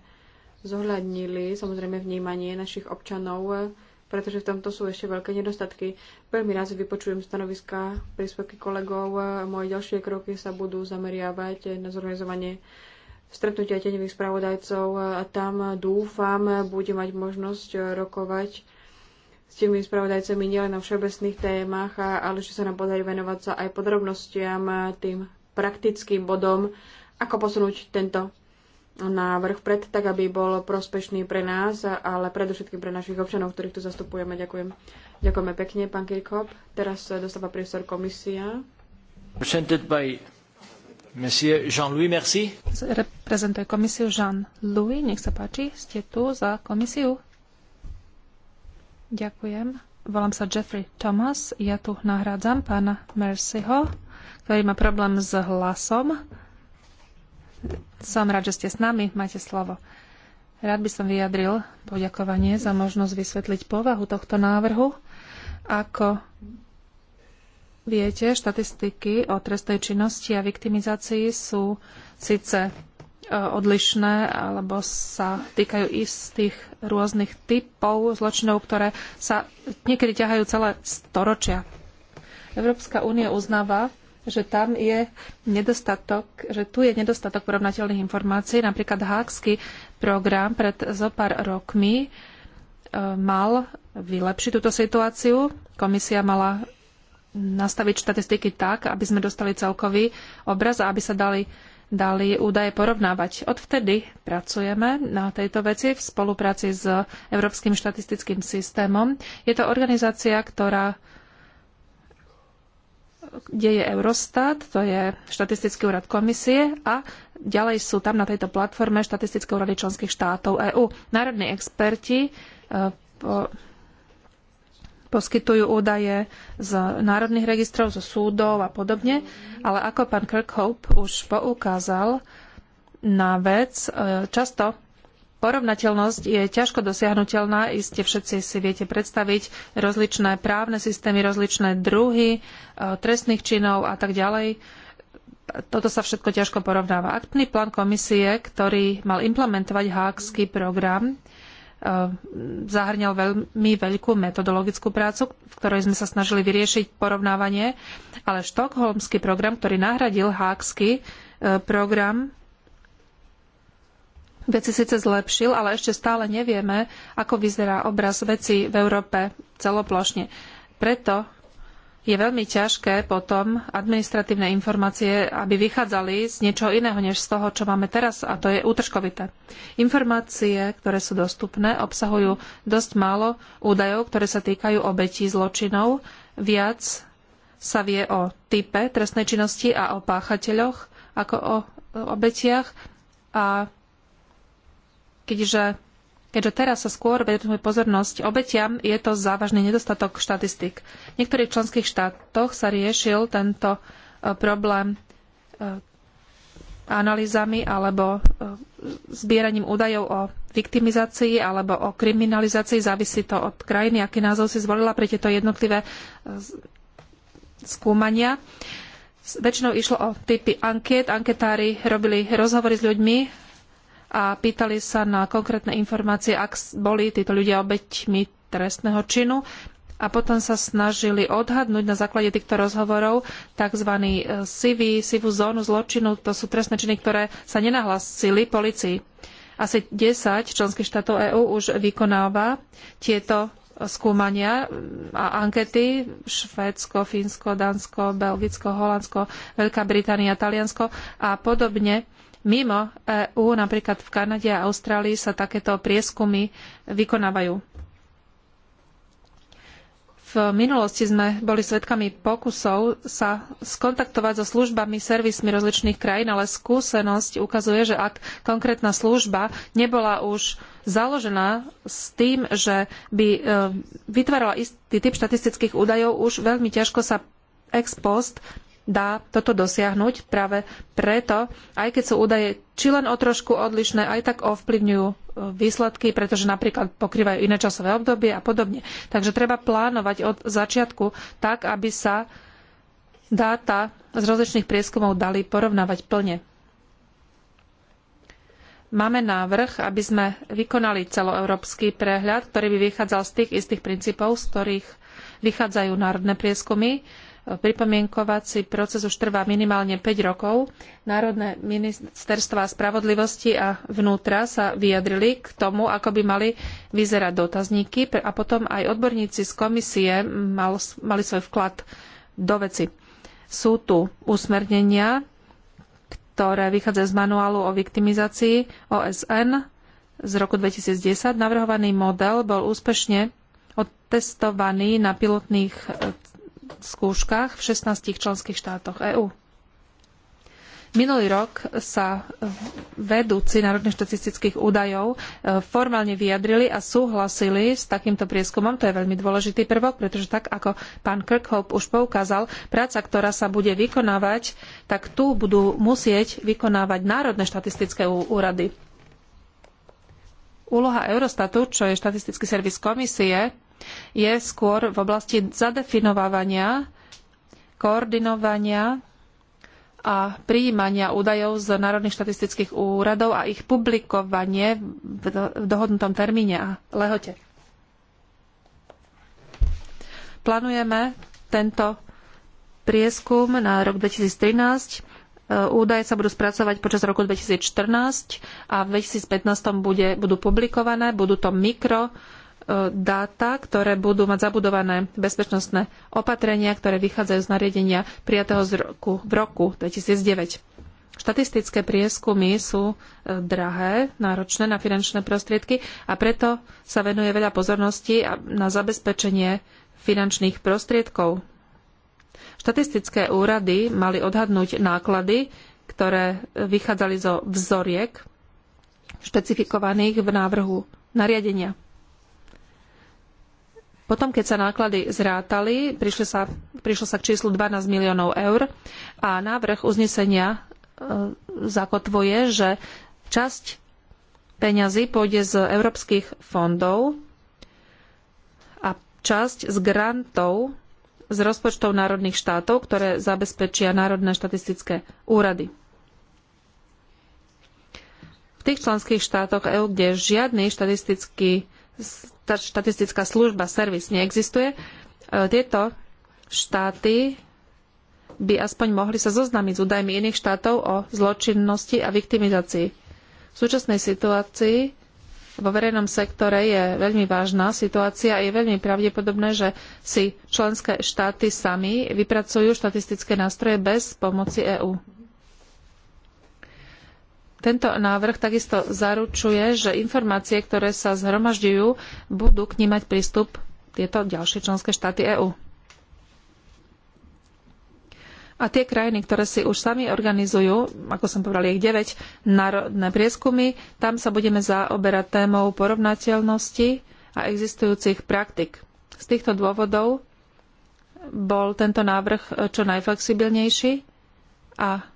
Speaker 2: zohľadnili samozrejme vnímanie našich občanov, pretože v tomto sú ešte veľké nedostatky. Veľmi rád vypočujem stanoviska, príspevky kolegov. Moje ďalšie kroky sa budú zameriavať na zorganizovanie stretnutia tenevých spravodajcov. Tam dúfam, bude mať možnosť rokovať s tými spravodajcami nielen na všeobecných témach, ale že sa nám podarí venovať sa aj podrobnostiam, tým praktickým bodom, ako posunúť tento návrh pred, tak aby bol prospešný pre nás, ale predovšetkým pre našich občanov, ktorých tu zastupujeme. Ďakujem. Ďakujeme pekne, pán Kirkop. Teraz dostáva priestor komisia.
Speaker 1: Presented by Monsieur Jean-Louis, merci.
Speaker 3: Reprezentuje komisiu Jean-Louis. Nech sa páči, ste tu za komisiu. Ďakujem. Volám sa Jeffrey Thomas. Ja tu nahrádzam pána Mercyho, ktorý má problém s hlasom. Som rád, že ste s nami. Máte slovo. Rád by som vyjadril poďakovanie za možnosť vysvetliť povahu tohto návrhu, ako viete, štatistiky o trestnej činnosti a viktimizácii sú síce e, odlišné alebo sa týkajú istých rôznych typov zločinov, ktoré sa niekedy ťahajú celé storočia. Európska únia uznáva, že tam je nedostatok, že tu je nedostatok porovnateľných informácií. Napríklad Hákský program pred zo pár rokmi e, mal vylepšiť túto situáciu. Komisia mala nastaviť štatistiky tak, aby sme dostali celkový obraz a aby sa dali, dali údaje porovnávať. Odvtedy pracujeme na tejto veci v spolupráci s Európskym štatistickým systémom. Je to organizácia, ktorá kde je Eurostat, to je štatistický úrad komisie a ďalej sú tam na tejto platforme štatistické úrady členských štátov EÚ. Národní experti e, po poskytujú údaje z národných registrov, zo súdov a podobne, ale ako pán Kirkhope už poukázal na vec, e, často porovnateľnosť je ťažko dosiahnuteľná. Iste všetci si viete predstaviť rozličné právne systémy, rozličné druhy e, trestných činov a tak ďalej toto sa všetko ťažko porovnáva. Aktný plán komisie, ktorý mal implementovať hákský program, Eh, zahrňal veľmi veľkú metodologickú prácu, v ktorej sme sa snažili vyriešiť porovnávanie, ale štokholmský program, ktorý nahradil hákský eh, program, veci síce zlepšil, ale ešte stále nevieme, ako vyzerá obraz veci v Európe celoplošne. Preto je veľmi ťažké potom administratívne informácie, aby vychádzali z niečoho iného, než z toho, čo máme teraz, a to je útržkovité. Informácie, ktoré sú dostupné, obsahujú dosť málo údajov, ktoré sa týkajú obetí zločinov. Viac sa vie o type trestnej činnosti a o páchateľoch ako o obetiach. A keďže Keďže teraz sa skôr vedeme pozornosť obetiam, je to závažný nedostatok štatistik. V niektorých členských štátoch sa riešil tento e, problém e, analýzami alebo e, zbieraním údajov o viktimizácii alebo o kriminalizácii. Závisí to od krajiny, aký názov si zvolila pre tieto jednotlivé skúmania. Väčšinou išlo o typy ankiet. Anketári robili rozhovory s ľuďmi, a pýtali sa na konkrétne informácie, ak boli títo ľudia obeťmi trestného činu a potom sa snažili odhadnúť na základe týchto rozhovorov tzv. E, sivý, sivú zónu zločinu. To sú trestné činy, ktoré sa nenahlasili policii. Asi 10 členských štátov EÚ už vykonáva tieto skúmania e, a ankety Švédsko, Fínsko, Dánsko, Belgicko, Holandsko, Veľká Británia, Taliansko a podobne Mimo EÚ, napríklad v Kanade a Austrálii, sa takéto prieskumy vykonávajú. V minulosti sme boli svedkami pokusov sa skontaktovať so službami, servismi rozličných krajín, ale skúsenosť ukazuje, že ak konkrétna služba nebola už založená s tým, že by e, vytvárala istý typ štatistických údajov, už veľmi ťažko sa ex post dá toto dosiahnuť práve preto, aj keď sú údaje či len o trošku odlišné, aj tak ovplyvňujú e, výsledky, pretože napríklad pokrývajú iné časové obdobie a podobne. Takže treba plánovať od začiatku tak, aby sa dáta z rozličných prieskumov dali porovnávať plne. Máme návrh, aby sme vykonali celoeurópsky prehľad, ktorý by vychádzal z tých istých princípov, z ktorých vychádzajú národné prieskumy pripomienkovací proces už trvá minimálne 5 rokov. Národné ministerstva spravodlivosti a vnútra sa vyjadrili k tomu, ako by mali vyzerať dotazníky a potom aj odborníci z komisie mal, mali svoj vklad do veci. Sú tu usmernenia, ktoré vychádza z manuálu o viktimizácii OSN z roku 2010. Navrhovaný model bol úspešne otestovaný na pilotných skúškach v 16 členských štátoch EÚ. Minulý rok sa vedúci národných štatistických údajov e, formálne vyjadrili a súhlasili s takýmto prieskumom. To je veľmi dôležitý prvok, pretože tak ako pán Kirkhope už poukázal, práca, ktorá sa bude vykonávať, tak tu budú musieť vykonávať národné štatistické úrady. Úloha Eurostatu, čo je štatistický servis komisie, je skôr v oblasti zadefinovávania, koordinovania a prijímania údajov z národných štatistických úradov a ich publikovanie v dohodnutom termíne a lehote. Plánujeme tento prieskum na rok 2013 e, Údaje sa budú spracovať počas roku 2014 a v 2015 bude, budú publikované, budú to mikro E, dáta, ktoré budú mať zabudované bezpečnostné opatrenia, ktoré vychádzajú z nariadenia prijatého z roku, v roku 2009. Štatistické prieskumy sú e, drahé, náročné na finančné prostriedky a preto sa venuje veľa pozornosti na zabezpečenie finančných prostriedkov. Štatistické úrady mali odhadnúť náklady, ktoré vychádzali zo vzoriek špecifikovaných v návrhu nariadenia. Potom, keď sa náklady zrátali, prišlo sa, prišlo sa k číslu 12 miliónov eur a návrh uznesenia e, zakotvuje, že časť peňazí pôjde z európskych fondov a časť z grantov z rozpočtov národných štátov, ktoré zabezpečia národné štatistické úrady. V tých členských štátoch EÚ, kde žiadny štatistický tá štatistická služba, servis neexistuje, e, tieto štáty by aspoň mohli sa zoznámiť s údajmi iných štátov o zločinnosti a viktimizácii. V súčasnej situácii vo verejnom sektore je veľmi vážna situácia a je veľmi pravdepodobné, že si členské štáty sami vypracujú štatistické nástroje bez pomoci EÚ. Tento návrh takisto zaručuje, že informácie, ktoré sa zhromažďujú, budú k nim mať prístup tieto ďalšie členské štáty EÚ. A tie krajiny, ktoré si už sami organizujú, ako som povedal, ich 9 národné prieskumy, tam sa budeme zaoberať témou porovnateľnosti a existujúcich praktik. Z týchto dôvodov bol tento návrh čo najflexibilnejší a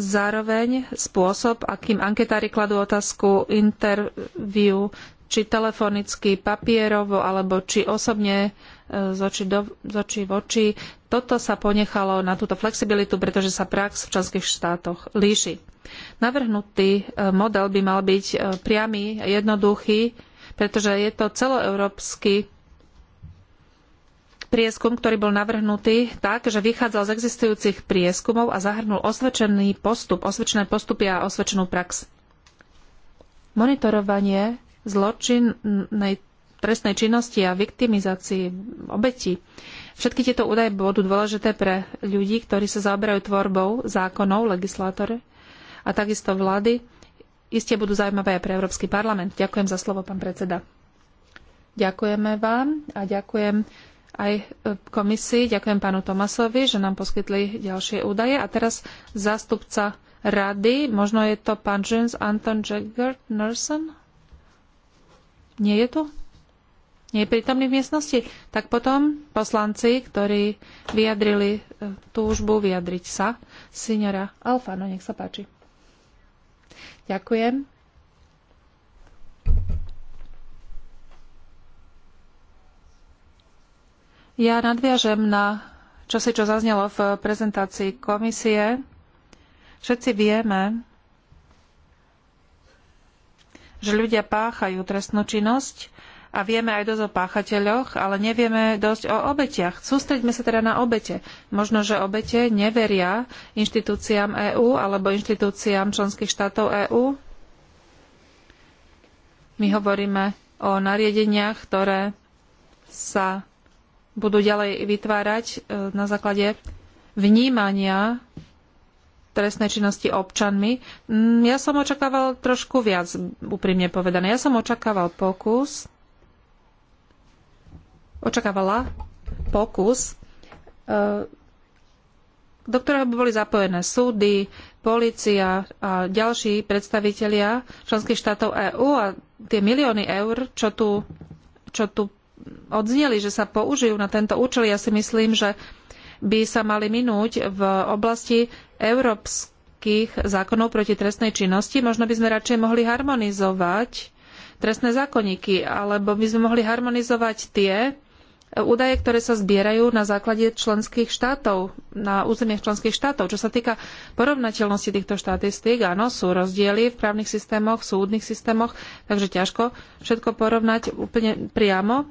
Speaker 3: zároveň spôsob, akým anketári kladú otázku interviu, či telefonicky, papierovo, alebo či osobne e, z očí, do, z v oči. Toto sa ponechalo na túto flexibilitu, pretože sa prax v členských štátoch líši. Navrhnutý e, model by mal byť e, priamy, jednoduchý, pretože je to celoeurópsky prieskum, ktorý bol navrhnutý tak, že vychádzal z existujúcich prieskumov a zahrnul osvedčený postup, osvedčené postupy a osvedčenú prax. Monitorovanie zločinnej trestnej činnosti a viktimizácii obetí. Všetky tieto údaje budú dôležité pre ľudí, ktorí sa zaoberajú tvorbou zákonov, legislátore a takisto vlády. Isté budú zaujímavé aj pre Európsky parlament. Ďakujem za slovo, pán predseda. Ďakujeme vám a ďakujem aj e, komisii, ďakujem pánu Tomasovi, že nám poskytli ďalšie údaje. A teraz zástupca rady, možno je to pán James Anton Jagger Nerson? Nie je tu? Nie je prítomný v miestnosti? Tak potom poslanci, ktorí vyjadrili e, túžbu vyjadriť sa, signora Alfano, nech sa páči. Ďakujem. Ja nadviažem na čosi, čo zaznelo v prezentácii komisie. Všetci vieme, že ľudia páchajú trestnú činnosť a vieme aj dosť o páchateľoch, ale nevieme dosť o obetiach. Sústreďme sa teda na obete. Možno, že obete neveria inštitúciám EÚ alebo inštitúciám členských štátov EÚ. My hovoríme o nariadeniach, ktoré sa budú ďalej vytvárať e, na základe vnímania trestnej činnosti občanmi. Mm, ja som očakával trošku viac, úprimne povedané. Ja som očakával pokus, očakávala pokus, e, do ktorého by boli zapojené súdy, polícia a ďalší predstavitelia členských štátov EÚ a tie milióny eur, čo tu, čo tu odzneli, že sa použijú na tento účel, ja si myslím, že by sa mali minúť v oblasti európskych zákonov proti trestnej činnosti. Možno by sme radšej mohli harmonizovať trestné zákonníky, alebo by sme mohli harmonizovať tie údaje, ktoré sa zbierajú na základe členských štátov, na územiach členských štátov. Čo sa týka porovnateľnosti týchto štatistík, áno, sú rozdiely v právnych systémoch, súdnych systémoch, takže ťažko všetko porovnať úplne priamo.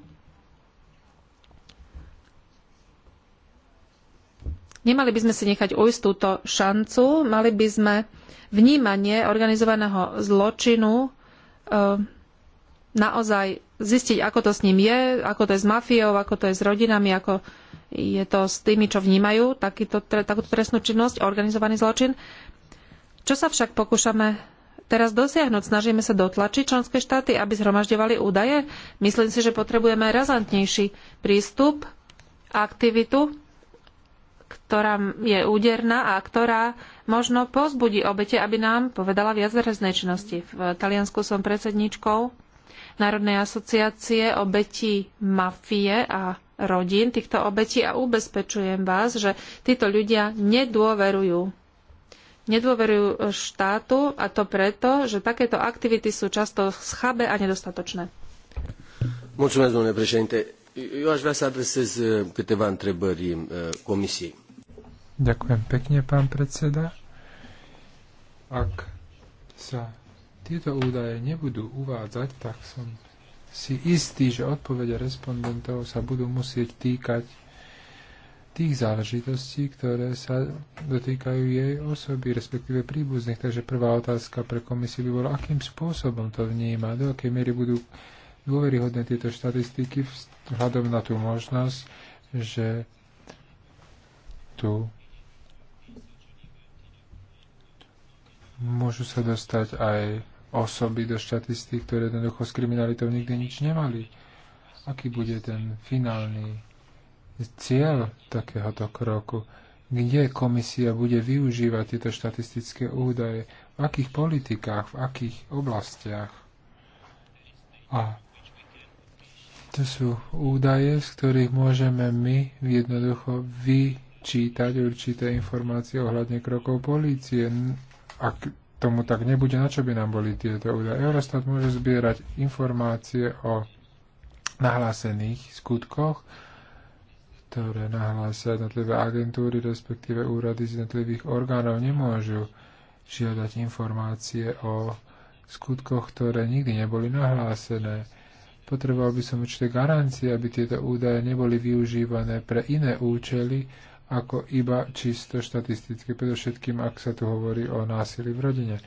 Speaker 3: Nemali by sme si nechať ujsť túto šancu, mali by sme vnímanie organizovaného zločinu eh, naozaj zistiť, ako to s ním je, ako to je s mafiou, ako to je s rodinami, ako je to s tými, čo vnímajú takýto, takúto trestnú činnosť, organizovaný zločin. Čo sa však pokúšame teraz dosiahnuť? Snažíme sa dotlačiť členské štáty, aby zhromažďovali údaje? Myslím si, že potrebujeme razantnejší prístup, aktivitu ktorá je úderná a ktorá možno pozbudí obete, aby nám povedala viac trestnej činnosti. V Taliansku som predsedničkou Národnej asociácie obetí mafie a rodín týchto obetí a ubezpečujem vás, že títo ľudia nedôverujú nedôverujú štátu a to preto, že takéto aktivity sú často schabe a nedostatočné.
Speaker 1: Mulțumesc, domnule președinte. Eu aș vrea să adresez uh, câteva întrebări uh,
Speaker 4: comisiei. Ďakujem pekne, pán predseda. Ak sa tieto údaje nebudú uvádzať, tak som si istý, že odpovede respondentov sa budú musieť týkať tých záležitostí, ktoré sa dotýkajú jej osoby, respektíve príbuzných. Takže prvá otázka pre komisiu by bola, akým spôsobom to vníma, do akej miery budú dôveryhodné tieto štatistiky vzhľadom na tú možnosť, že tu môžu sa dostať aj osoby do štatistík, ktoré jednoducho s kriminalitou nikdy nič nemali. Aký bude ten finálny cieľ takéhoto kroku? Kde komisia bude využívať tieto štatistické údaje? V akých politikách? V akých oblastiach? A to sú údaje, z ktorých môžeme my jednoducho vyčítať určité informácie ohľadne krokov polície. Ak tomu tak nebude, na čo by nám boli tieto údaje? Eurostat môže zbierať informácie o nahlásených skutkoch, ktoré nahlásia jednotlivé agentúry, respektíve úrady z jednotlivých orgánov, nemôžu žiadať informácie o skutkoch, ktoré nikdy neboli nahlásené Potreboval by som určité garancie, aby tieto údaje neboli využívané pre iné účely ako iba čisto štatistické, predovšetkým ak sa tu hovorí o násilí v rodine.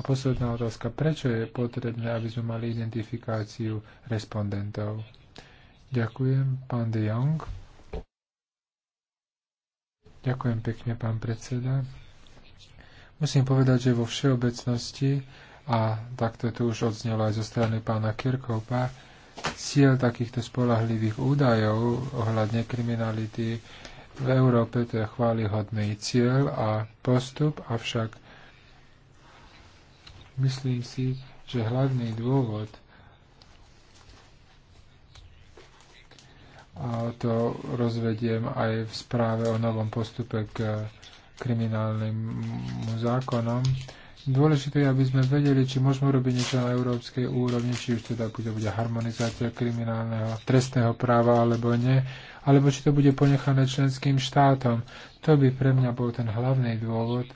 Speaker 4: A posledná otázka, prečo je potrebné, aby sme mali identifikáciu respondentov? Ďakujem, pán De Jong. Ďakujem pekne, pán predseda. Musím povedať, že vo všeobecnosti, a takto to už odznelo aj zo strany pána Kirkopa, Cieľ takýchto spolahlivých údajov ohľadne kriminality v Európe to je chválihodný cieľ a postup, avšak myslím si, že hlavný dôvod a to rozvediem aj v správe o novom postupe k kriminálnym zákonom, Dôležité je, aby sme vedeli, či môžeme robiť niečo na európskej úrovni, či už teda bude, bude harmonizácia kriminálneho trestného práva alebo nie, alebo či to bude ponechané členským štátom. To by pre mňa bol ten hlavný dôvod,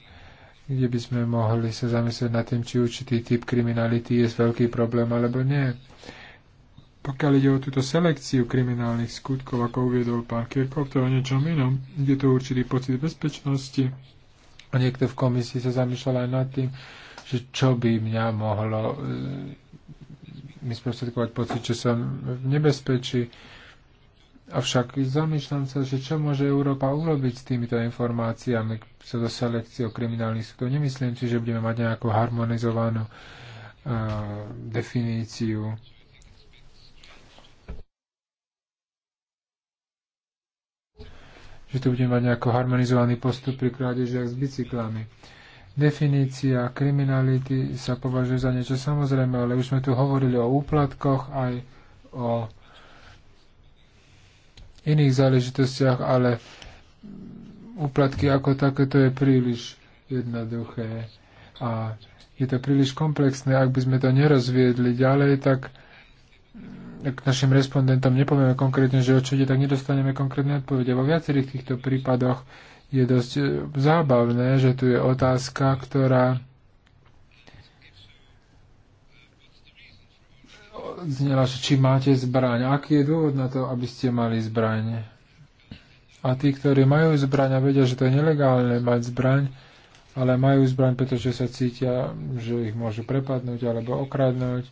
Speaker 4: kde by sme mohli sa zamyslieť nad tým, či určitý typ kriminality je veľký problém alebo nie. Pokiaľ ide o túto selekciu kriminálnych skutkov, ako uviedol pán Kirchhoff, to je o niečom inom. Je to určitý pocit bezpečnosti, a niekto v komisii sa zamýšľal aj nad tým, že čo by mňa mohlo e, mi sprostredkovať pocit, že som v nebezpečí. Avšak zamýšľam sa, že čo môže Európa urobiť s týmito informáciami so o kriminálnych súdov. Nemyslím si, že budeme mať nejakú harmonizovanú uh, definíciu že tu budeme mať nejako harmonizovaný postup pri krádežiach s bicyklami. Definícia kriminality sa považuje za niečo samozrejme, ale už sme tu hovorili o úplatkoch aj o iných záležitostiach, ale úplatky ako také to je príliš jednoduché a je to príliš komplexné. Ak by sme to nerozviedli ďalej, tak k našim respondentom nepovieme konkrétne, že o čo ide, tak nedostaneme konkrétne odpovede. Vo viacerých týchto prípadoch je dosť e, zábavné, že tu je otázka, ktorá znela, že či máte zbraň. Aký je dôvod na to, aby ste mali zbraň? A tí, ktorí majú zbraň a vedia, že to je nelegálne mať zbraň, ale majú zbraň, pretože sa cítia, že ich môžu prepadnúť alebo okradnúť,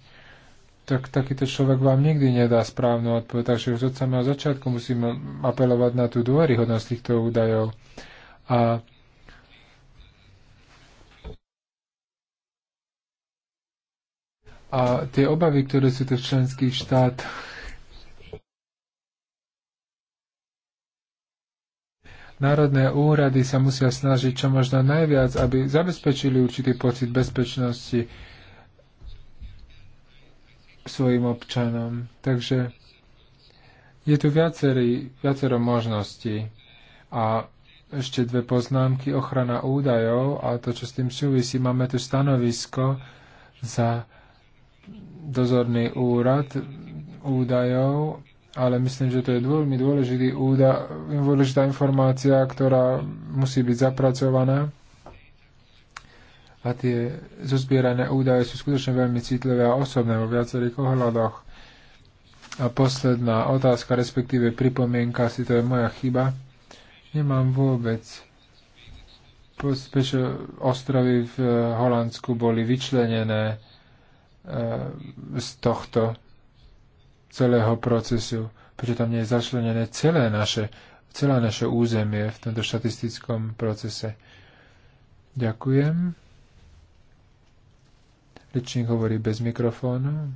Speaker 4: tak takýto človek vám nikdy nedá správnu odpoveď. Takže už od samého začiatku musíme apelovať na tú dôveryhodnosť týchto údajov. A a tie obavy, ktoré sú tu v členských štátoch, Národné úrady sa musia snažiť čo možno najviac, aby zabezpečili určitý pocit bezpečnosti svojim občanom. Takže je tu viacerý, viacero možností. A ešte dve poznámky. Ochrana údajov a to, čo s tým súvisí. Máme tu stanovisko za dozorný úrad údajov, ale myslím, že to je veľmi dôležitý údaj, dôležitá informácia, ktorá musí byť zapracovaná a tie zozbierané údaje sú skutočne veľmi citlivé a osobné vo viacerých ohľadoch. A posledná otázka, respektíve pripomienka, si to je moja chyba. Nemám vôbec Pospešo ostrovy v eh, Holandsku boli vyčlenené eh, z tohto celého procesu, pretože tam nie je začlenené celé naše, celé naše územie v tomto štatistickom procese. Ďakujem. Rečník hovorí bez mikrofónu.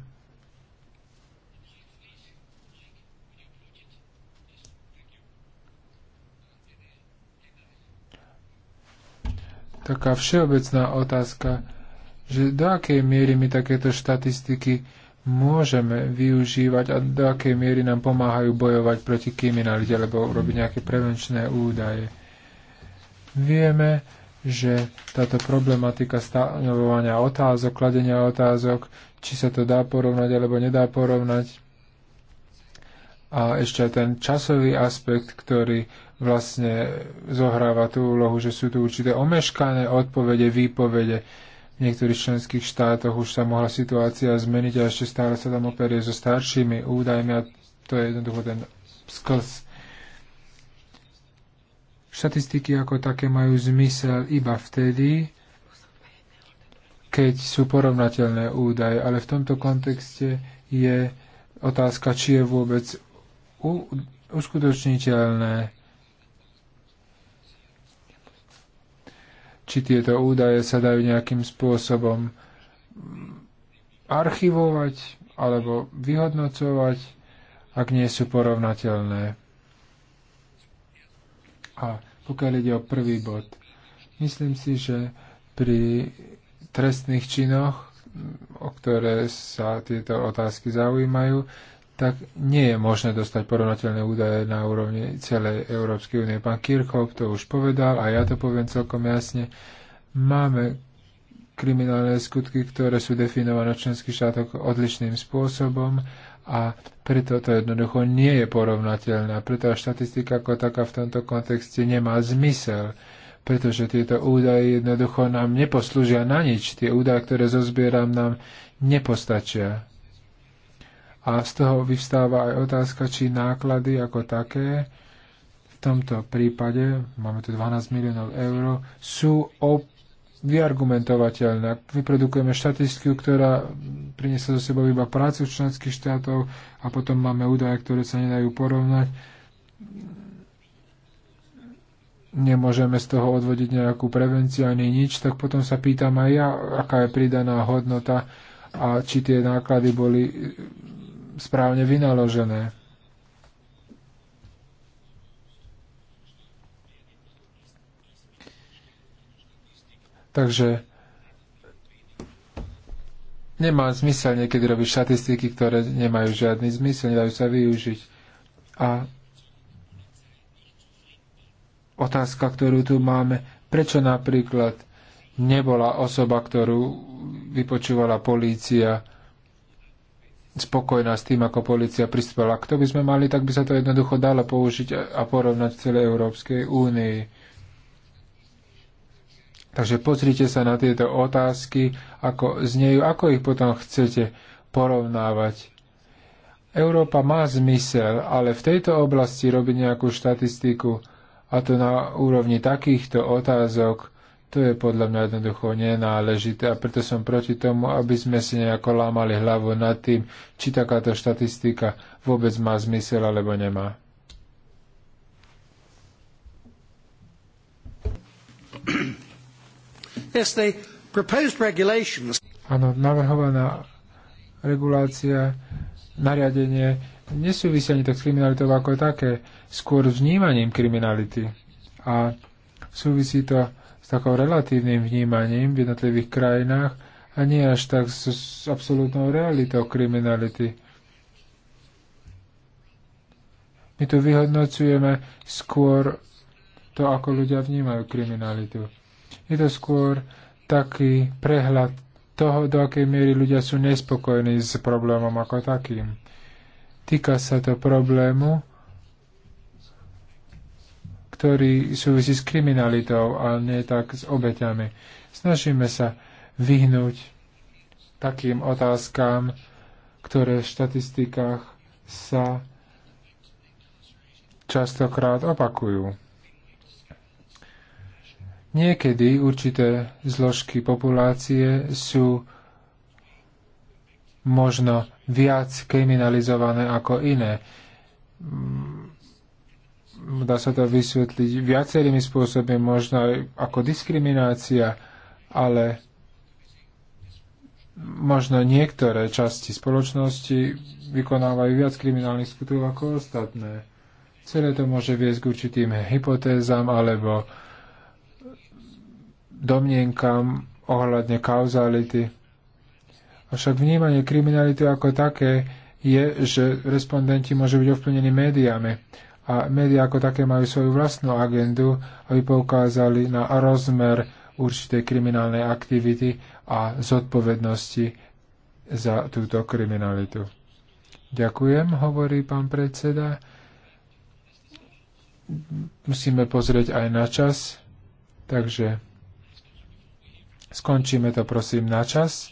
Speaker 4: Taká všeobecná otázka, že do akej miery my takéto štatistiky môžeme využívať a do akej miery nám pomáhajú bojovať proti kriminalite alebo robiť nejaké prevenčné údaje. Vieme, že táto problematika stanovovania otázok, kladenia otázok, či sa to dá porovnať alebo nedá porovnať. A ešte aj ten časový aspekt, ktorý vlastne zohráva tú úlohu, že sú tu určité omeškané odpovede, výpovede. V niektorých členských štátoch už sa mohla situácia zmeniť a ešte stále sa tam operuje so staršími údajmi a to je jednoducho ten sklz Štatistiky ako také majú zmysel iba vtedy, keď sú porovnateľné údaje, ale v tomto kontexte je otázka, či je vôbec uskutočniteľné, či tieto údaje sa dajú nejakým spôsobom archivovať alebo vyhodnocovať, ak nie sú porovnateľné. A pokiaľ ide o prvý bod, myslím si, že pri trestných činoch, o ktoré sa tieto otázky zaujímajú, tak nie je možné dostať porovnateľné údaje na úrovni celej Európskej únie. Pán Kirchhoff to už povedal a ja to poviem celkom jasne. Máme kriminálne skutky, ktoré sú definované v členských štátoch odlišným spôsobom a preto to jednoducho nie je porovnateľné. Preto štatistika ako taká v tomto kontexte nemá zmysel, pretože tieto údaje jednoducho nám neposlúžia na nič. Tie údaje, ktoré zozbieram, nám nepostačia. A z toho vyvstáva aj otázka, či náklady ako také v tomto prípade, máme tu 12 miliónov eur, sú op- vyargumentovateľná. Vyprodukujeme štatistiku, ktorá priniesie so sebou iba prácu členských štátov a potom máme údaje, ktoré sa nedajú porovnať. Nemôžeme z toho odvodiť nejakú prevenciu ani nič, tak potom sa pýtam aj ja, aká je pridaná hodnota a či tie náklady boli správne vynaložené. Takže nemá zmysel niekedy robiť štatistiky, ktoré nemajú žiadny zmysel, nedajú sa využiť. A otázka, ktorú tu máme, prečo napríklad nebola osoba, ktorú vypočúvala polícia, spokojná s tým, ako policia prispela. Kto by sme mali, tak by sa to jednoducho dalo použiť a porovnať v celej Európskej únii. Takže pozrite sa na tieto otázky, ako znejú, ako ich potom chcete porovnávať. Európa má zmysel, ale v tejto oblasti robiť nejakú štatistiku a to na úrovni takýchto otázok, to je podľa mňa jednoducho nenáležité a preto som proti tomu, aby sme si nejako lámali hlavu nad tým, či takáto štatistika vôbec má zmysel alebo nemá.
Speaker 3: Thank *clears throat* you. Yes, proposed regulations.
Speaker 4: Áno, navrhovaná regulácia, nariadenie nesúvisia ani tak s kriminalitou ako také, skôr s vnímaním kriminality. A súvisí to s takou relatívnym vnímaním v jednotlivých krajinách a nie až tak s, s absolútnou realitou kriminality. My tu vyhodnocujeme skôr to, ako ľudia vnímajú kriminalitu. Je to skôr taký prehľad toho, do akej miery ľudia sú nespokojní s problémom ako takým. Týka sa to problému, ktorý súvisí s kriminalitou, ale nie tak s obeťami. Snažíme sa vyhnúť takým otázkam, ktoré v štatistikách sa častokrát opakujú. Niekedy určité zložky populácie sú možno viac kriminalizované ako iné. Mm, dá sa to vysvetliť viacerými spôsobmi, možno aj ako diskriminácia, ale možno niektoré časti spoločnosti vykonávajú viac kriminálnych skutkov ako ostatné. Celé to môže viesť k určitým hypotézam alebo domnienkam ohľadne kauzality. Avšak vnímanie kriminality ako také je, že respondenti môžu byť ovplnení médiami a médiá ako také majú svoju vlastnú agendu, aby poukázali na rozmer určitej kriminálnej aktivity a zodpovednosti za túto kriminalitu. Ďakujem, hovorí pán predseda. Musíme pozrieť aj na čas, takže Skončíme to prosím na čas.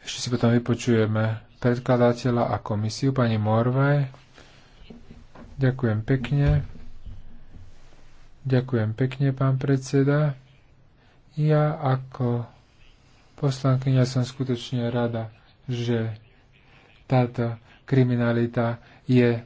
Speaker 4: Ešte si potom vypočujeme predkladateľa a komisiu, pani Morvaj. Ďakujem pekne. Ďakujem pekne, pán predseda. Ja ako poslankyňa som skutočne rada, že táto kriminalita je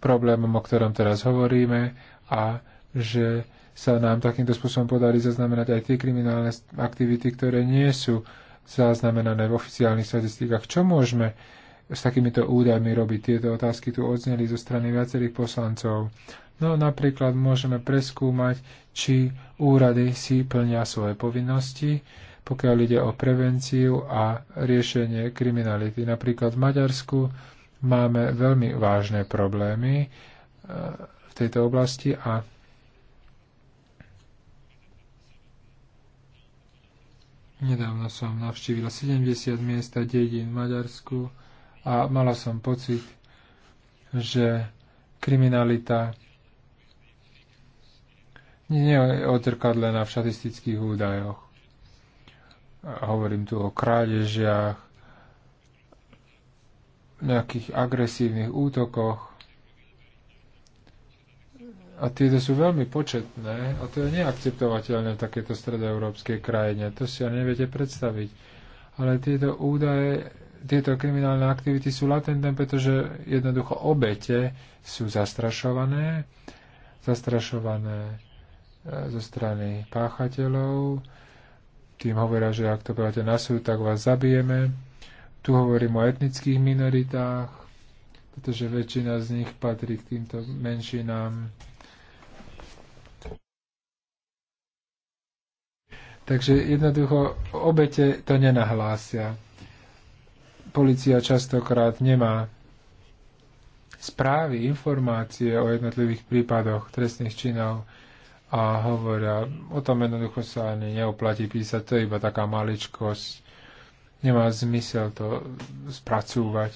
Speaker 4: problémom, o ktorom teraz hovoríme a že sa nám takýmto spôsobom podarí zaznamenať aj tie kriminálne aktivity, ktoré nie sú zaznamenané v oficiálnych statistikách. Čo môžeme s takýmito údajmi robiť? Tieto otázky tu odzneli zo strany viacerých poslancov. No napríklad môžeme preskúmať, či úrady si plnia svoje povinnosti, pokiaľ ide o prevenciu a riešenie kriminality. Napríklad v Maďarsku máme veľmi vážne problémy eh, v tejto oblasti a Nedávno som navštívila 70 miest a dedín v Maďarsku a mala som pocit, že kriminalita nie je odrkadlená v štatistických údajoch. Hovorím tu o krádežiach, nejakých agresívnych útokoch, a tieto sú veľmi početné a to je neakceptovateľné v takéto stredoeurópskej krajine. To si ani neviete predstaviť. Ale tieto údaje, tieto kriminálne aktivity sú latentné, pretože jednoducho obete sú zastrašované, zastrašované e, zo strany páchateľov. Tým hovoria, že ak to povedate na súd, tak vás zabijeme. Tu hovorím o etnických minoritách, pretože väčšina z nich patrí k týmto menšinám Takže jednoducho obete to nenahlásia. Polícia častokrát nemá správy, informácie o jednotlivých prípadoch trestných činov a hovoria, o tom jednoducho sa ani neoplatí písať, to je iba taká maličkosť, nemá zmysel to spracúvať.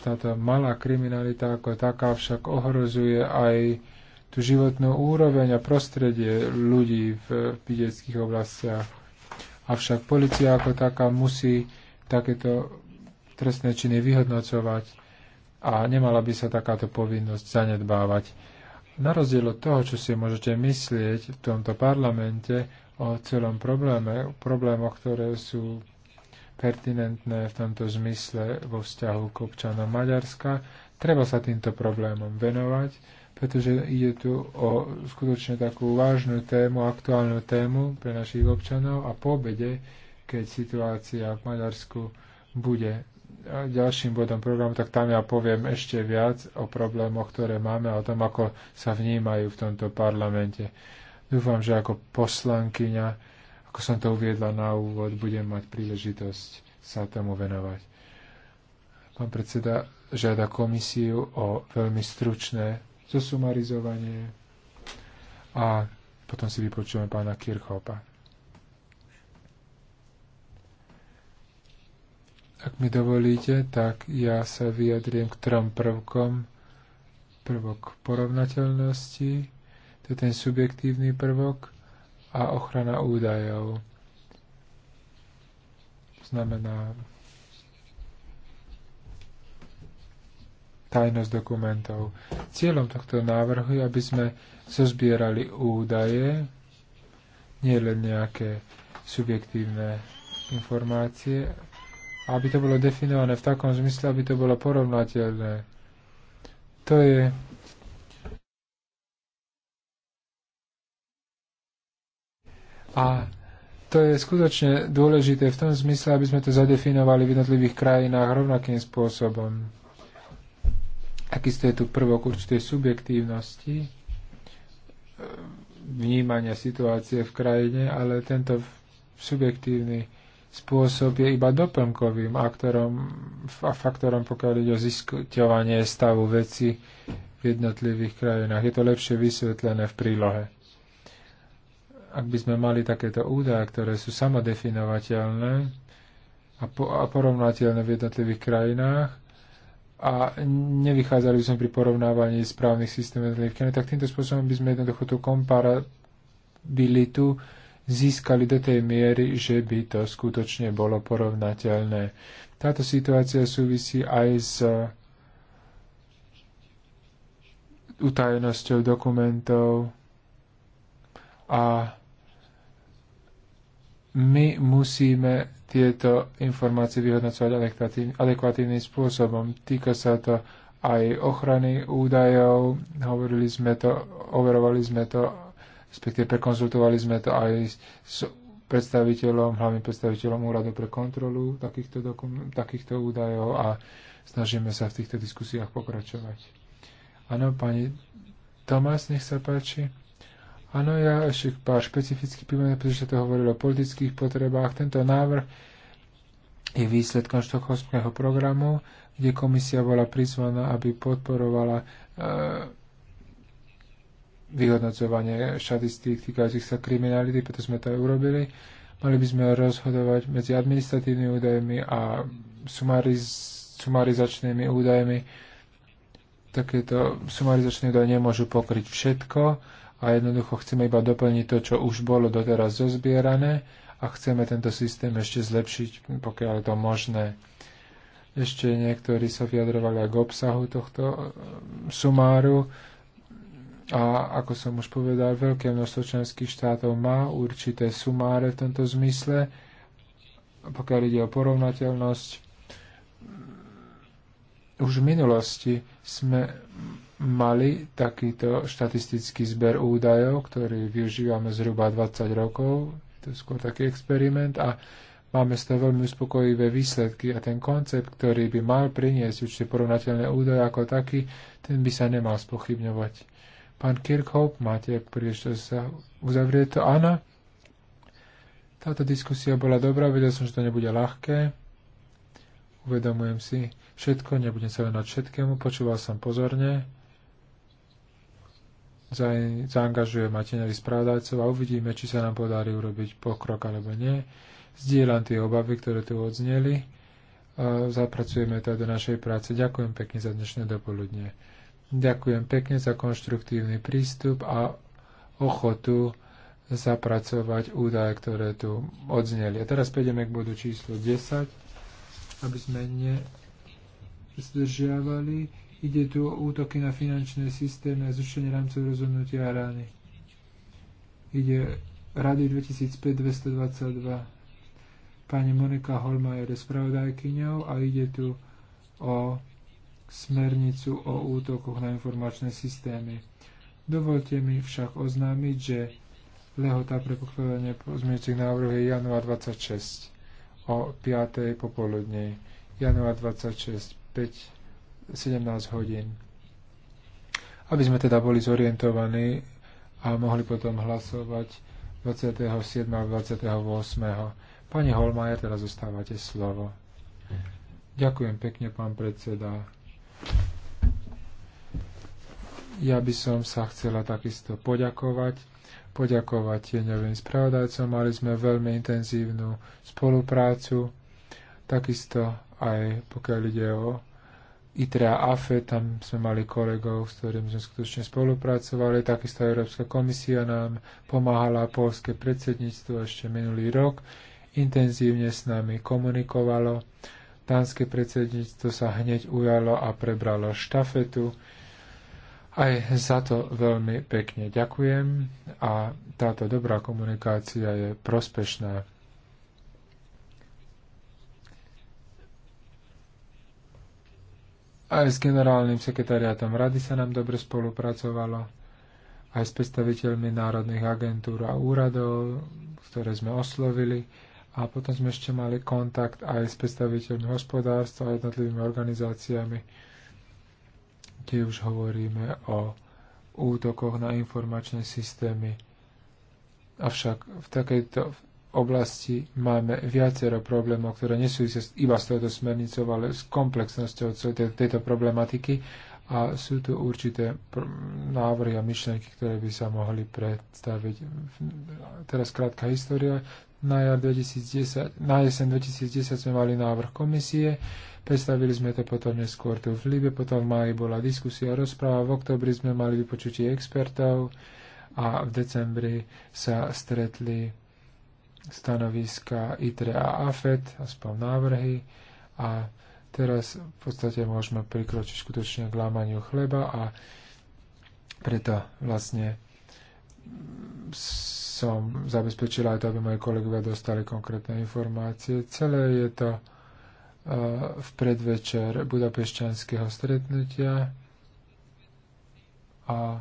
Speaker 4: Táto malá kriminalita ako taká však ohrozuje aj tú životnú úroveň a prostredie ľudí v vidieckých oblastiach. Avšak policia ako taká musí takéto trestné činy vyhodnocovať a nemala by sa takáto povinnosť zanedbávať. Na rozdiel od toho, čo si môžete myslieť v tomto parlamente o celom probléme, problémoch, ktoré sú pertinentné v tomto zmysle vo vzťahu k občanom Maďarska, treba sa týmto problémom venovať pretože ide tu o skutočne takú vážnu tému, aktuálnu tému pre našich občanov a po obede, keď situácia v Maďarsku bude ďalším bodom programu, tak tam ja poviem ešte viac o problémoch, ktoré máme a o tom, ako sa vnímajú v tomto parlamente. Dúfam, že ako poslankyňa, ako som to uviedla na úvod, budem mať príležitosť sa tomu venovať. Pán predseda žiada komisiu o veľmi stručné zosumarizovanie a potom si vypočujeme pána Kirchhopa. Ak mi dovolíte, tak ja sa vyjadriem k trom prvkom. Prvok porovnateľnosti, to je ten subjektívny prvok, a ochrana údajov. Znamená tajnosť dokumentov. Cieľom tohto návrhu je, aby sme zozbierali údaje, nie len nejaké subjektívne informácie, aby to bolo definované v takom zmysle, aby to bolo porovnateľné. To je A to je skutočne dôležité v tom zmysle, aby sme to zadefinovali v jednotlivých krajinách rovnakým spôsobom. Takisto je tu prvok určitej subjektívnosti, e, vnímania situácie v krajine, ale tento subjektívny spôsob je iba doplnkovým aktorom a faktorom, pokiaľ ide o ziskovanie stavu veci v jednotlivých krajinách. Je to lepšie vysvetlené v prílohe. Ak by sme mali takéto údaje, ktoré sú samodefinovateľné a, a porovnateľné v jednotlivých krajinách, a nevychádzali by sme pri porovnávaní správnych systémov zlievkami, tak týmto spôsobom by sme jednoducho tú komparabilitu získali do tej miery, že by to skutočne bolo porovnateľné. Táto situácia súvisí aj s utajenosťou dokumentov a my musíme tieto informácie vyhodnocovať adekvatívnym spôsobom. Týka sa to aj ochrany údajov, hovorili sme to, overovali sme to, respektíve prekonzultovali sme to aj s predstaviteľom, hlavným predstaviteľom úradu pre kontrolu takýchto, dokum- takýchto údajov a snažíme sa v týchto diskusiách pokračovať. Áno, pani Tomás, nech sa páči. Áno, ja ešte pár špecifických pripomienok, pretože sa to hovorilo o politických potrebách. Tento návrh je výsledkom štokholmského programu, kde komisia bola prizvaná, aby podporovala e, vyhodnocovanie štatistík týkajúcich sa kriminality, preto sme to aj urobili. Mali by sme rozhodovať medzi administratívnymi údajmi a sumariz, sumarizačnými údajmi. Takéto sumarizačné údaje nemôžu pokryť všetko a jednoducho chceme iba doplniť to, čo už bolo doteraz zozbierané a chceme tento systém ešte zlepšiť, pokiaľ je to možné. Ešte niektorí sa vyjadrovali aj k obsahu tohto e, sumáru a ako som už povedal, veľké množstvo členských štátov má určité sumáre v tomto zmysle, pokiaľ ide o porovnateľnosť. Už v minulosti sme mali takýto štatistický zber údajov, ktorý využívame zhruba 20 rokov, to je skôr taký experiment a máme z toho veľmi uspokojivé výsledky a ten koncept, ktorý by mal priniesť určite porovnateľné údaje ako taký, ten by sa nemal spochybňovať. Pán Kirchhoff, máte príležitosť sa uzavrieť to? Áno. Táto diskusia bola dobrá, vedel som, že to nebude ľahké. Uvedomujem si všetko, nebudem sa venovať všetkému, počúval som pozorne zaangažujem zaangažuje Mateňovi správdajcov a uvidíme, či sa nám podarí urobiť pokrok alebo nie. Zdieľam tie obavy, ktoré tu odzneli. zapracujeme to do našej práce. Ďakujem pekne za dnešné dopoludne. Ďakujem pekne za konštruktívny prístup a ochotu zapracovať údaje, ktoré tu odzneli. A teraz prejdeme k bodu číslo 10, aby sme nezdržiavali. Ide tu o útoky na finančné systémy a zrušenie rámcov rozhodnutia a rány. Ide Rady 2005-222. Pani Monika Holmajer je spravodajkyňou a ide tu o smernicu o útokoch na informačné systémy. Dovolte mi však oznámiť, že lehota pre pokladanie pozmeňujúcich návrhov je január 26 o 5. popoludne. Január 26, 5 17 hodín. Aby sme teda boli zorientovaní a mohli potom hlasovať 27. a 28. Pani Holmajer, teraz zostávate slovo. Ďakujem pekne, pán predseda. Ja by som sa chcela takisto poďakovať. Poďakovať tieňovým spravodajcom. Mali sme veľmi intenzívnu spoluprácu. Takisto aj pokiaľ ide o ITRA AFE, tam sme mali kolegov, s ktorými sme skutočne spolupracovali, takisto Európska komisia nám pomáhala, polské predsedníctvo ešte minulý rok, intenzívne s nami komunikovalo, dánske predsedníctvo sa hneď ujalo a prebralo štafetu. Aj za to veľmi pekne ďakujem a táto dobrá komunikácia je prospešná. Aj s generálnym sekretariátom rady sa nám dobre spolupracovalo, aj s predstaviteľmi národných agentúr a úradov, ktoré sme oslovili. A potom sme ešte mali kontakt aj s predstaviteľmi hospodárstva a jednotlivými organizáciami, kde už hovoríme o útokoch na informačné systémy. Avšak v takejto oblasti máme viacero problémov, ktoré nesúvisia iba s touto smernicou, ale s komplexnosťou tejto problematiky a sú tu určité návrhy a myšlenky, ktoré by sa mohli predstaviť. Teraz krátka história. Na, jar 2010, na jesen 2010 sme mali návrh komisie, predstavili sme to potom neskôr tu v Libe, potom v máji bola diskusia, a rozpráva, v oktobri sme mali vypočutie expertov a v decembri sa stretli stanoviska ITRE a AFET, aspoň návrhy a teraz v podstate môžeme prikročiť skutočne k lámaniu chleba a preto vlastne som zabezpečila aj to, aby moji kolegovia dostali konkrétne informácie. Celé je to e, v predvečer budapešťanského stretnutia a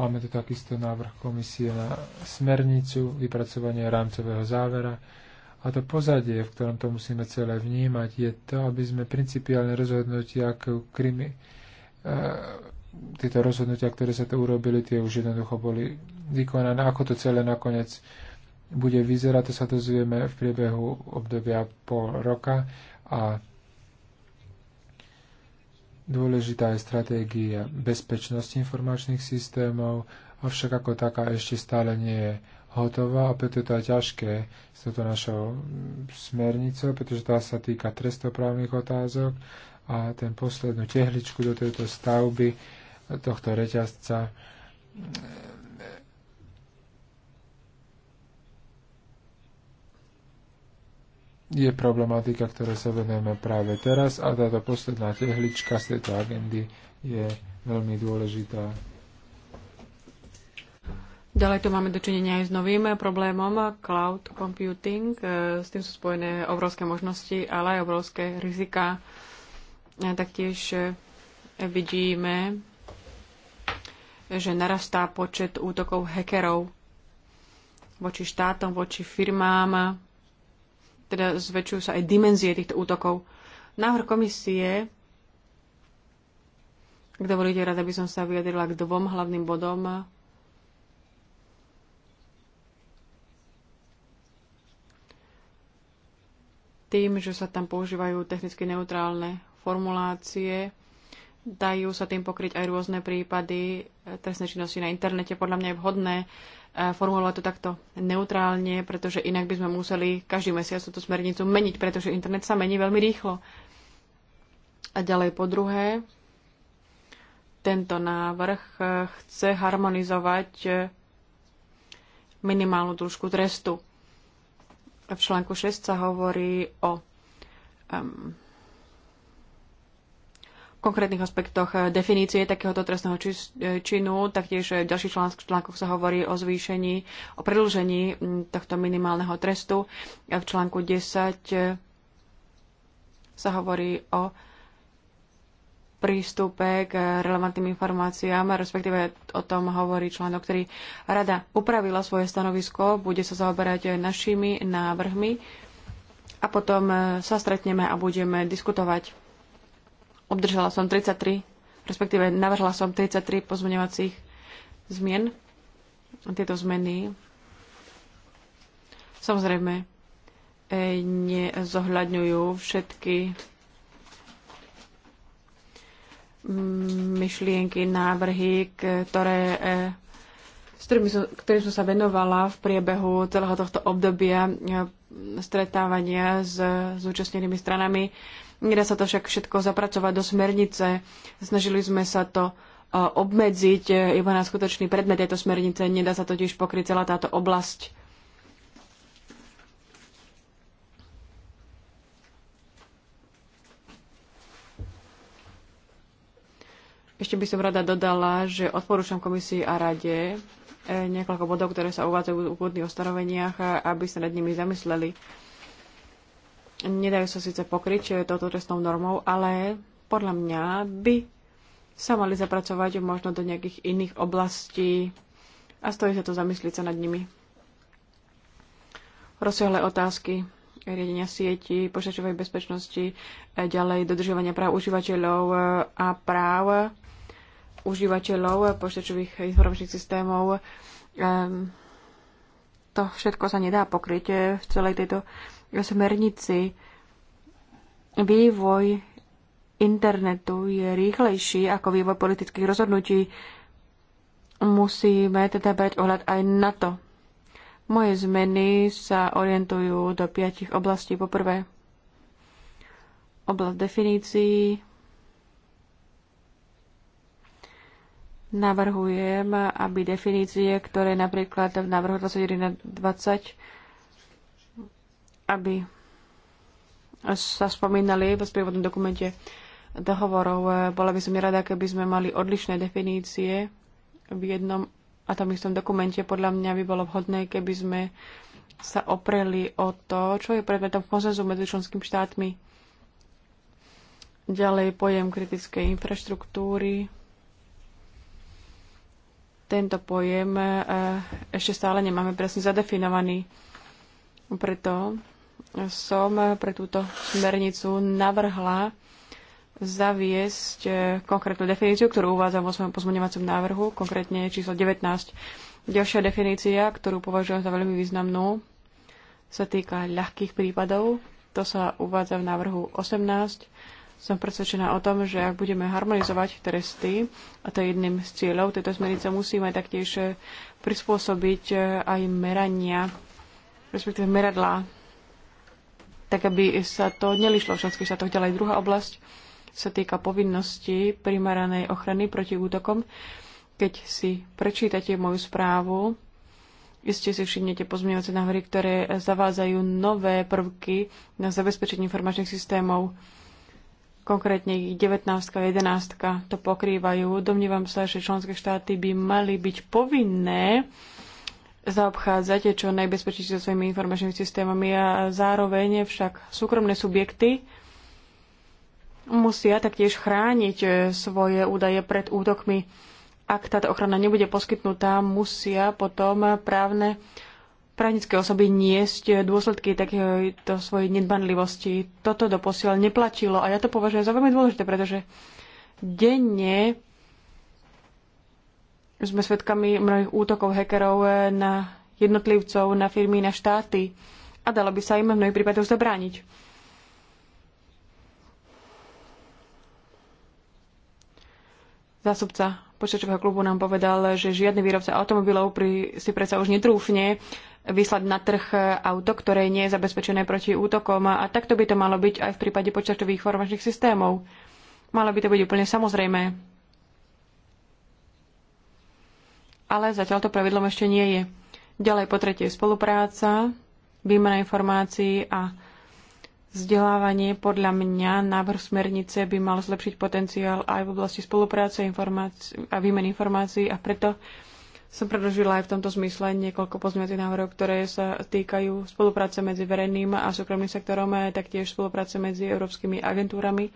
Speaker 4: Máme tu takisto návrh komisie na smernicu, vypracovanie rámcového závera. A to pozadie, v ktorom to musíme celé vnímať, je to, aby sme principiálne rozhodnutia, ako krimi, e, tieto rozhodnutia, ktoré sa to urobili, tie už jednoducho boli vykonané. Ako to celé nakoniec bude vyzerať, to sa dozvieme v priebehu obdobia pol roka a Dôležitá je stratégia bezpečnosti informačných systémov, avšak ako taká ešte stále nie je hotová a preto je to aj ťažké s touto našou smernicou, pretože tá sa týka trestoprávnych otázok a ten poslednú tehličku do tejto stavby tohto reťazca je problematika, ktoré sa venujeme práve teraz a táto posledná tehlička z tejto agendy je veľmi dôležitá.
Speaker 2: Ďalej tu máme dočinenia aj s novým problémom cloud computing. E, s tým sú spojené obrovské možnosti, ale aj obrovské rizika. E, taktiež e, vidíme, že narastá počet útokov hackerov voči štátom, voči firmám, teda zväčšujú sa aj dimenzie týchto útokov. Návrh komisie, ak dovolíte, rada by som sa vyjadrila k dvom hlavným bodom. Tým, že sa tam používajú technicky neutrálne formulácie, dajú sa tým pokryť aj rôzne prípady trestnej činnosti na internete. Podľa mňa je vhodné formulovať to takto neutrálne, pretože inak by sme museli každý mesiac túto smernicu meniť, pretože internet sa mení veľmi rýchlo. A ďalej po druhé, tento návrh e, chce harmonizovať e, minimálnu dĺžku trestu. V článku 6 sa hovorí o um, konkrétnych aspektoch eh, definície takéhoto trestného eh, činu. Taktiež v eh, ďalších článkoch sa hovorí o zvýšení, o predlžení hm, tohto minimálneho trestu. V článku 10 sa hovorí o prístupe k relevantným informáciám, respektíve o tom hovorí článok, ktorý rada upravila svoje stanovisko, bude sa zaoberať aj našimi návrhmi a potom sa stretneme a budeme diskutovať Obdržala som 33, respektíve navrhla som 33 pozmeňovacích zmien. Tieto zmeny samozrejme e, nezohľadňujú všetky myšlienky, návrhy, ktoré, e, s ktorými som, ktorým som sa venovala v priebehu celého tohto obdobia e, stretávania s zúčastnenými stranami. Nedá sa to však všetko zapracovať do smernice. Snažili sme sa to e, obmedziť e, iba na skutočný predmet tejto smernice. Nedá sa totiž pokryť celá táto oblasť. Ešte by som rada dodala, že odporúčam komisii a rade e, niekoľko bodov, ktoré sa uvádzajú v úvodných ustanoveniach, aby sa nad nimi zamysleli. Nedajú sa síce pokryť eh, touto trestnou normou, ale podľa mňa by sa mali zapracovať možno do nejakých iných oblastí a stojí sa to zamyslieť sa nad nimi. Rozsiahle otázky eh, riadenia sieti, počítačovej bezpečnosti, eh, ďalej dodržovania práv užívateľov a práv užívateľov počítačových informačných systémov. To všetko sa nedá pokryť v celej tejto smernici. Vývoj internetu je rýchlejší ako vývoj politických rozhodnutí. Musíme teda brať ohľad aj na to. Moje zmeny sa orientujú do piatich oblastí. Poprvé, oblast definícií. Navrhujem, aby definície, ktoré napríklad v návrhu 21 20 aby sa spomínali v sprievodnom dokumente dohovorov. Bola by som rada, keby sme mali odlišné definície v jednom a tom istom dokumente. Podľa mňa by bolo vhodné, keby sme sa opreli o to, čo je predmetom konsenzu medzi členskými štátmi. Ďalej pojem kritickej infraštruktúry. Tento pojem eh, ešte stále nemáme presne zadefinovaný. Preto som pre túto smernicu navrhla zaviesť eh, konkrétnu definíciu, ktorú uvádzam vo svojom pozmeňovacom návrhu, konkrétne číslo 19. Ďalšia definícia, ktorú považujem za veľmi významnú, sa týka ľahkých prípadov. To sa uvádza v návrhu 18. Som presvedčená o tom, že ak budeme harmonizovať tresty, a to je jedným z cieľov tejto smernice, musíme taktiež eh, prispôsobiť eh, aj merania, respektíve meradlá tak aby sa to nelišlo v členských štátoch ďalej. Druhá oblasť sa týka povinnosti primeranej ochrany proti útokom. Keď si prečítate moju správu, iste si všimnete pozmeňovacie návrhy, ktoré zavádzajú nové prvky na zabezpečenie informačných systémov. Konkrétne ich 19 a 11 to pokrývajú. Domnívam sa, že členské štáty by mali byť povinné zaobchádzate čo najbezpečnejšie so svojimi informačnými systémami a zároveň však súkromné subjekty musia taktiež chrániť e, svoje údaje pred útokmi. Ak táto ochrana nebude poskytnutá, musia potom právne právnické osoby niesť dôsledky takéto svojej nedbanlivosti. Toto doposiaľ neplatilo a ja to považujem za veľmi dôležité, pretože denne sme svedkami mnohých útokov hekerov eh, na jednotlivcov, na firmy, na štáty a dalo by sa im v mnohých prípadoch zabrániť. Zásobca počítačového klubu nám povedal, že žiadny výrobca automobilov pri, si predsa už netrúfne vyslať na trh eh, auto, ktoré nie je zabezpečené proti útokom a takto by to malo byť aj v prípade počítačových formačných systémov. Malo by to byť úplne samozrejme. ale zatiaľ to pravidlom ešte nie je. Ďalej po tretie spolupráca, výmena informácií a vzdelávanie. Podľa mňa návrh smernice by mal zlepšiť potenciál aj v oblasti spolupráce a výmeny informácií a preto som predložila aj v tomto zmysle niekoľko pozmeňovacích návrhov, ktoré sa týkajú spolupráce medzi verejným a súkromným sektorom, a taktiež spolupráce medzi európskymi agentúrami,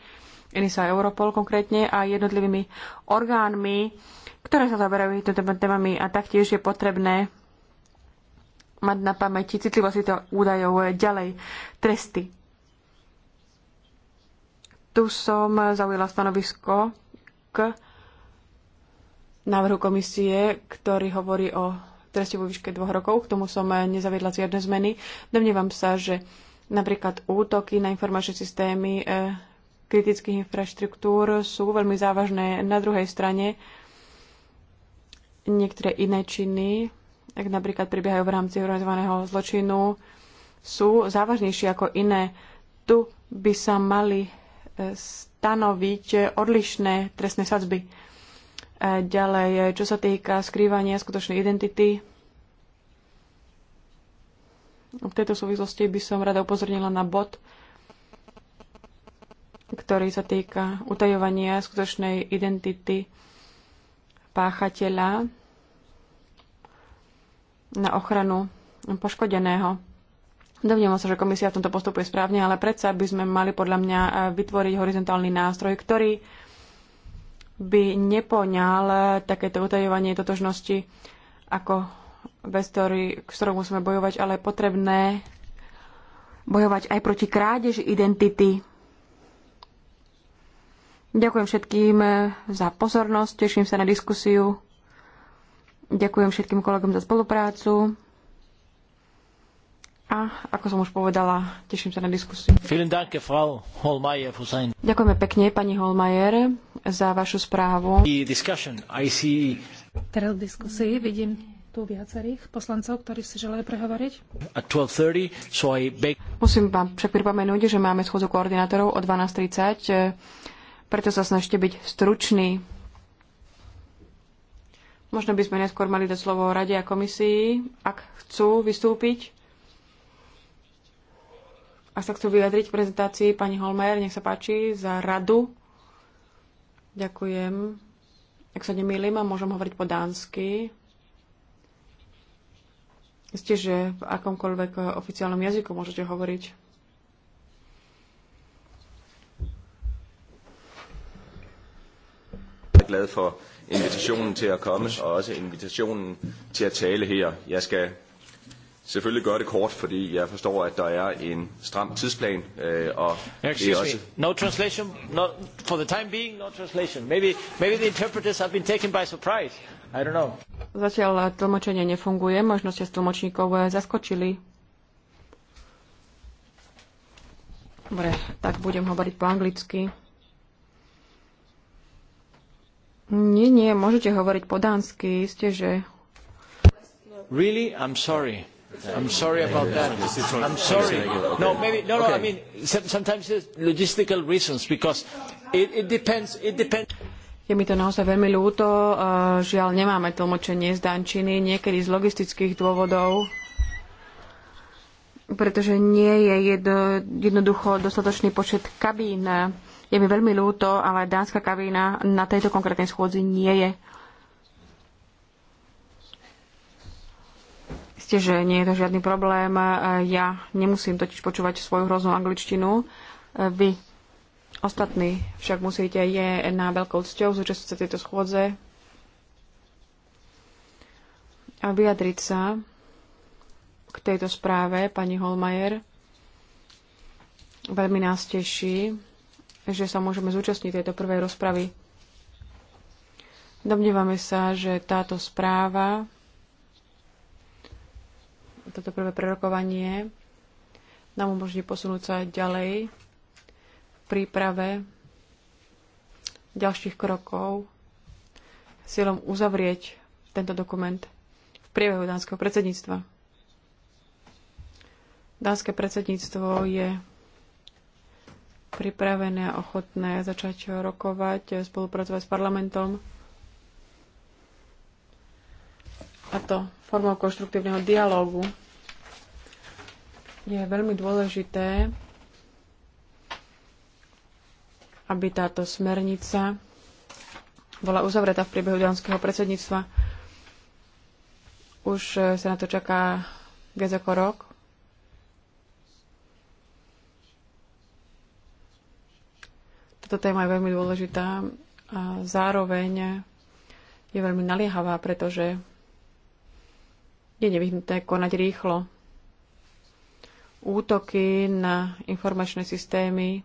Speaker 2: ENISA a Europol konkrétne, a jednotlivými orgánmi ktoré sa zaberajú týmito témami a taktiež je potrebné mať na pamäti citlivosť týchto údajov ďalej. Tresty. Tu som zaujala stanovisko k návrhu komisie, ktorý hovorí o treste vo výške dvoch rokov. K tomu som nezaviedla žiadne zmeny. Domnievam sa, že napríklad útoky na informačné systémy eh, kritických infraštruktúr sú veľmi závažné. Na druhej strane niektoré iné činy, ak napríklad prebiehajú v rámci organizovaného zločinu, sú závažnejšie ako iné. Tu by sa mali e, stanoviť odlišné trestné sadzby. E, ďalej, e, čo sa týka skrývania skutočnej identity, v tejto súvislosti by som rada upozornila na bod, ktorý sa týka utajovania skutočnej identity páchateľa na ochranu poškodeného. Domnievam sa, že komisia v tomto postupuje správne, ale predsa by sme mali podľa mňa vytvoriť horizontálny nástroj, ktorý by nepoňal takéto utajovanie totožnosti ako vec, ktorý, s ktorou musíme bojovať, ale je potrebné bojovať aj proti krádeži identity Ďakujem všetkým eh, za pozornosť, teším sa na diskusiu. Ďakujem všetkým kolegom za spoluprácu. A ako som už povedala, teším sa na diskusiu.
Speaker 1: Danke, Frau für sein...
Speaker 2: Ďakujeme pekne, pani Holmajer,
Speaker 1: za vašu správu. E.
Speaker 2: Teraz v diskusii vidím tu
Speaker 3: viacerých poslancov, ktorí si želajú prehovoriť.
Speaker 1: Musím
Speaker 2: vám však pripomenúť, že máme schôdzu koordinátorov o 12.30. Preto sa snažte byť stručný. Možno by sme neskôr mali dať slovo Rade a komisii, ak chcú vystúpiť. A sa chcú vyjadriť k prezentácii pani Holmer, nech sa páči, za radu. Ďakujem. Ak sa nemýlim, môžem hovoriť po dánsky. Ste, že v akomkoľvek oficiálnom jazyku môžete hovoriť.
Speaker 1: meget glad for invitationen til at komme, og også invitationen til at tale her. Jeg skal selvfølgelig gøre det kort, fordi jeg forstår, at der er en stram tidsplan, øh, og det er også... No translation, no, for the time being, no translation. Maybe, maybe the interpreters have been taken by surprise. I don't know. Zatiaľ tlmočenie
Speaker 2: nefunguje, možno ste s tlmočníkov eh, zaskočili. Dobre, tak budem hovoriť po anglicky. Nie, nie, môžete hovoriť po dánsky, isté, že...
Speaker 1: Really? I'm sorry. I'm sorry about that. I'm sorry. No, maybe, no, no, I mean, sometimes there's logistical reasons because it, it depends, it depends.
Speaker 2: Je mi to naozaj veľmi ľúto. Eh, žiaľ, nemáme tlmočenie z Dančiny, niekedy z logistických dôvodov, pretože nie je jedno, jednoducho dostatočný počet kabín je mi veľmi ľúto, ale dánska kavína na tejto konkrétnej schôdzi nie je. Ste, že nie je to žiadny problém. Ja nemusím totiž počúvať svoju hroznú angličtinu. Vy ostatní však musíte. Je na veľkou cťou zúčastniť sa tejto schôdze a vyjadriť sa k tejto správe, pani Holmajer. Veľmi nás teší, že sa môžeme zúčastniť tejto prvej rozpravy. Domnievame sa, že táto správa, toto prvé prerokovanie nám umožní posunúť sa ďalej v príprave ďalších krokov s cieľom uzavrieť tento dokument v priebehu dánskeho predsedníctva. Dánske predsedníctvo je pripravené a ochotné začať rokovať, eh, spolupracovať s parlamentom. A to formou konštruktívneho dialógu je veľmi dôležité, aby táto smernica bola uzavretá v priebehu dánskeho predsedníctva. Už eh, sa na to čaká viac ako rok. táto téma je veľmi dôležitá a zároveň je veľmi naliehavá, pretože je nevyhnutné konať rýchlo. Útoky na informačné systémy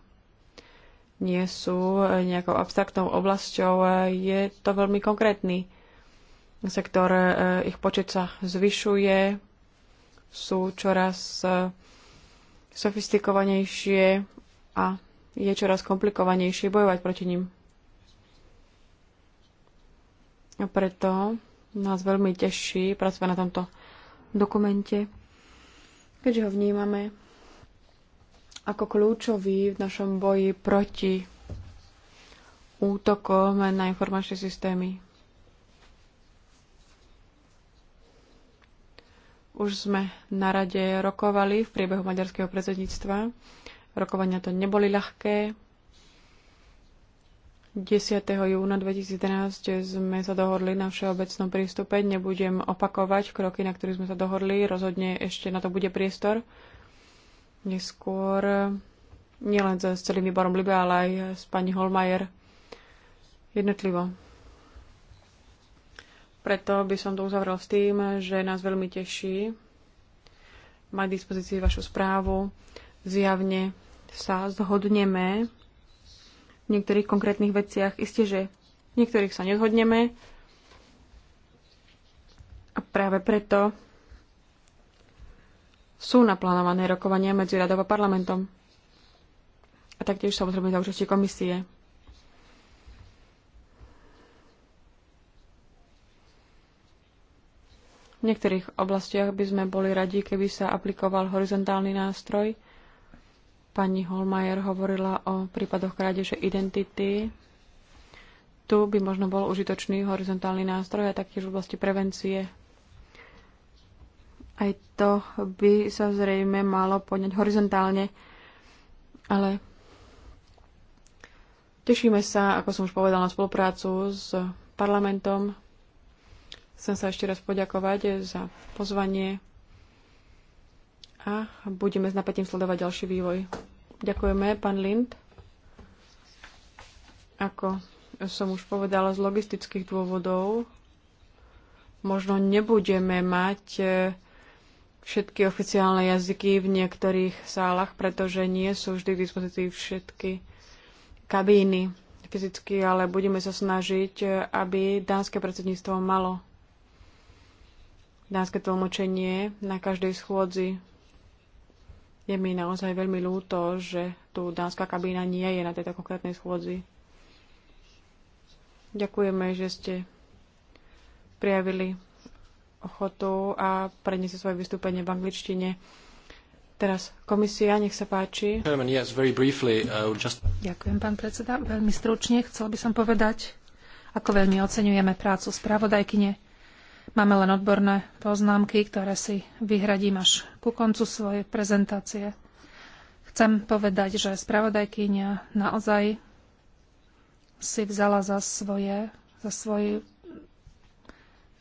Speaker 2: nie sú nejakou abstraktnou oblasťou, je to veľmi konkrétny sektor, e, ich počet sa zvyšuje, sú čoraz e, sofistikovanejšie a je čoraz komplikovanejšie bojovať proti ním. A preto nás veľmi teší práca na tomto dokumente, keďže ho vnímame ako kľúčový v našom boji proti útokom na informačné systémy. Už sme na rade rokovali v priebehu maďarského predsedníctva Rokovania to neboli ľahké. 10. júna 2011 sme sa dohodli na všeobecnom prístupe. Nebudem opakovať kroky, na ktorých sme sa dohodli. Rozhodne ešte na to bude priestor. Neskôr nielen s celým výborom Libe, ale aj s pani Holmajer jednotlivo. Preto by som to uzavrel s tým, že nás veľmi teší mať dispozícii vašu správu. Zjavne sa zhodneme v niektorých konkrétnych veciach. Isté, že v niektorých sa nezhodneme. A práve preto sú naplánované rokovania medzi radou a parlamentom. A taktiež samozrejme za účasti komisie. V niektorých oblastiach by sme boli radi, keby sa aplikoval horizontálny nástroj, Pani Holmajer hovorila o prípadoch krádeže identity. Tu by možno bol užitočný horizontálny nástroj a taktiež v oblasti prevencie. Aj to by sa zrejme malo poňať horizontálne, ale tešíme sa, ako som už povedala, na spoluprácu s parlamentom. Chcem sa ešte raz poďakovať za pozvanie a budeme s napätím sledovať ďalší vývoj. Ďakujeme, pán Lind. Ako som už povedala, z logistických dôvodov možno nebudeme mať e, všetky oficiálne jazyky v niektorých sálach, pretože nie sú vždy k dispozícii všetky kabíny fyzicky, ale budeme sa snažiť, e, aby dánske predsedníctvo malo dánske tlmočenie na každej schôdzi je mi naozaj veľmi ľúto, že tu dánska kabína nie je na tejto konkrétnej schôdzi. Ďakujeme, že ste prijavili ochotu a predniesli svoje vystúpenie v angličtine. Teraz komisia, nech sa páči.
Speaker 1: Uh,
Speaker 2: Ďakujem, pán predseda. Veľmi stručne chcel by som povedať,
Speaker 3: ako veľmi oceňujeme prácu spravodajkyne Máme len odborné poznámky, ktoré si vyhradím až ku koncu svojej prezentácie. Chcem povedať, že spravodajkynia naozaj si vzala za svoje, za svoje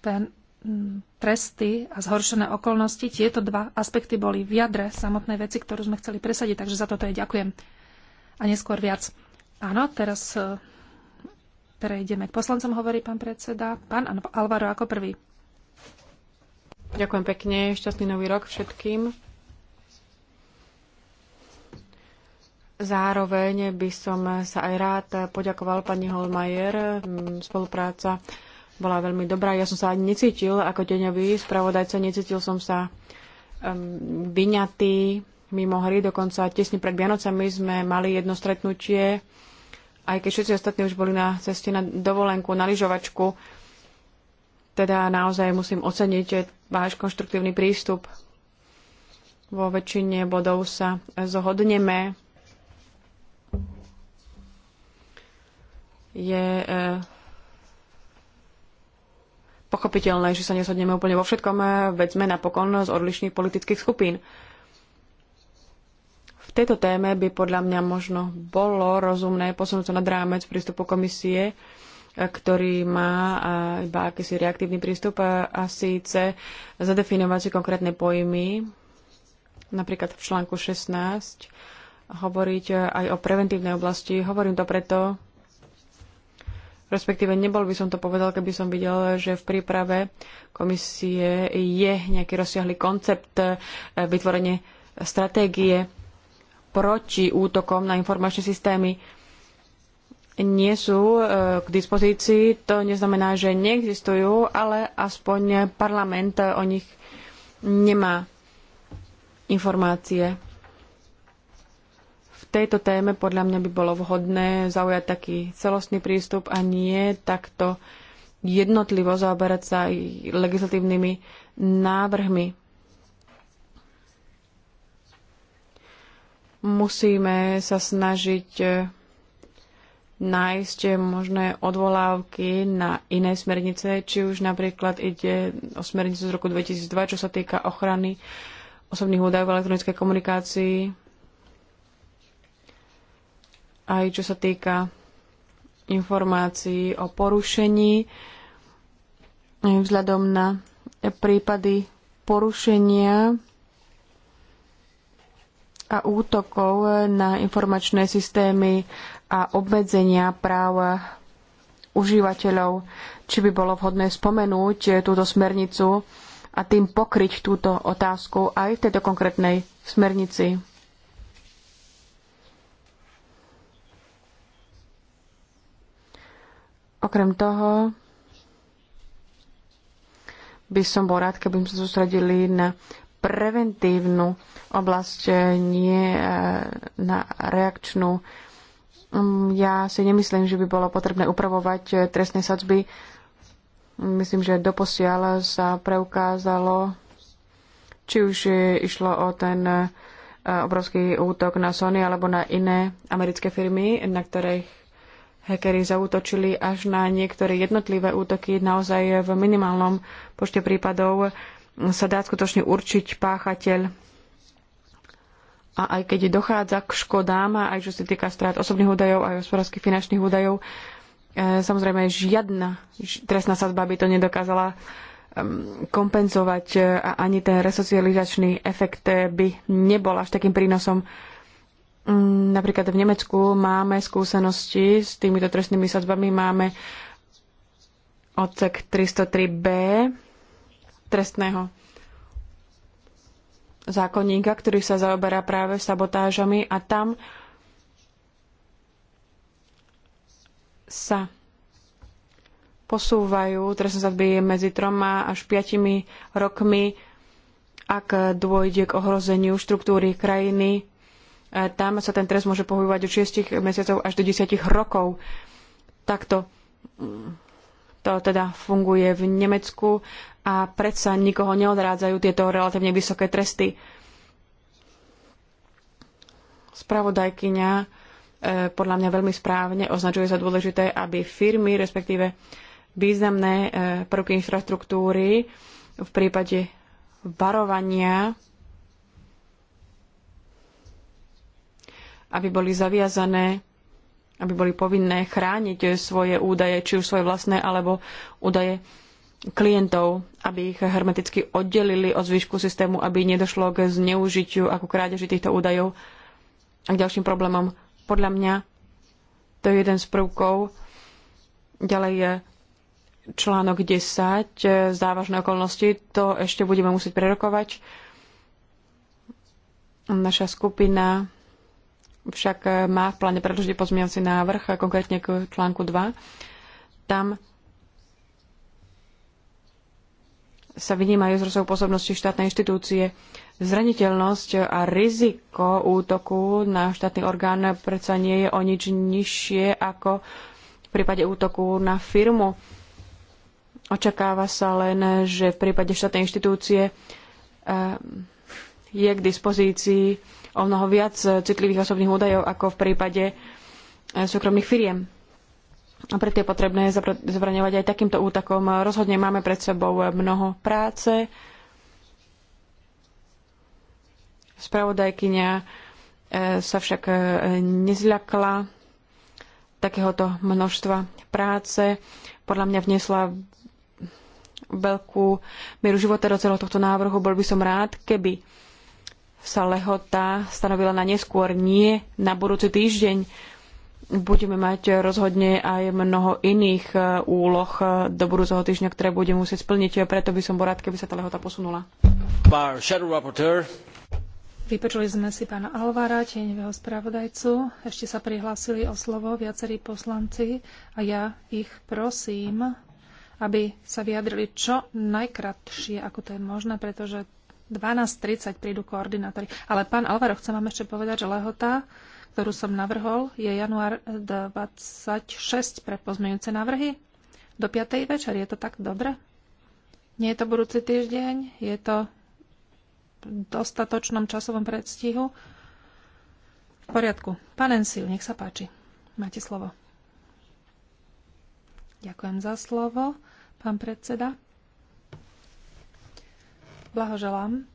Speaker 3: ten, mm, tresty a zhoršené okolnosti. Tieto dva aspekty boli v jadre samotnej veci, ktorú sme chceli presadiť, takže za toto aj ďakujem. A neskôr viac. Áno, teraz e, prejdeme k poslancom, hovorí pán predseda. Pán Alvaro ako prvý.
Speaker 2: Ďakujem pekne. Šťastný nový rok všetkým. Zároveň by som sa aj rád poďakoval pani Holmajer. Spolupráca bola veľmi dobrá. Ja som sa ani necítil ako deňový spravodajca, necítil som sa um, vyňatý mimo hry. Dokonca tesne pred Vianocami sme mali jedno stretnutie, aj keď všetci ostatní už boli na ceste na dovolenku, na lyžovačku teda naozaj musím oceniť váš konštruktívny prístup. Vo väčšine bodov sa zhodneme. Je e, pochopiteľné, že sa neshodneme úplne vo všetkom, eh, veď sme napokon z odlišných politických skupín. V tejto téme by podľa mňa možno bolo rozumné posunúť sa na rámec prístupu komisie, ktorý má iba akýsi reaktívny prístup a, a síce zadefinovať si konkrétne pojmy, napríklad v článku 16, hovoriť e, aj o preventívnej oblasti. Hovorím to preto, respektíve nebol by som to povedal, keby som videl, že v príprave komisie je nejaký rozsiahly koncept e, vytvorenie stratégie proti útokom na informačné systémy nie sú e, k dispozícii. To neznamená, že neexistujú, ale aspoň parlament o nich nemá informácie. V tejto téme podľa mňa by bolo vhodné zaujať taký celostný prístup a nie takto jednotlivo zaoberať sa aj legislatívnymi návrhmi. Musíme sa snažiť nájsť možné odvolávky na iné smernice, či už napríklad ide o smernicu z roku 2002, čo sa týka ochrany osobných údajov v elektronickej komunikácii, aj čo sa týka informácií o porušení vzhľadom na prípady porušenia a útokov na informačné systémy a obmedzenia práv užívateľov, či by bolo vhodné spomenúť túto smernicu a tým pokryť túto otázku aj v tejto konkrétnej smernici. Okrem toho by som bol rád, keby sme sa sústredili na preventívnu oblasť, nie eh, na reakčnú Mm, ja si nemyslím, že by bolo potrebné upravovať eh, trestné sadzby. Myslím, že doposiaľ sa preukázalo, či už išlo o ten eh, obrovský útok na Sony alebo na iné americké firmy, na ktorých hackeri zautočili až na niektoré jednotlivé útoky. Naozaj v minimálnom počte prípadov sa dá skutočne určiť páchateľ a aj keď dochádza k škodám, aj čo sa týka strát osobných údajov, aj hospodárskych finančných údajov, e, samozrejme žiadna trestná sadzba by to nedokázala kompenzovať e, a ani ten resocializačný efekt e, by nebol až takým prínosom. Mm, napríklad v Nemecku máme skúsenosti s týmito trestnými sadzbami, máme odsek 303b trestného zákonníka, ktorý sa zaoberá práve sabotážami a tam sa posúvajú trestné sadzby medzi troma až piatimi rokmi, ak dôjde k ohrozeniu štruktúry krajiny. E, tam sa ten trest môže pohybovať od 6 mesiacov až do 10 rokov. Takto mm, to teda funguje v Nemecku a predsa nikoho neodrádzajú tieto relatívne vysoké tresty. Spravodajkyňa e, podľa mňa veľmi správne označuje za dôležité, aby firmy, respektíve významné e, prvky infraštruktúry v prípade varovania aby boli zaviazané aby boli povinné chrániť svoje údaje, či už svoje vlastné, alebo údaje klientov, aby ich hermeticky oddelili od zvyšku systému, aby nedošlo k zneužitiu a k krádeži týchto údajov a k ďalším problémom. Podľa mňa to je jeden z prvkov. Ďalej je článok 10, e, závažné okolnosti, to ešte budeme musieť prerokovať. Naša skupina však e, má v pláne predložiť pozmiaci návrh, e, konkrétne k článku 2. Tam sa vynímajú z rozsahu pôsobnosti štátnej inštitúcie. Zraniteľnosť a riziko útoku na štátny orgán predsa nie je o nič nižšie ako v prípade útoku na firmu. Očakáva sa len, že v prípade štátnej inštitúcie e, je k dispozícii o mnoho viac e, citlivých osobných údajov ako v prípade e, súkromných firiem. A preto je potrebné zabraňovať aj takýmto útakom. Rozhodne máme pred sebou mnoho práce. Spravodajkyňa e, sa však nezľakla takéhoto množstva práce. Podľa mňa vnesla veľkú mieru života do celého tohto návrhu. Bol by som rád, keby sa lehota stanovila na neskôr, nie na budúci týždeň. Budeme mať rozhodne aj mnoho iných e, úloh e, do budúceho týždňa, ktoré budem musieť splniť, a e, preto by som bol rád, keby sa tá lehota posunula. Vypočuli sme si pána Alvára, tieňového
Speaker 3: spravodajcu. Ešte sa prihlásili o slovo viacerí poslanci a ja ich prosím, aby sa vyjadrili čo najkratšie, ako to je možné, pretože 12.30 prídu koordinátori. Ale pán Alvaro, chcem vám ešte povedať, že lehota, ktorú som navrhol, je január 26 pre pozmeňujúce návrhy. Do 5. večer je to tak dobre? Nie je to budúci týždeň, je to v dostatočnom časovom predstihu. V poriadku. Pán Ensil, nech sa páči. Máte slovo. Ďakujem za slovo, pán predseda. Blahoželám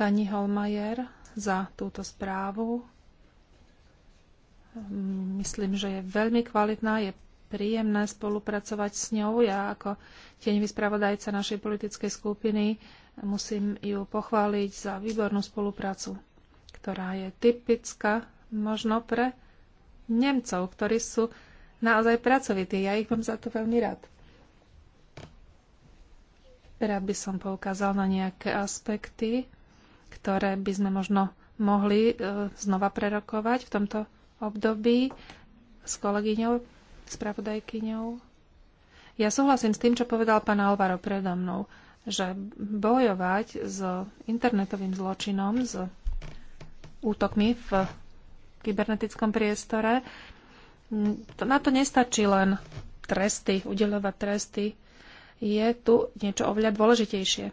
Speaker 3: pani Holmajer za túto správu. Myslím, že je veľmi kvalitná, je príjemné spolupracovať s ňou. Ja ako tieňový spravodajca našej politickej skupiny musím ju pochváliť za výbornú spoluprácu, ktorá je typická možno pre Nemcov, ktorí sú naozaj pracovití. Ja ich mám za to veľmi rád. Rád by som poukázal na nejaké aspekty, ktoré by sme možno mohli e, znova prerokovať v tomto období s kolegyňou, s spravodajkyňou. Ja súhlasím s tým, čo povedal pán Alvaro predo mnou, že bojovať s internetovým zločinom, s útokmi v kybernetickom priestore, to, na to nestačí len tresty, udelovať tresty je tu niečo oveľa dôležitejšie.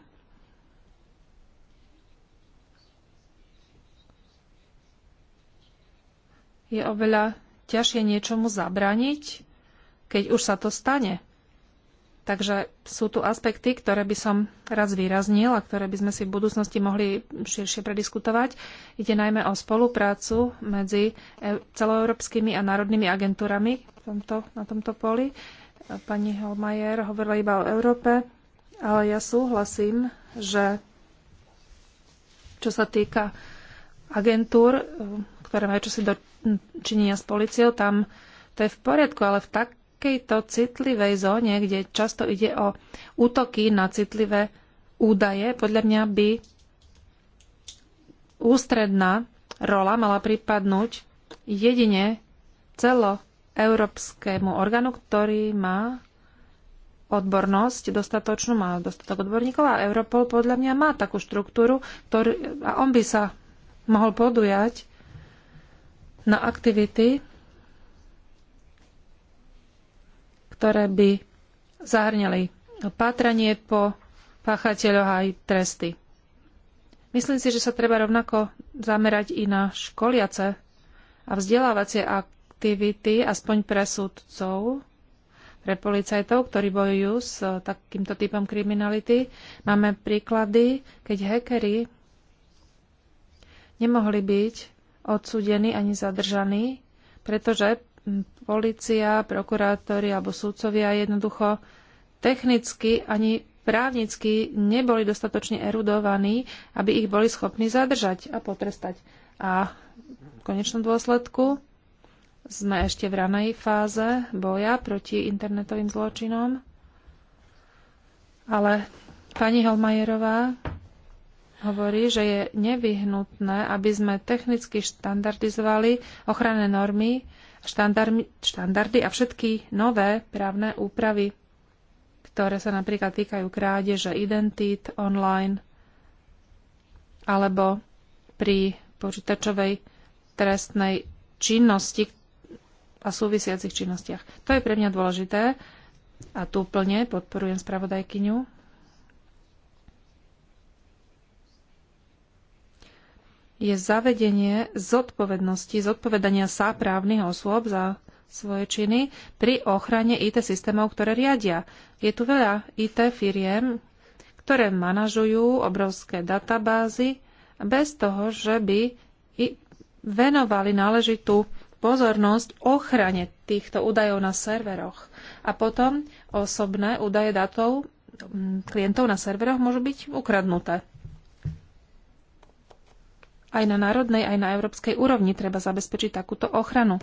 Speaker 3: Je oveľa ťažšie niečomu zabraniť, keď už sa to stane. Takže sú tu aspekty, ktoré by som raz výraznil a ktoré by sme si v budúcnosti mohli širšie prediskutovať. Ide najmä o spoluprácu medzi e- celoeurópskymi a národnými agentúrami tomto, na tomto poli. Pani Holmajer hovorila iba o Európe, ale ja súhlasím, že čo sa týka agentúr, eh, ktoré majú čosi do činenia s policiou, tam to je v poriadku, ale v takejto citlivej zóne, kde často ide o útoky na citlivé údaje, podľa mňa by ústredná rola mala pripadnúť jedine celo európskemu orgánu, ktorý má odbornosť dostatočnú, má dostatok odborníkov a Europol podľa mňa má takú štruktúru, ktorý, a on by sa mohol podujať na aktivity, ktoré by zahrňali pátranie po páchateľoch aj tresty. Myslím si, že sa treba rovnako zamerať i na školiace a vzdelávacie aktivity, aspoň pre súdcov, pre policajtov, ktorí bojujú s eh, takýmto typom kriminality. Máme príklady, keď hekery nemohli byť odsúdení ani zadržaní, pretože hm, policia, prokurátori alebo súdcovia jednoducho technicky ani právnicky neboli dostatočne erudovaní, aby ich boli schopní zadržať a potrestať. A v konečnom dôsledku sme ešte v ranej fáze boja proti internetovým zločinom, ale pani Holmajerová hovorí, že je nevyhnutné, aby sme technicky štandardizovali ochranné normy, štandardy, a všetky nové právne úpravy, ktoré sa napríklad týkajú krádeže identít online alebo pri počítačovej trestnej činnosti, a súvisiacich činnostiach. To je pre mňa dôležité a tu plne podporujem spravodajkyňu. Je zavedenie zodpovednosti, zodpovedania sa právnych osôb za svoje činy pri ochrane IT systémov, ktoré riadia. Je tu veľa IT firiem, ktoré manažujú obrovské databázy bez toho, že by venovali náležitú pozornosť ochrane týchto údajov na serveroch. A potom osobné údaje datov mm, klientov na serveroch môžu byť ukradnuté. Aj na národnej, aj na európskej úrovni treba zabezpečiť takúto ochranu.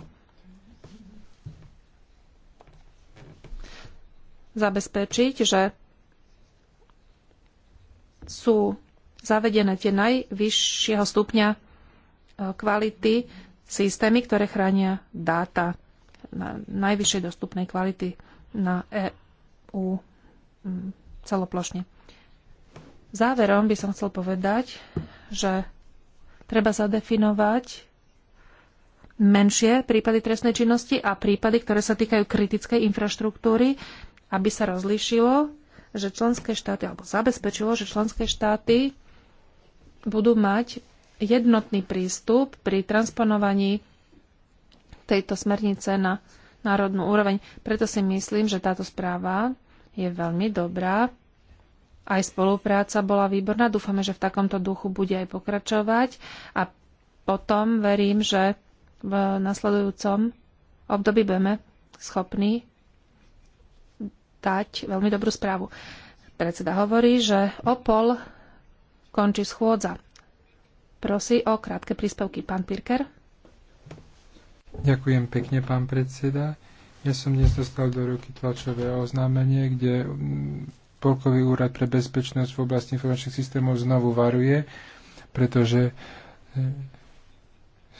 Speaker 3: Zabezpečiť, že sú zavedené tie najvyššieho stupňa e, kvality systémy, ktoré chránia dáta na najvyššej dostupnej kvality na EU mm, celoplošne. Záverom by som chcel povedať, že treba zadefinovať menšie prípady trestnej činnosti a prípady, ktoré sa týkajú kritickej infraštruktúry, aby sa rozlíšilo, že členské štáty, alebo zabezpečilo, že členské štáty budú mať jednotný prístup pri transponovaní tejto smernice na národnú úroveň. Preto si myslím, že táto správa je veľmi dobrá. Aj spolupráca bola výborná. Dúfame, že v takomto duchu bude aj pokračovať. A potom verím, že v nasledujúcom období budeme schopní dať veľmi dobrú správu. Predseda hovorí, že o pol končí schôdza prosí o krátke príspevky. Pán Pirker.
Speaker 4: Ďakujem pekne, pán predseda. Ja som dnes dostal do ruky tlačové oznámenie, kde mm, Polkový úrad pre bezpečnosť v oblasti informačných systémov znovu varuje, pretože e,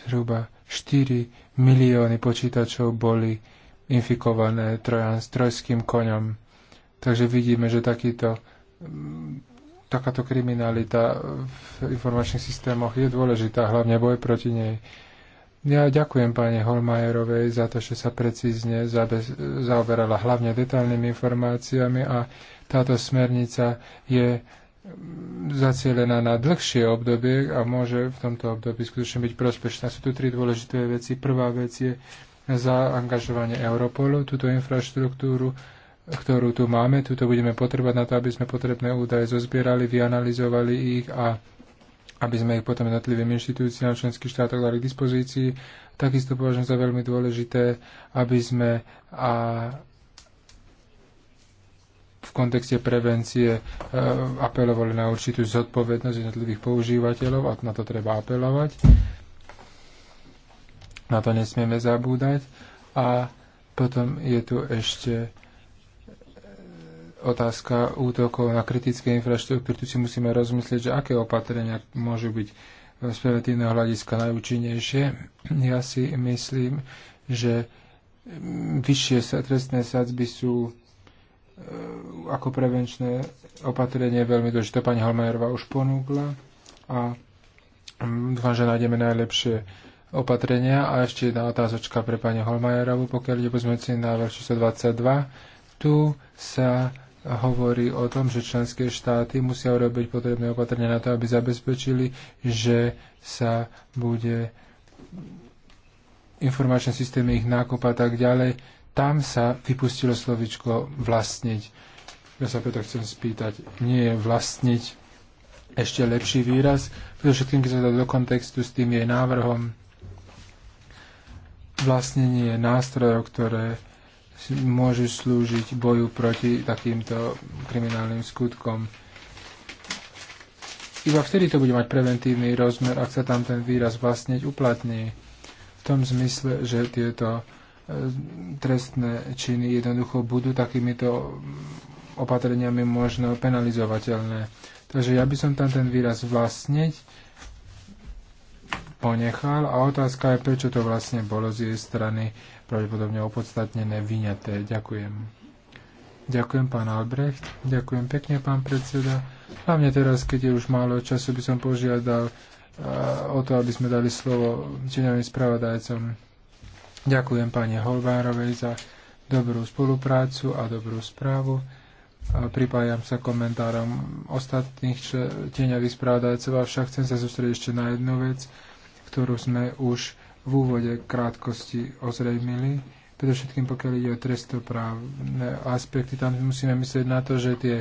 Speaker 4: zhruba 4 milióny počítačov boli infikované trojským koňom. Takže vidíme, že takýto mm, takáto kriminalita v informačných systémoch je dôležitá, hlavne boj proti nej. Ja ďakujem pani Holmajerovej za to, že sa precízne zaoberala hlavne detailnými informáciami a táto smernica je zacielená na dlhšie obdobie a môže v tomto období skutočne byť prospešná. Sú tu tri dôležité veci. Prvá vec je zaangažovanie Europolu, túto infraštruktúru ktorú tu máme. Tuto budeme potrebať na to, aby sme potrebné údaje zozbierali, vyanalizovali ich a aby sme ich potom jednotlivým inštitúciám členských štátov dali k dispozícii. Takisto považujem za veľmi dôležité, aby sme a v kontexte prevencie e, apelovali na určitú zodpovednosť jednotlivých používateľov a na to treba apelovať. Na to nesmieme zabúdať. A potom je tu ešte otázka útokov na kritické infraštruktúry, tu si musíme rozmyslieť, že aké opatrenia môžu byť z preventívneho hľadiska najúčinnejšie. Ja si myslím, že vyššie trestné sadzby sú e, ako prevenčné opatrenie veľmi dôležité. Pani Halmajerová už ponúkla a dúfam, že nájdeme najlepšie opatrenia. A ešte jedna otázočka pre pani Holmajerovu, pokiaľ ide pozmeňujúci návrh 622. 22. Tu sa hovorí o tom, že členské štáty musia urobiť potrebné opatrenia na to, aby zabezpečili, že sa bude informačné systémy ich nákup a tak ďalej. Tam sa vypustilo slovičko vlastniť. Ja sa preto chcem spýtať, nie je vlastniť ešte lepší výraz, pretože všetkým, keď sa dá do kontextu s tým jej návrhom, vlastnenie nástrojov, ktoré môžu slúžiť boju proti takýmto kriminálnym skutkom. Iba vtedy to bude mať preventívny rozmer, ak sa tam ten výraz vlastne uplatní. V tom zmysle, že tieto e, trestné činy jednoducho budú takýmito opatreniami možno penalizovateľné. Takže ja by som tam ten výraz vlastniť ponechal a otázka je, prečo to vlastne bolo z jej strany pravdepodobne opodstatnené vyňaté. Ďakujem. Ďakujem, pán Albrecht. Ďakujem pekne, pán predseda. Hlavne teraz, keď je už málo času, by som požiadal eh, o to, aby sme dali slovo činovým spravodajcom. Ďakujem pani Holvárovej za dobrú spoluprácu a dobrú správu. A pripájam sa komentárom ostatných tieňových správodajcov, avšak chcem sa sústrediť ešte na jednu vec, ktorú sme už v úvode krátkosti ozrejmili. Predovšetkým pokiaľ ide o trestoprávne aspekty, tam musíme myslieť na to, že tie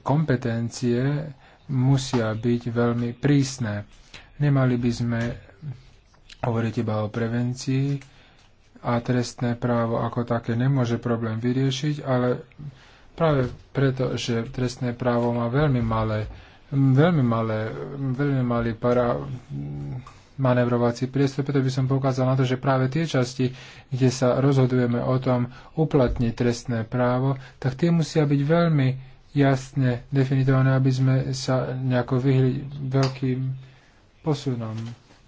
Speaker 4: kompetencie musia byť veľmi prísne. Nemali by sme hovoriť iba o prevencii a trestné právo ako také nemôže problém vyriešiť, ale práve preto, že trestné právo má veľmi malé, veľmi malé, veľmi malý para, manevrovací priestor, preto by som poukázal na to, že práve tie časti, kde sa rozhodujeme o tom uplatniť trestné právo, tak tie musia byť veľmi jasne definitované, aby sme sa nejako vyhli veľkým posunom.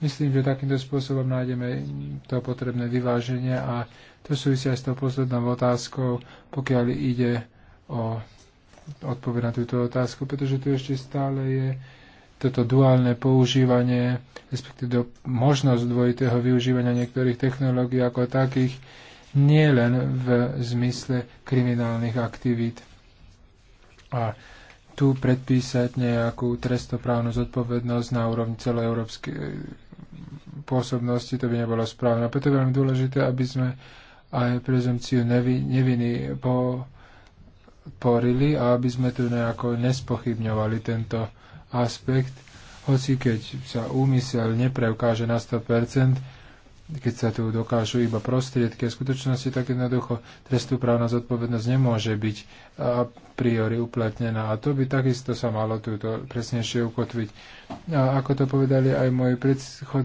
Speaker 4: Myslím, že takýmto spôsobom nájdeme to potrebné vyváženie a to súvisia s tou poslednou otázkou, pokiaľ ide o odpoveď na túto otázku, pretože tu ešte stále je toto duálne používanie, respektíve možnosť dvojitého využívania niektorých technológií ako takých, nie len v zmysle kriminálnych aktivít. A tu predpísať nejakú trestoprávnu zodpovednosť na úrovni celoeurópskej pôsobnosti, to by nebolo správne. Preto je veľmi dôležité, aby sme aj prezumciu neviny po porili a aby sme tu nejako nespochybňovali tento aspekt, hoci keď sa úmysel nepreukáže na 100%, keď sa tu dokážu iba prostriedky. V skutočnosti tak jednoducho trestúprávna zodpovednosť nemôže byť a priori uplatnená. A to by takisto sa malo túto presnejšie ukotviť. A ako to povedali aj moji predchod,